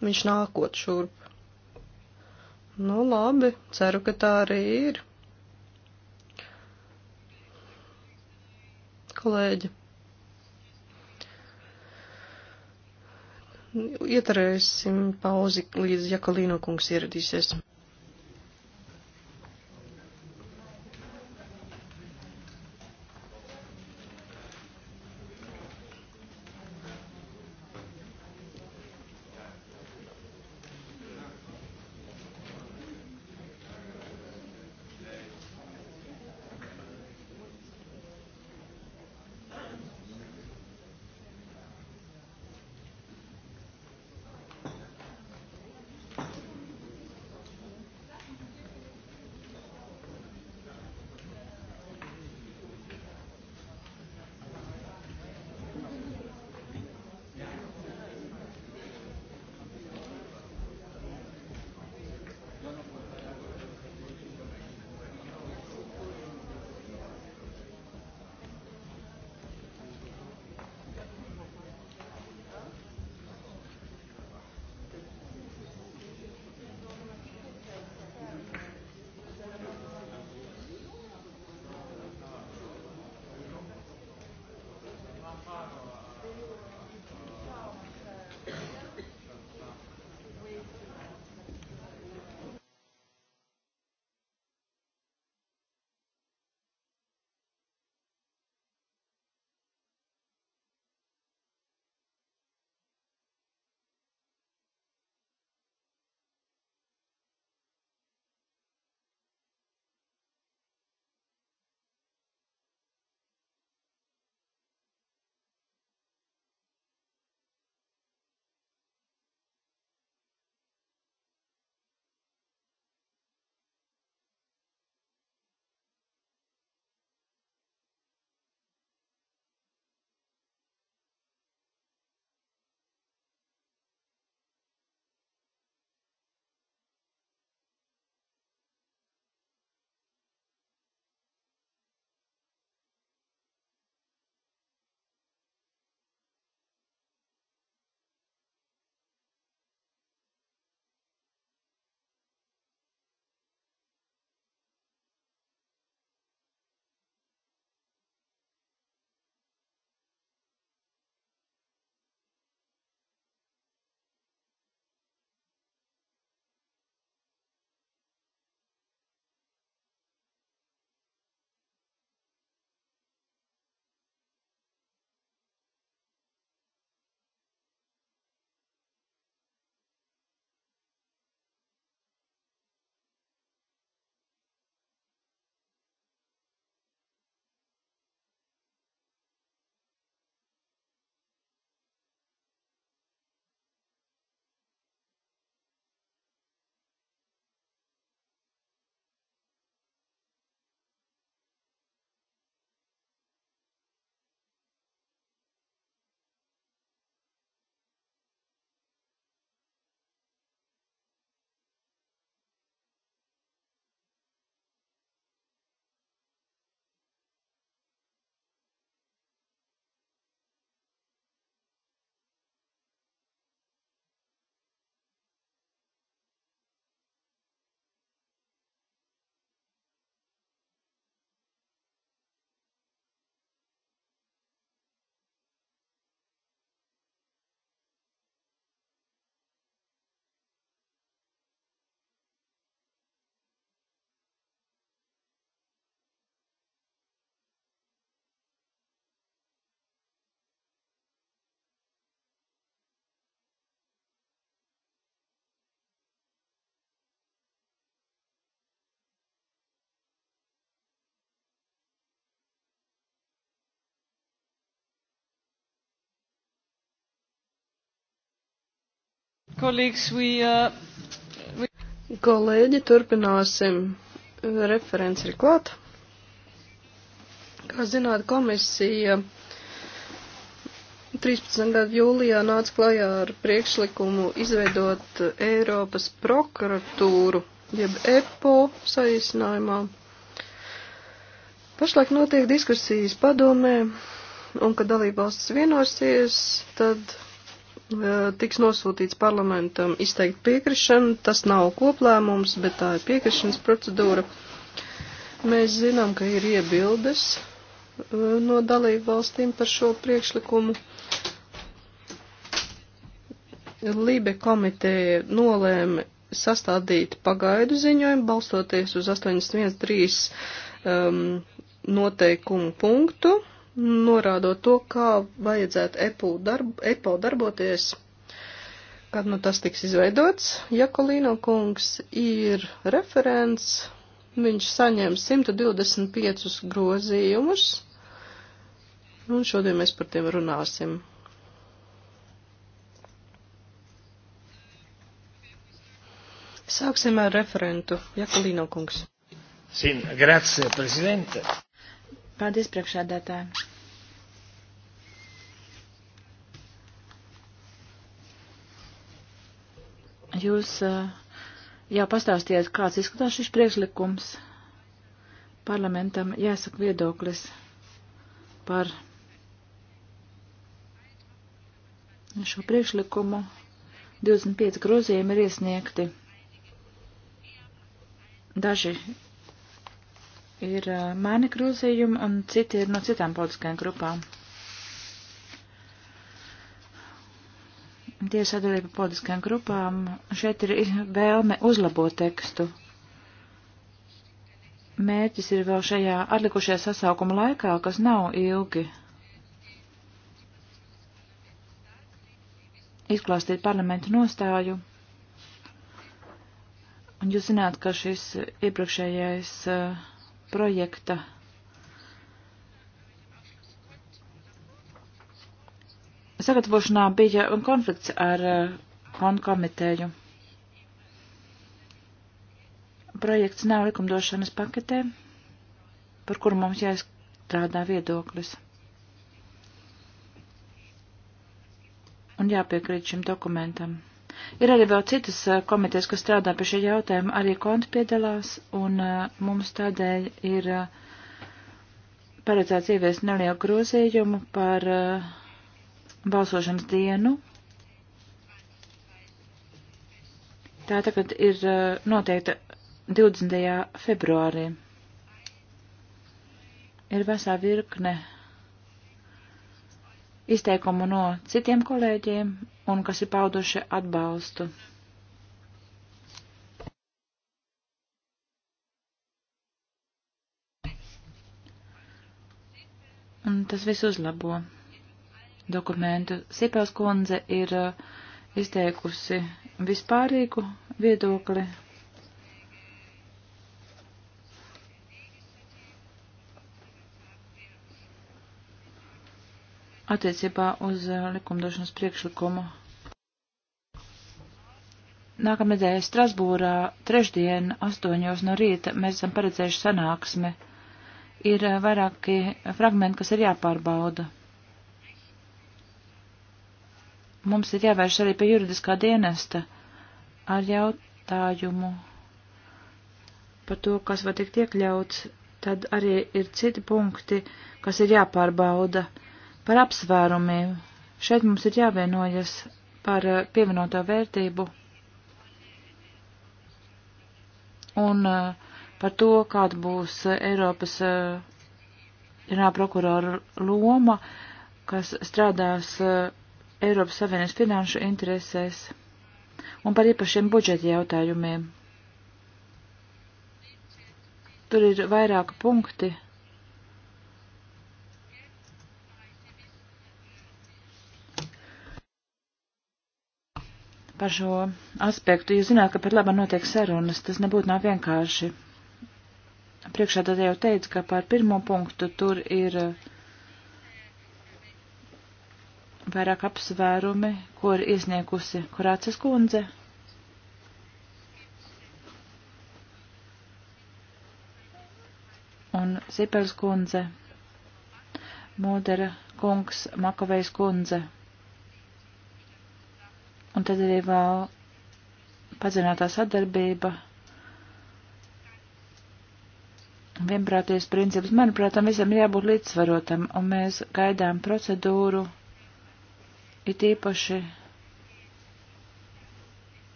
Viņš nākot šurp. Nu, labi, ceru, ka tā arī ir. Kolēģi. Ietarēsim pauzi, līdz Jakolīno kungs ieradīsies. Uh, Kolēģi, turpināsim. Referents ir klāt. Kā zināt, komisija 13. gada jūlijā nāca klajā ar priekšlikumu izveidot Eiropas prokuratūru, jeb EPO saīsinājumā. Pašlaik notiek diskusijas padomē, un kad dalībvalstis vienosies, tad tiks nosūtīts parlamentam izteikt piekrišanu. Tas nav koplēmums, bet tā ir piekrišanas procedūra. Mēs zinām, ka ir iebildes no dalību valstīm par šo priekšlikumu. Lībe komiteja nolēma sastādīt pagaidu ziņojumu, balstoties uz 813 um, noteikumu punktu norādot to, kā vajadzētu Apple darb, Apple darboties, kad nu tas tiks izveidots. Jakolīno kungs ir referents, viņš saņem 125 grozījumus, un šodien mēs par tiem runāsim. Sāksim ar referentu. Jakolīno kungs. Sim, grazie, prezidente. Paldies, priekšādātāji. Jūs eh, jau pastāstījāt, kāds izskatās šis priekšlikums. Parlamentam jāsaka viedoklis par šo priekšlikumu. 25 grozījumi ir iesniegti. Daži ir eh, mani grozījumi un citi ir no citām politiskajām grupām. Tieši atbildība politiskajām grupām. Šeit ir vēlme uzlabot tekstu. Mērķis ir vēl šajā atlikušajā sasaukuma laikā, kas nav ilgi. Izklāstīt parlamentu nostāju. Un jūs zināt, ka šis iepriekšējais eh, projekta sagatavošanā bija konflikts ar eh, Honu komiteju. Projekts nav likumdošanas paketē, par kuru mums jāizstrādā viedoklis. Un jāpiekrīt šim dokumentam. Ir arī vēl citas eh, komitejas, kas strādā pie šī jautājuma, arī konti piedalās, un eh, mums tādēļ ir paredzēts ieviest nelielu grozījumu par uh, balsošanas dienu. Tā tagad ir uh, noteikta 20. februārī. Ir vesā virkne izteikumu no citiem kolēģiem un kas ir pauduši atbalstu. Un tas viss uzlabo dokumentu. Sipels kundze ir eh, izteikusi vispārīgu viedokli. Attiecībā uz eh, likumdošanas priekšlikumu. Nākamnedēļ Strasbūrā trešdien astoņos no rīta mēs esam paredzējuši sanāksmi. Ir eh, vairāki fragmenti, kas ir jāpārbauda mums ir jāvērš arī pie juridiskā dienesta ar jautājumu par to, kas var tikt iekļauts, tad arī ir citi punkti, kas ir jāpārbauda par apsvērumiem. Šeit mums ir jāvienojas par eh, pievienoto vērtību un eh, par to, kāda būs eh, Eiropas ģenerāla prokurora loma, kas strādās uh, Eiropas Savienības finanšu interesēs un par īpašiem budžeta jautājumiem. Tur ir vairāki punkti. Par šo aspektu jūs zināt, ka par labu notiek sarunas, tas nebūtu nav vienkārši. Priekšā tad jau teicu, ka par pirmo punktu tur ir uh, vairāk apsvērumi, ko ir iesniegusi Kurācis kundze. Un Zipels kundze, Mūdera kungs, Makovejs kundze. Un tad arī vēl padzinātā sadarbība. Vienprāties princips, manuprāt, tam visam jābūt līdzsvarotam, un mēs gaidām procedūru It īpaši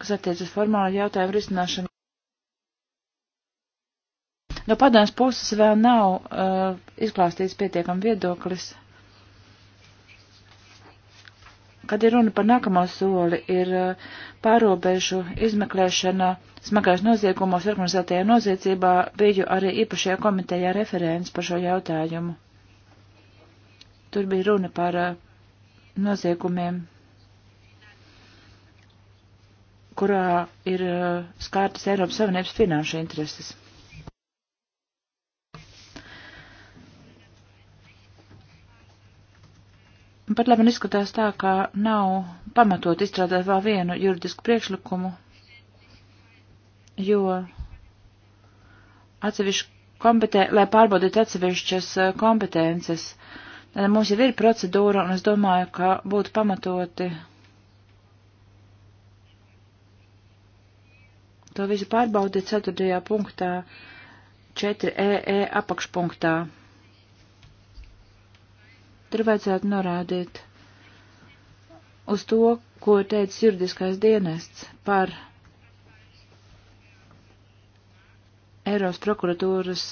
kas attiecas formālu jautājumu risināšanu. No padomas puses vēl nav uh, izklāstīts pietiekam viedoklis. Kad ir runa par nākamo soli, ir uh, pārobežu izmeklēšana smagās noziegumos organizētajā noziedzībā, biju arī īpašajā komitejā referents par šo jautājumu. Tur bija runa par eh, noziegumiem, kurā ir eh, skārtas Eiropas Savienības finanšu intereses. Pat labi izskatās tā, ka nav pamatot izstrādāt vēl vienu juridisku priekšlikumu, jo atsevišķi kompetē, lai pārbaudītu atsevišķas eh, kompetences, uh, Tad mums jau ir procedūra, un es domāju, ka būtu pamatoti to visu pārbaudīt 4. punktā, 4EE e apakšpunktā. Tur vajadzētu norādīt uz to, ko teica sirdiskais dienests par Eiropas prokuratūras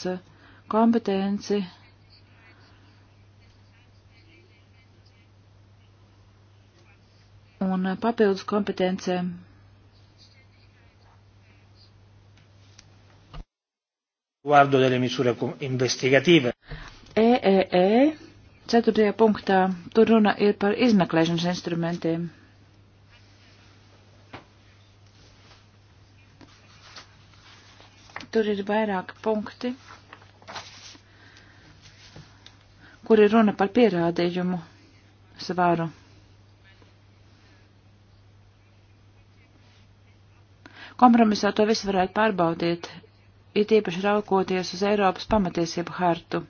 kompetenci un uh, papildus kompetencēm. Guardo delle misure investigative. EEE, e e, ceturtajā punktā, tur runa ir par izmeklēšanas instrumentiem. Tur ir vairāki punkti, kur ir runa par pierādījumu svaru. Kompromisā to visu varētu pārbaudīt, it īpaši raukoties uz Eiropas pamatiesību hartu.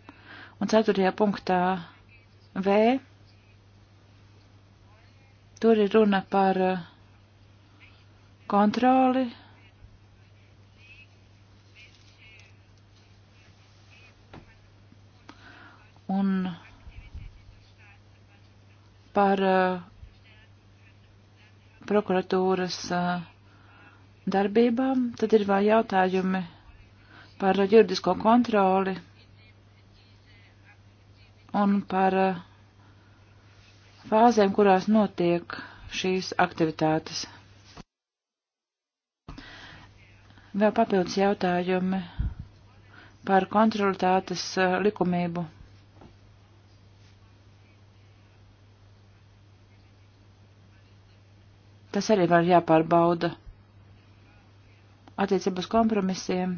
Un ceturtajā punktā V. Tur ir runa par eh, kontroli. Un par eh, prokuratūras uh, darbībām, tad ir vēl jautājumi par juridisko kontroli un par eh, fāzēm, kurās notiek šīs aktivitātes. Vēl papildus jautājumi par kontrolitātes eh, likumību. Tas arī var jāpārbauda attiecībā uz kompromisiem.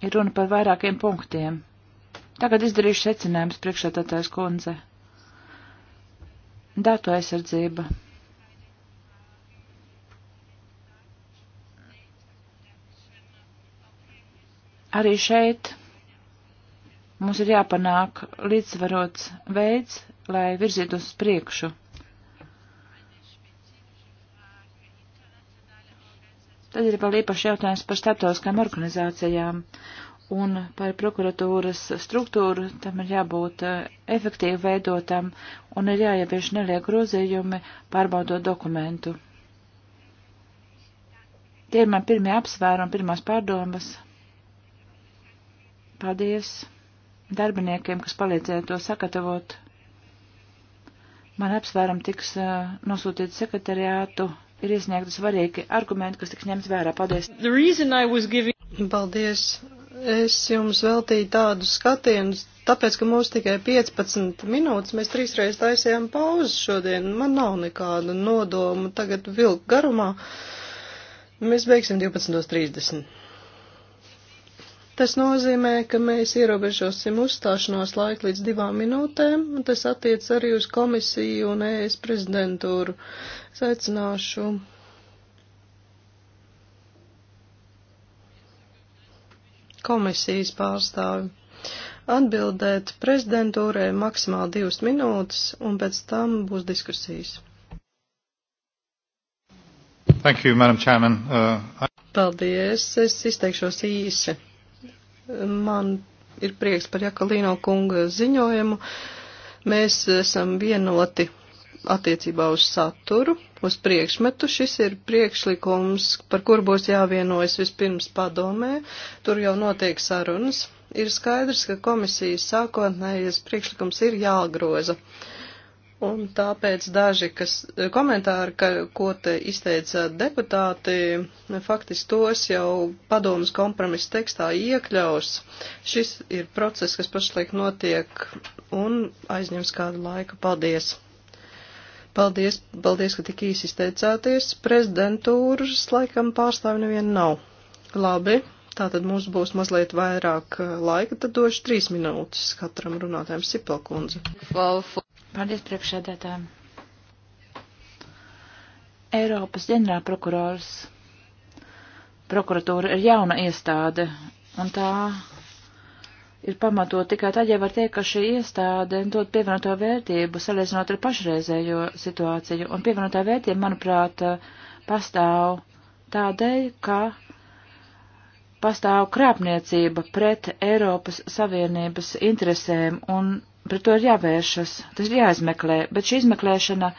Ir runa par vairākiem punktiem. Tagad izdarīšu secinājumus priekšētātājs kundze. Datu aizsardzība. Arī šeit mums ir jāpanāk līdzsvarots veids, lai virzītos uz priekšu. Tad ir vēl īpaši jautājums par starptautiskām organizācijām un par prokuratūras struktūru. Tam ir jābūt eh, efektīvi veidotam un ir jāievieš neliek grozījumi pārbaudot dokumentu. Tie ir man pirmie apsvērumi, pirmās pārdomas. Paldies darbiniekiem, kas palīdzēja to sagatavot. Man apsvērum tiks eh, nosūtīts sekretariātu ir iesniegti svarīgi argumenti, kas tiks ņemt vērā. Paldies! Giving... Paldies! Es jums veltīju tādu skatienu, tāpēc, ka mums tikai 15 minūtes, mēs trīsreiz taisījām pauzes šodien, man nav nekāda nodoma tagad vilkt garumā. Mēs beigsim 12.30. Tas nozīmē, ka mēs ierobežosim uzstāšanos laiku līdz divām minūtēm, un tas attiec arī uz komisiju un ES prezidentūru. Es aicināšu. Komisijas pārstāvi atbildēt prezidentūrē maksimāli divas minūtes, un pēc tam būs diskusijas. Thank you, Madam Chairman. Uh, I... Paldies, es izteikšos īsi. Man ir prieks par Jakalīno kunga ziņojumu. Mēs esam vienoti attiecībā uz saturu, uz priekšmetu. Šis ir priekšlikums, par kur būs jāvienojas vispirms padomē. Tur jau notiek sarunas. Ir skaidrs, ka komisijas sākotnējais priekšlikums ir jāgroza. Uh, Un tāpēc daži kas, komentāri, ka, ko te izteica deputāti, faktiski tos jau padomas kompromisa tekstā iekļaus. Šis ir process, kas pašlaik notiek un aizņems kādu laiku. Paldies! Paldies, paldies ka tik īsi izteicāties. Prezidentūras laikam pārstāvi nevienu nav. Labi, tātad mums būs mazliet vairāk uh, laika, tad došu trīs minūtes katram runātājiem Sipelkundze. Wow. Paldies priekšsēdētājiem. Eiropas ģenerālprokurors. Prokuratūra ir jauna iestāde, un tā ir pamatot tikai tad, ja var teikt, ka šī iestāde dod pievienoto vērtību, salīdzinot ar pašreizējo situāciju. Un pievienotā vērtība, manuprāt, pastāv tādēļ, ka pastāv krāpniecība pret Eiropas Savienības interesēm un pret to ir jāvēršas, tas ir jāizmeklē, bet šī izmeklēšana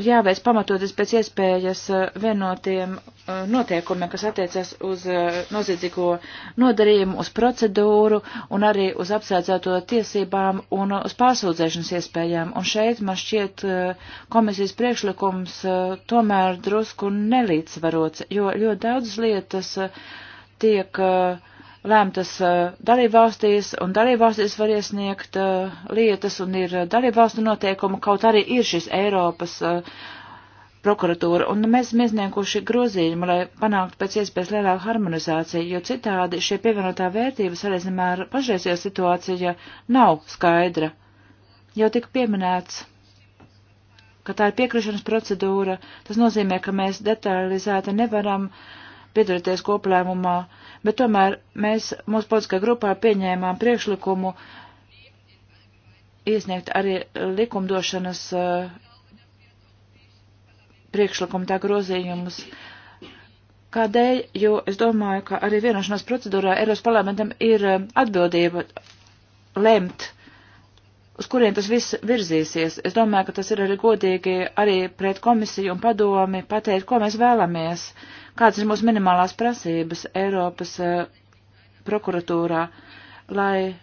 ir jāveic pamatoties pēc iespējas eh, vienotiem eh, noteikumiem, kas attiecas uz eh, noziedzīgo nodarījumu, uz procedūru un arī uz apsēdzēto tiesībām un uz pārsūdzēšanas iespējām. Un šeit man šķiet komisijas priekšlikums tomēr drusku nelīdzsvarots, jo ļoti daudz lietas tiek uh, lēmtas dalībvalstīs, un dalībvalstīs var iesniegt lietas, un ir dalībvalstu noteikumi, kaut arī ir šis Eiropas prokuratūra, un mēs esam iesnieguši grozījumu, lai panāktu pēc iespējas lielāku harmonizāciju, jo citādi šie pievienotā vērtība, salīdzinām ar pašreizējo situāciju, nav skaidra. Jau tika pieminēts, ka tā ir piekrišanas procedūra, tas nozīmē, ka mēs detalizēti nevaram uh, piedalīties koplēmumā, bet tomēr mēs mūsu politiskajā grupā pieņēmām priekšlikumu iesniegt arī likumdošanas eh, priekšlikumu tā grozījumus. Kādēļ? Jo es domāju, ka arī vienošanās procedūrā Eiropas parlamentam ir eh, atbildība lemt uz kuriem tas viss virzīsies. Es domāju, ka tas ir arī godīgi arī pret komisiju un padomi pateikt, ko mēs vēlamies, kādas ir mūsu minimālās prasības Eiropas uh, prokuratūrā, lai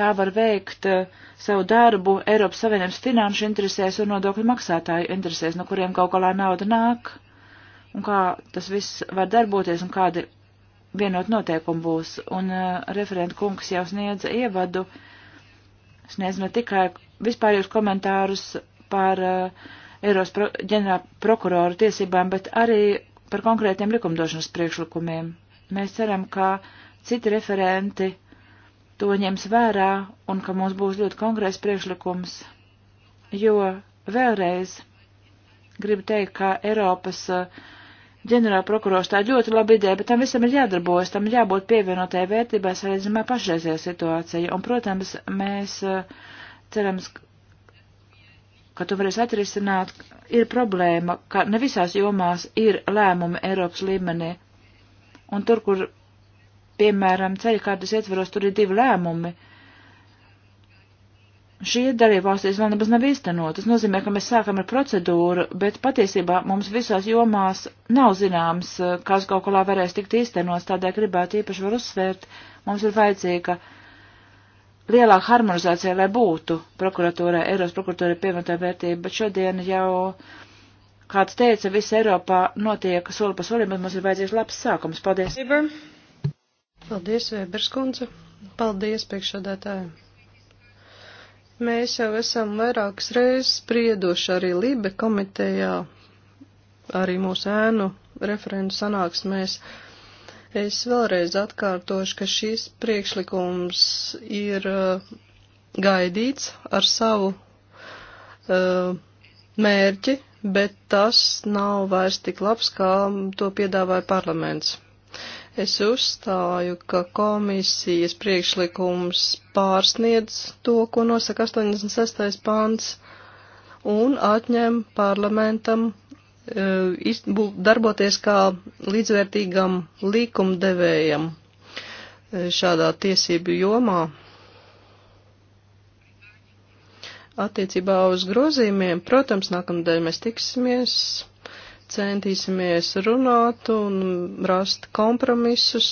tā var veikt uh, savu darbu Eiropas Savienības finanšu interesēs un nodokļu maksātāju interesēs, no kuriem kaut kādā nauda nāk, un kā tas viss var darboties un kādi vienot noteikumi būs. Un uh, referenta kungs jau sniedza ievadu. Uh, sniedz ne tikai vispārējos komentārus par uh, Eiros pro, ģenerāla prokuroru tiesībām, bet arī par konkrētiem likumdošanas priekšlikumiem. Mēs ceram, ka citi referenti to ņems vērā un ka mums būs ļoti konkrēts priekšlikums, jo vēlreiz gribu teikt, ka Eiropas uh, ģenerāla prokurors tā ļoti laba ideja, bet tam visam ir jādarbojas, tam ir jābūt pievienotai vērtībai sarežģījumā pašreizajā situācijā. Un, protams, mēs eh, cerams, ka tu varēsi atrisināt, ir problēma, ka ne visās jomās ir lēmumi Eiropas līmenī. Un tur, kur, piemēram, ceļkārtas ietveros, tur ir divi lēmumi. Uh, šī dalībvalstīs vēl nebūs nav īstenot. Tas nozīmē, ka mēs sākam ar procedūru, bet patiesībā mums visās jomās nav zināms, eh, kas kaut kādā varēs tikt īstenots. Tādēļ gribētu īpaši var uzsvērt, mums ir vajadzīga lielāka harmonizācija, lai būtu prokuratūrā, Eiropas prokuratūra pievienotā vērtība, bet šodien jau, kāds teica, viss Eiropā notiek soli pa solim, bet mums ir vajadzīgs labs sākums. Paldies! Paldies, Vēberskundze! Paldies, priekšsādātāji! Mēs jau esam vairākas reizes sprieduši arī Libe komitejā, arī mūsu ēnu referendu sanāksmēs. Es vēlreiz atkārtošu, ka šis priekšlikums ir uh, gaidīts ar savu uh, mērķi, bet tas nav vairs tik labs, kā to piedāvāja parlaments. Es uzstāju, ka komisijas priekšlikums pārsniedz to, ko nosaka 86. pāns, un atņem parlamentam e, darboties kā līdzvērtīgam likumdevējam e, šādā tiesību jomā. Attiecībā uz grozījumiem, protams, nākamdēļ mēs tiksimies centīsimies runāt un rast kompromisus,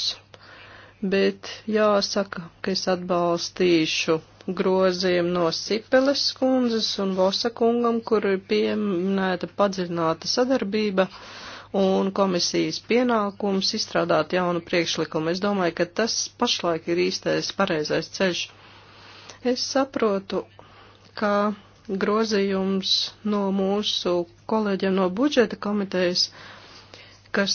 bet jāsaka, ka es atbalstīšu grozījumu no Sipeles kundzes un Vosa kungam, kur ir pieminēta padziļināta sadarbība un komisijas pienākums izstrādāt jaunu priekšlikumu. Es domāju, ka tas pašlaik ir īstais pareizais ceļš. Es saprotu, ka grozījums no mūsu kolēģiem no budžeta komitejas, kas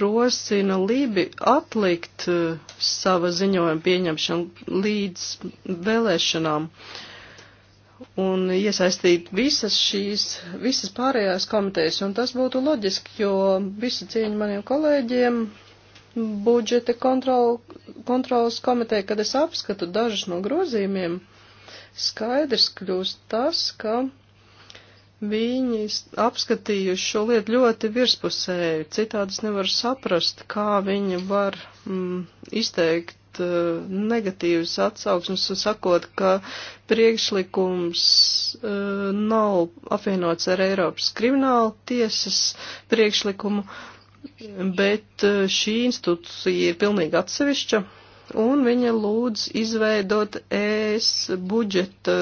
rosina Lībi atlikt eh, sava ziņojuma pieņemšanu līdz vēlēšanām un iesaistīt visas šīs, visas pārējās komitejas, un tas būtu loģiski, jo visi cieņi maniem kolēģiem budžeta kontrol, kontrolas komiteja, kad es apskatu dažus no grozījumiem, skaidrs kļūst tas, ka viņi apskatījuši šo lietu ļoti virspusēji, citādas nevar saprast, kā viņi var mm, izteikt eh, negatīvas atsauksmes, sakot, ka priekšlikums uh, nav apvienots ar Eiropas kriminālu tiesas priekšlikumu, bet eh, šī institūcija ir pilnīgi atsevišķa un viņa lūdz izveidot ES budžeta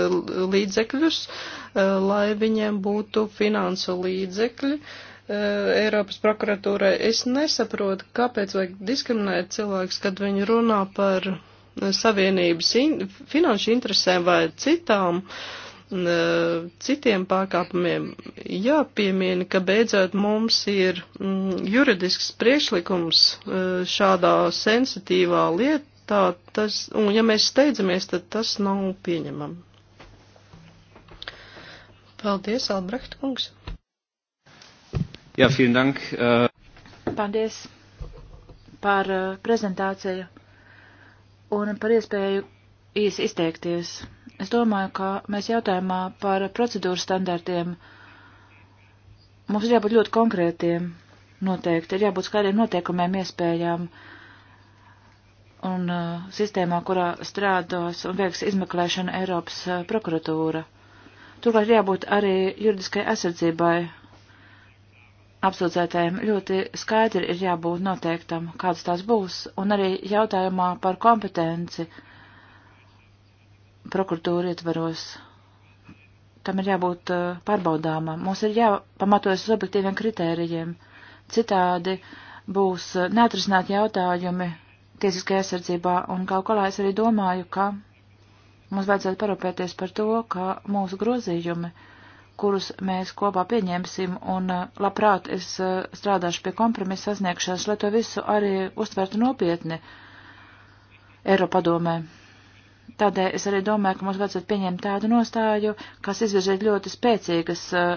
līdzekļus, eh, lai viņiem būtu finansu līdzekļi. Eh, Eiropas prokuratūrai es nesaprotu, kāpēc vajag diskriminēt cilvēks, kad viņi runā par eh, savienības in finanšu interesēm vai citām uh, citiem pārkāpumiem jāpiemina, ka beidzot mums ir mm, juridisks priekšlikums šādā sensitīvā liet, tā tas, un ja mēs steidzamies, tad tas nav pieņemam. Paldies, Albrecht kungs. Jā, ja, vielen dank. Uh... Paldies par uh, prezentāciju un par iespēju īsi izteikties. Es domāju, ka mēs jautājumā par procedūru standartiem mums ir jābūt ļoti konkrētiem noteikti, ir jābūt skaidriem noteikumiem iespējām. Uh, un uh, sistēmā, kurā strādos un veiks izmeklēšana Eiropas uh, prokuratūra. Turklāt jābūt arī juridiskai aizsardzībai apsūdzētājiem ļoti skaidri ir jābūt noteiktam, kāds tās būs, un arī jautājumā par kompetenci prokuratūra ietvaros. Tam ir jābūt uh, pārbaudāmam. Mums ir jāpamatojas uz objektīviem kritērijiem. Citādi būs uh, neatrisināti jautājumi, tiesiskajā aizsardzībā, un kaut kādā es arī domāju, ka mums vajadzētu parūpēties par to, ka mūsu grozījumi, kurus mēs kopā pieņemsim, un uh, labprāt es uh, strādāšu pie kompromisa sasniegšanas, lai to visu arī uztvertu nopietni Eiropadomē. Tādēļ es arī domāju, ka mums vajadzētu pieņemt tādu nostāju, kas izvirzīt ļoti spēcīgas uh,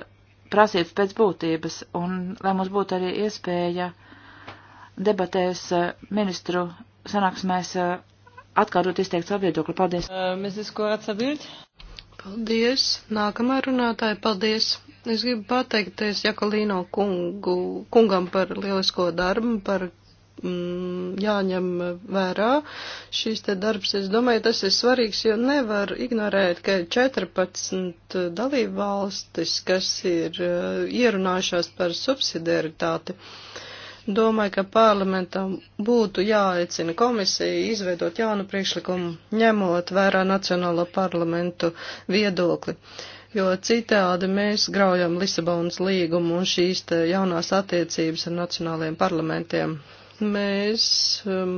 prasības pēc būtības, un lai mums būtu arī iespēja debatēs ministru sanāksmēs eh, atkārtot izteikt savu viedokli. Paldies. Eh, mēs Paldies. Nākamā runātāja, paldies. Es gribu pateikties Jakolīno kungu, kungam par lielisko darbu, par mm, jāņem vērā šīs te darbs. Es domāju, tas ir svarīgs, jo nevar ignorēt, ka 14 dalību valstis, kas ir uh, ierunājušās par subsidiaritāti. Uh, Domāju, ka parlamentam būtu jāaicina komisija izveidot jaunu priekšlikumu, ņemot vērā Nacionālo parlamentu viedokli, jo citādi mēs graujam Lisabonas līgumu un šīs jaunās attiecības ar nacionālajiem parlamentiem. Mēs um,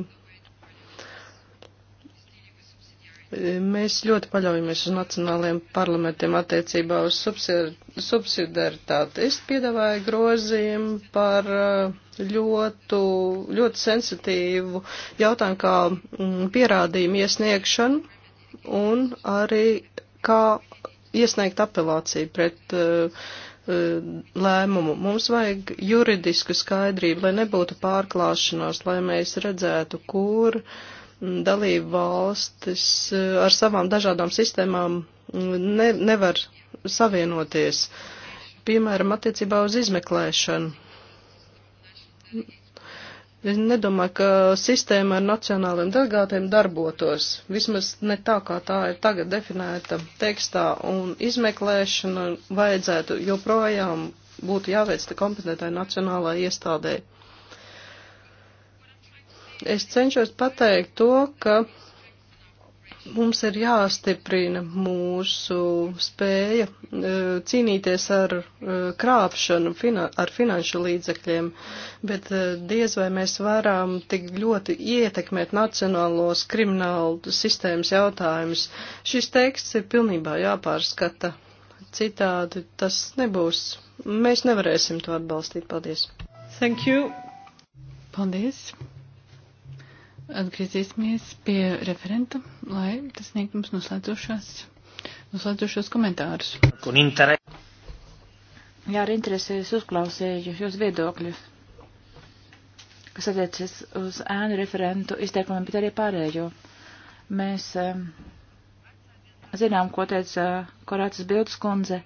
Mēs ļoti paļaujamies uz nacionāliem parlamentiem attiecībā uz subsidiaritāti. Es piedāvāju grozījumu par uh, ļoti, ļoti sensitīvu jautājumu kā mm, pierādījumu iesniegšanu un arī kā iesniegt apelāciju pret uh, uh, lēmumu. Mums vajag juridisku skaidrību, lai nebūtu pārklāšanās, lai mēs redzētu, kur uh, dalību valstis eh, ar savām dažādām sistēmām mm, ne, nevar savienoties. Piemēram, attiecībā uz izmeklēšanu. Es nedomāju, ka sistēma ar nacionāliem delegātiem darbotos. Vismaz ne tā, kā tā ir tagad definēta tekstā, un izmeklēšana vajadzētu joprojām būtu jāveic kompetentai nacionālajai iestādēji. Es cenšos pateikt to, ka mums ir jāstiprina mūsu spēja e, cīnīties ar e, krāpšanu, ar finanšu līdzekļiem, bet e, diez vai mēs varam tik ļoti ietekmēt nacionālos kriminālu sistēmas jautājumus. Šis teksts ir pilnībā jāpārskata. Citādi tas nebūs. Mēs nevarēsim to atbalstīt. Paldies. Thank you. Paldies. Atgriezīsimies pie referenta, lai tas sniegt mums noslēdzošos komentārus. Jā, ar interesi es uzklausīju jūs viedokļus, kas attiecas uz ēnu referentu izteikumiem, bet arī pārējo. Mēs um, zinām, ko teica Korācis Bildes kundze,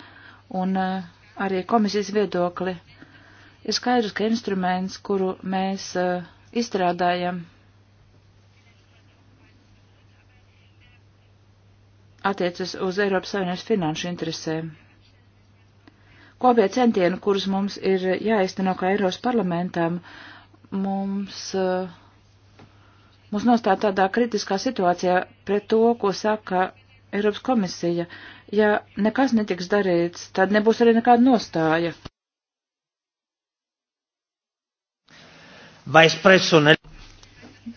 un uh, arī komisijas viedokli. Ir skaidrs, ka instruments, kuru mēs uh, izstrādājam, attiecas uz Eiropas Savienības finanšu interesēm. Kopie centieni, kurus mums ir jāizteno kā Eiropas parlamentam, mums, eh, mums nostāja tādā kritiskā situācijā pret to, ko saka Eiropas komisija. Ja nekas netiks darīts, tad nebūs arī nekāda nostāja.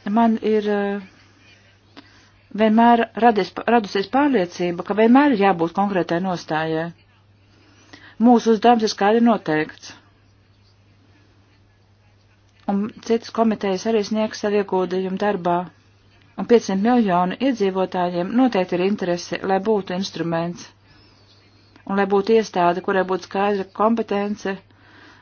Man ir uh, vienmēr radies, radusies pārliecība, ka vienmēr ir jābūt konkrētai nostājai. Mūsu uzdevums ir skaidri noteikts. Un citas komitejas arī sniegs savu ieguldījumu darbā. Un 500 miljonu iedzīvotājiem noteikti ir interese, lai būtu instruments. Un lai būtu iestāde, kurai būtu skaidra kompetence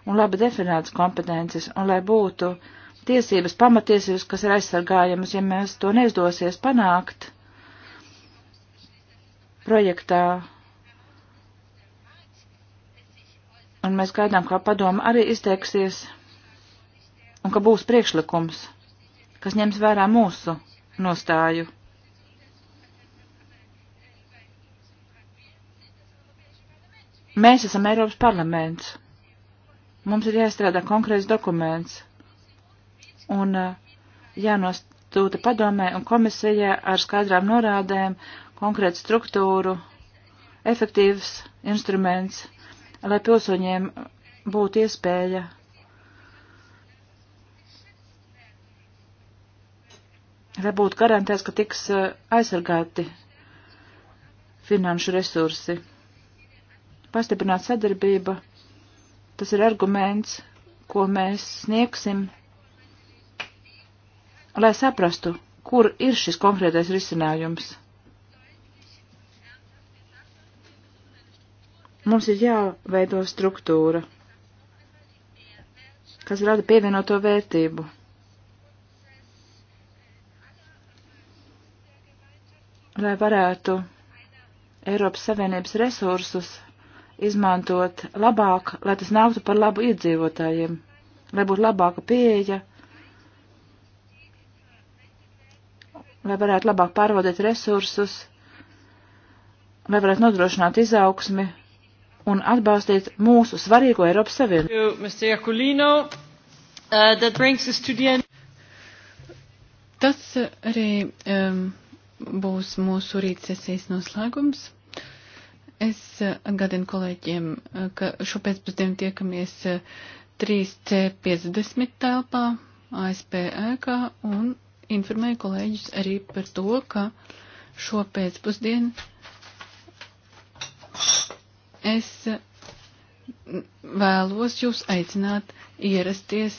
un labi definētas kompetences, un lai būtu uh, tiesības, pamatiesības, kas ir aizsargājamas, ja mēs to neizdosies panākt projektā. Un mēs gaidām, kā padoma arī izteiksies un ka būs priekšlikums, kas ņems vērā mūsu nostāju. Mēs esam Eiropas parlaments. Mums ir jāstrādā konkrēts dokuments un uh, jānostūta padomē un komisijā ar skaidrām norādēm, konkrētu struktūru, efektīvs instruments, lai pilsoņiem būtu iespēja lai būtu garantēts, ka tiks uh, aizsargāti finanšu resursi. Pastiprināt sadarbība, tas ir arguments, ko mēs sniegsim lai saprastu, kur ir šis konkrētais risinājums. Mums ir jāveido struktūra, kas rada pievienoto vērtību. Lai varētu Eiropas Savienības resursus izmantot labāk, lai tas nāktu par labu iedzīvotājiem, lai būtu labāka pieeja lai varētu labāk pārvaldīt resursus, lai varētu nodrošināt izaugsmi un atbalstīt mūsu svarīgo Eiropas Savienību. Uh, Tas arī um, būs mūsu rītsesijas noslēgums. Es uh, atgādinu kolēģiem, uh, ka šo pēcpusdienu tiekamies 3C50 telpā, ASP ēkā e un informēju kolēģis arī par to, ka šo pēcpusdienu es vēlos jūs aicināt ierasties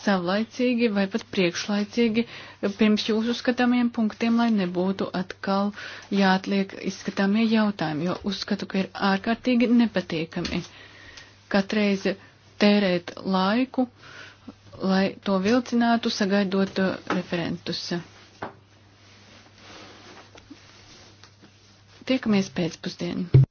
savlaicīgi vai pat priekšlaicīgi pirms jūsu skatāmiem punktiem, lai nebūtu atkal jāatliek izskatāmie jautājumi, jo uzskatu, ka ir ārkārtīgi nepatīkami katreiz tērēt laiku uh, lai to vilcinātu, sagaidot uh, referentus. Tiekamies pēcpusdienu.